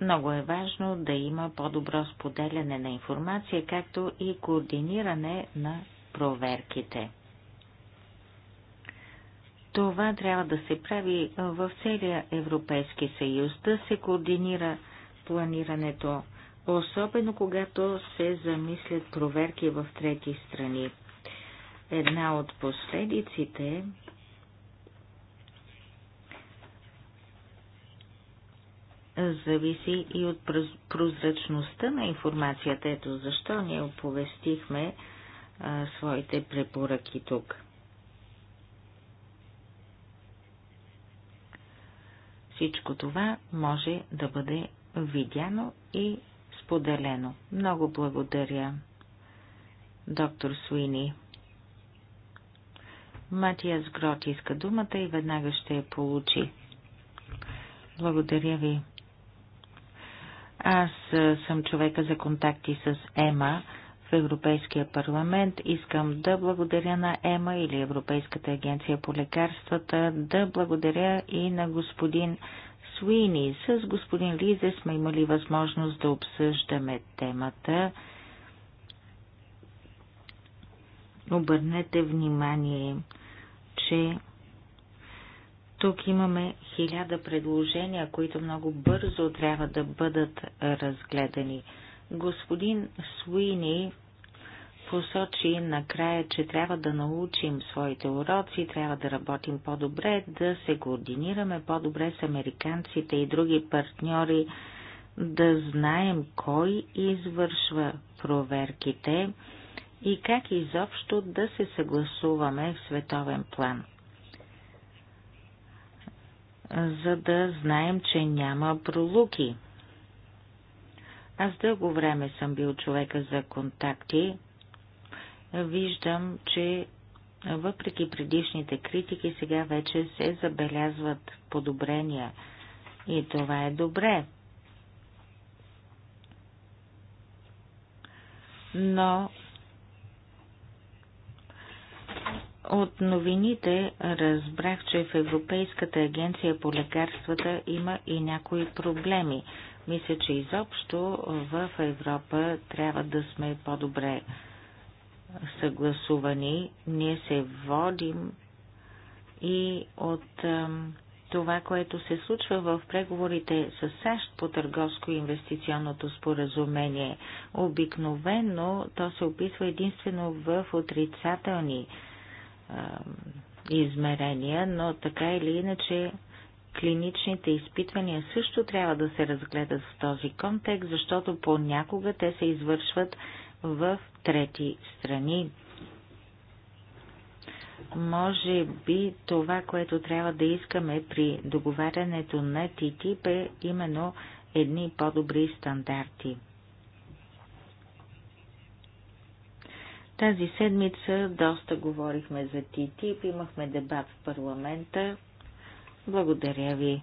Speaker 2: много е важно да има по-добро споделяне на информация, както и координиране на проверките. Това трябва да се прави в целия Европейски съюз, да се координира планирането особено когато се замислят проверки в трети страни. Една от последиците зависи и от прозрачността на информацията. Ето защо ние оповестихме а, своите препоръки тук. Всичко това може да бъде видяно и споделено. Много благодаря, доктор Суини. Матиас Грот иска думата и веднага ще я получи. Благодаря ви. Аз съм човека за контакти с ЕМА в Европейския парламент. Искам да благодаря на ЕМА или Европейската агенция по лекарствата, да благодаря и на господин Суини. С господин Лизе сме имали възможност да обсъждаме темата. Обърнете внимание, че тук имаме хиляда предложения, които много бързо трябва да бъдат разгледани. Господин Суини посочи накрая, че трябва да научим своите уроци, трябва да работим по-добре, да се координираме по-добре с американците и други партньори, да знаем кой извършва проверките и как изобщо да се съгласуваме в световен план. За да знаем, че няма пролуки. Аз дълго време съм бил човека за контакти виждам, че въпреки предишните критики, сега вече се забелязват подобрения. И това е добре. Но от новините разбрах, че в Европейската агенция по лекарствата има и някои проблеми. Мисля, че изобщо в Европа трябва да сме по-добре съгласувани. Ние се водим и от това, което се случва в преговорите с САЩ по търговско-инвестиционното споразумение. Обикновено то се описва единствено в отрицателни измерения, но така или иначе клиничните изпитвания също трябва да се разгледат в този контекст, защото понякога те се извършват в трети страни. Може би това, което трябва да искаме при договарянето на ТТИП е именно едни по-добри стандарти. Тази седмица доста говорихме за ТТИП, имахме дебат в парламента. Благодаря ви.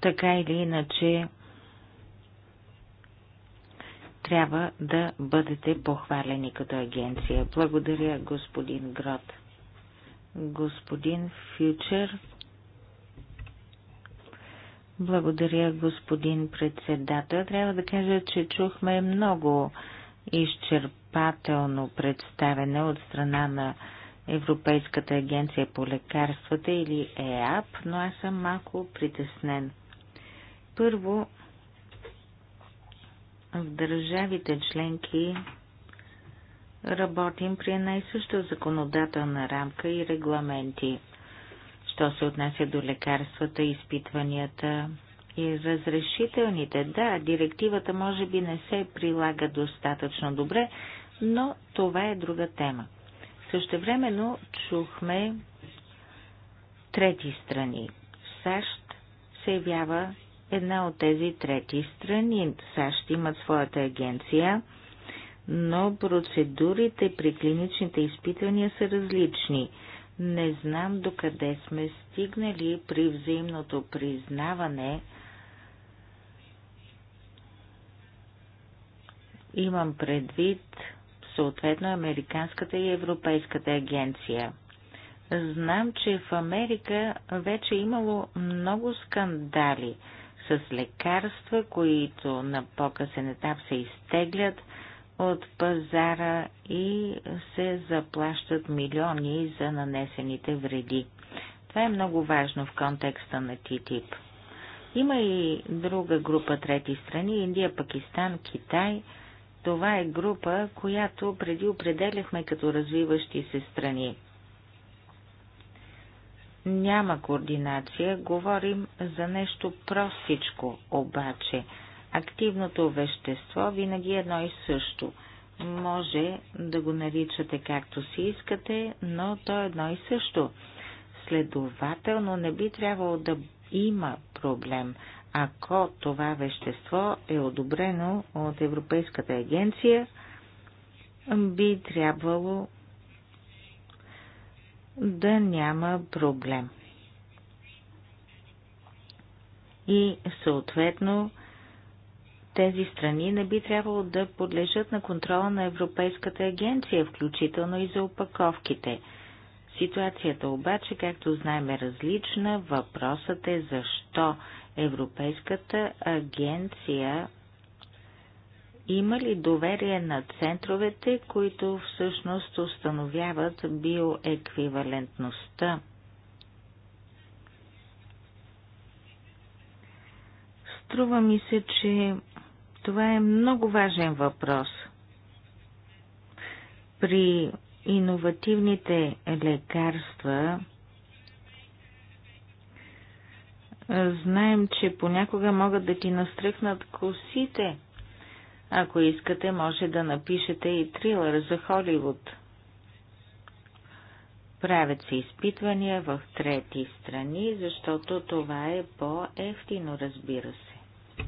Speaker 2: Така или иначе, трябва да бъдете похвалени като агенция. Благодаря, господин Грот. Господин Фючер. Благодаря, господин председател. Трябва да кажа, че чухме много изчерпателно представене от страна на Европейската агенция по лекарствата или ЕАП, но аз съм малко притеснен. Първо, в държавите членки работим при една и съща законодателна рамка и регламенти, що се отнася до лекарствата, изпитванията и разрешителните. Да, директивата може би не се прилага достатъчно добре, но това е друга тема. Същевременно чухме трети страни. САЩ се явява една от тези трети страни. САЩ имат своята агенция, но процедурите при клиничните изпитвания са различни. Не знам докъде сме стигнали при взаимното признаване. Имам предвид съответно Американската и Европейската агенция. Знам, че в Америка вече е имало много скандали с лекарства, които на по-късен етап се изтеглят от пазара и се заплащат милиони за нанесените вреди. Това е много важно в контекста на ТТИП. Има и друга група трети страни Индия, Пакистан, Китай. Това е група, която преди определяхме като развиващи се страни. Няма координация, говорим за нещо простичко, обаче активното вещество винаги е едно и също. Може да го наричате както си искате, но то е едно и също. Следователно не би трябвало да има проблем, ако това вещество е одобрено от Европейската агенция, би трябвало да няма проблем. И съответно тези страни не би трябвало да подлежат на контрола на Европейската агенция, включително и за опаковките. Ситуацията обаче, както знаем, е различна. Въпросът е защо Европейската агенция има ли доверие на центровете, които всъщност установяват биоеквивалентността? Струва ми се, че това е много важен въпрос. При иновативните лекарства знаем, че понякога могат да ти настръхнат косите – ако искате, може да напишете и трилър за Холивуд. Правят се изпитвания в трети страни, защото това е по-ефтино, разбира се.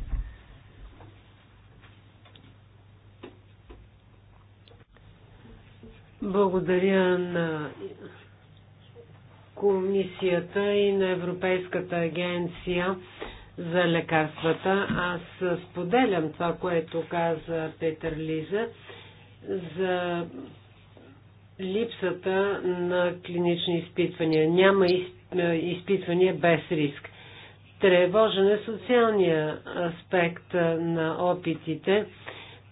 Speaker 2: Благодаря на
Speaker 1: Комисията и на Европейската агенция за лекарствата. Аз споделям това, което каза Петър Лиза за липсата на клинични изпитвания. Няма е, изпитвания без риск. Тревожен е социалния аспект е, на опитите.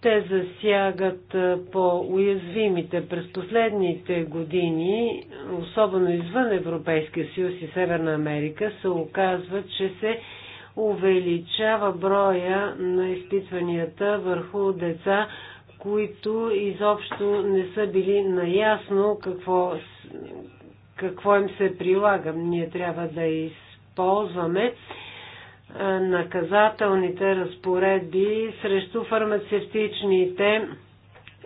Speaker 1: Те засягат е, по-уязвимите през последните години, особено извън Европейския съюз и Северна Америка, се оказва, че се увеличава броя на изпитванията върху деца, които изобщо не са били наясно какво, какво им се прилага. Ние трябва да използваме наказателните разпоредби срещу фармацевтичните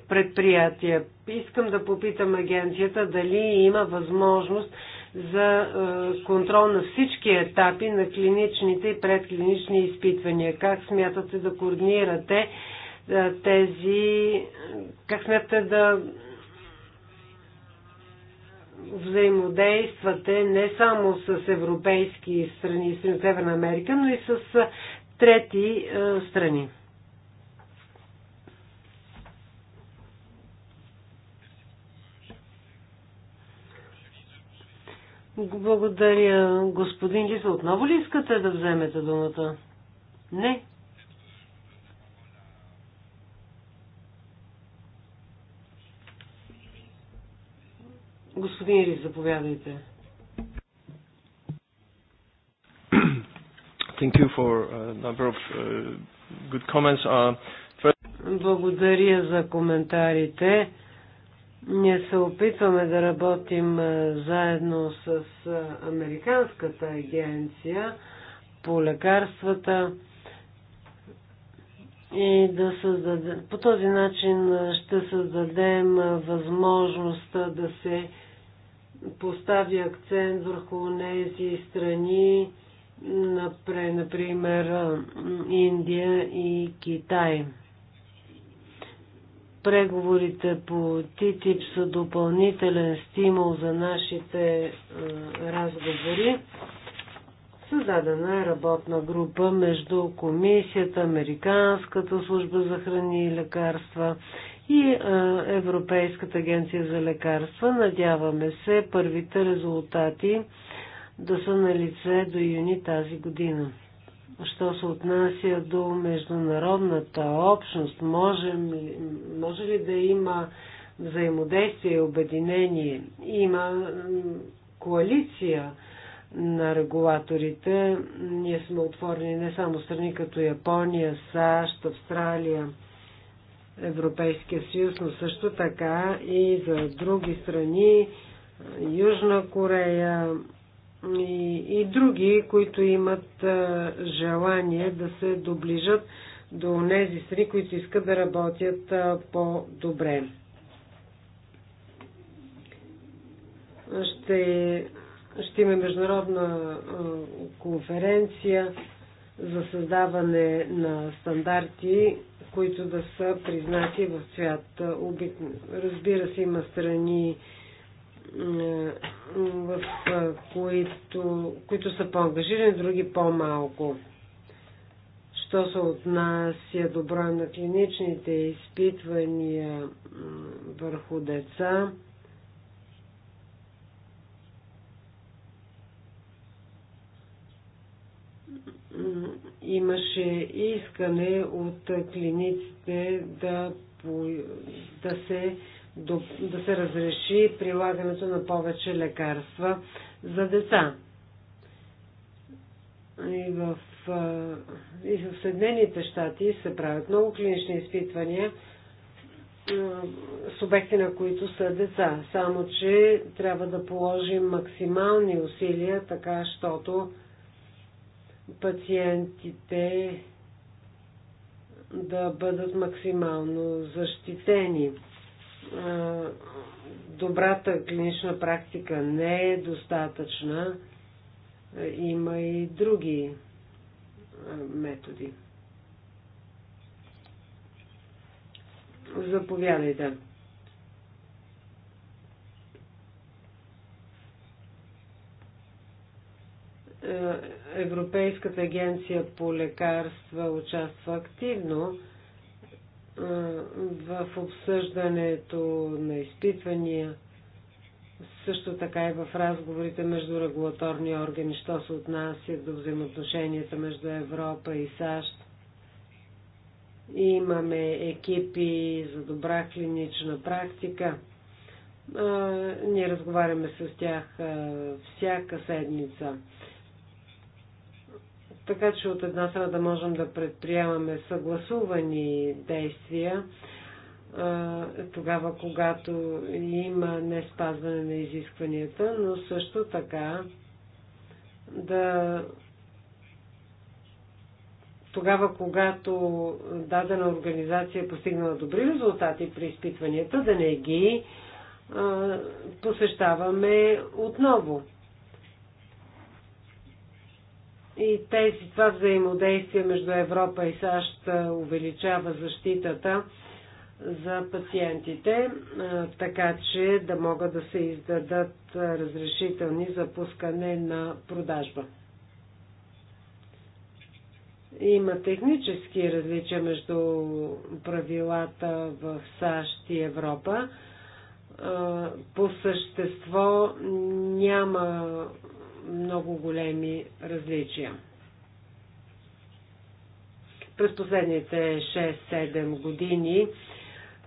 Speaker 1: предприятия. Искам да попитам агенцията дали има възможност за е, контрол на всички етапи на клиничните и предклинични изпитвания. Как смятате да координирате е, тези, как смятате да взаимодействате не само с европейски страни, с Северна Америка, но и с е, трети страни? Благодаря, господин Лиса. Отново ли искате да вземете думата? Не. Господин Рис, заповядайте. Thank you for a number of uh, good comments. Uh, Благодаря за коментарите. Ние се опитваме да работим заедно с Американската агенция по лекарствата и да създадем, по този начин ще създадем възможността да се постави акцент върху тези страни, например Индия и Китай. Преговорите по ТИТИП са допълнителен стимул за нашите разговори. Създадена е работна група между Комисията, Американската служба за храни и лекарства и Европейската агенция за лекарства. Надяваме се първите резултати да са на лице до юни тази година. Що се отнася до международната общност, може, може ли да има взаимодействие и обединение? Има коалиция на регулаторите. Ние сме отворени не само страни като Япония, САЩ, Австралия, Европейския съюз, но също така и за други страни, Южна Корея, и, и други, които имат а, желание да се доближат до тези страни, които искат да работят по-добре. Ще, ще има международна а, конференция за създаване на стандарти, които да са признати в свят. Разбира се, има страни, в които, които са по-ангажирани, други по-малко. Що се отнася до броя на клиничните изпитвания върху деца, имаше искане от клиниците да, да се да се разреши прилагането на повече лекарства за деца. И в, и в Съединените щати се правят много клинични изпитвания субекти, на които са деца. Само, че трябва да положим максимални усилия, така, щото пациентите да бъдат максимално защитени. Е, добрата клинична практика не е достатъчна. Е, има и други е, методи. Заповядайте. Европейската агенция по лекарства участва активно в обсъждането на изпитвания, също така и в разговорите между регулаторни органи, що се отнася до взаимоотношенията между Европа и САЩ. Имаме екипи за добра клинична практика. Ние разговаряме с тях всяка седмица така че от една страна да можем да предприемаме съгласувани действия, тогава, когато има не спазване на изискванията, но също така да тогава, когато дадена организация е постигнала добри резултати при изпитванията, да не ги посещаваме отново. И тези, това взаимодействие между Европа и САЩ увеличава защитата за пациентите, така че да могат да се издадат разрешителни за пускане на продажба. Има технически различия между правилата в САЩ и Европа. По същество няма много големи различия. През последните 6-7 години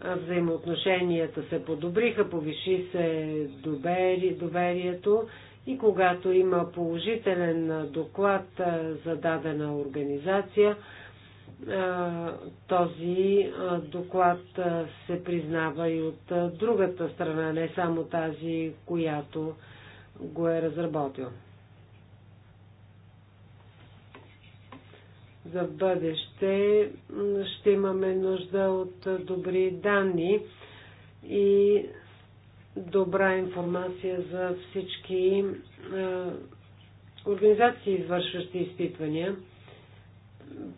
Speaker 1: взаимоотношенията се подобриха, повиши се довери, доверието и когато има положителен доклад за дадена организация, този доклад се признава и от другата страна, не само тази, която го е разработил. за бъдеще ще имаме нужда от добри данни и добра информация за всички организации, извършващи изпитвания.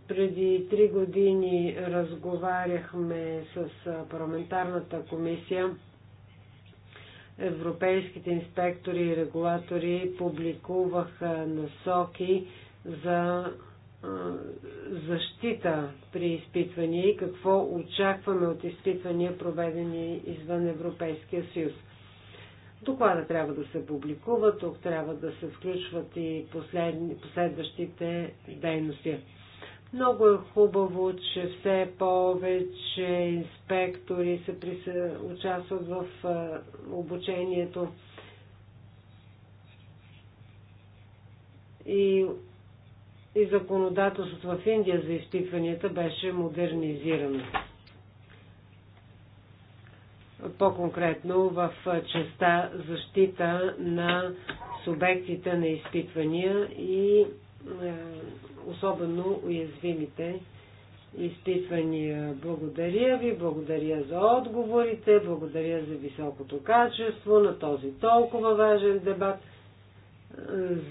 Speaker 1: Преди три години разговаряхме с парламентарната комисия. Европейските инспектори и регулатори публикуваха насоки за защита при изпитвания и какво очакваме от изпитвания, проведени извън Европейския съюз. Доклада трябва да се публикува, тук трябва да се включват и последващите дейности. Много е хубаво, че все повече инспектори се присъ... участват в обучението и и законодателството в Индия за изпитванията беше модернизирано. По-конкретно в частта защита на субектите на изпитвания и е, особено уязвимите изпитвания. Благодаря ви, благодаря за отговорите, благодаря за високото качество на този толкова важен дебат.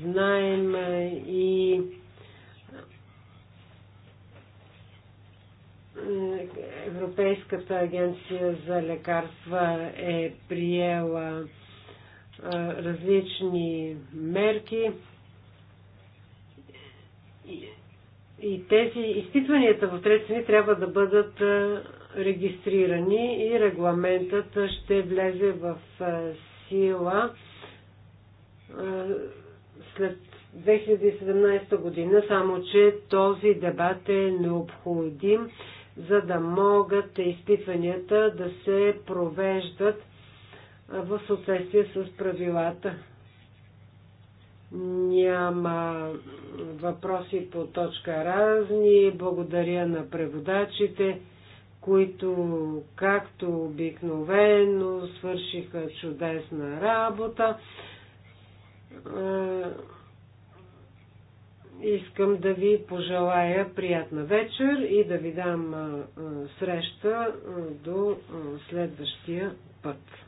Speaker 1: Знаем е, и Европейската агенция за лекарства е приела различни мерки и, тези изпитванията в трети трябва да бъдат регистрирани и регламентът ще влезе в сила след 2017 година, само че този дебат е необходим за да могат изпитванията да се провеждат в съответствие с правилата. Няма въпроси по точка разни. Благодаря на преводачите, които, както обикновено, свършиха чудесна работа. Искам да ви пожелая приятна вечер и да ви дам среща до следващия път.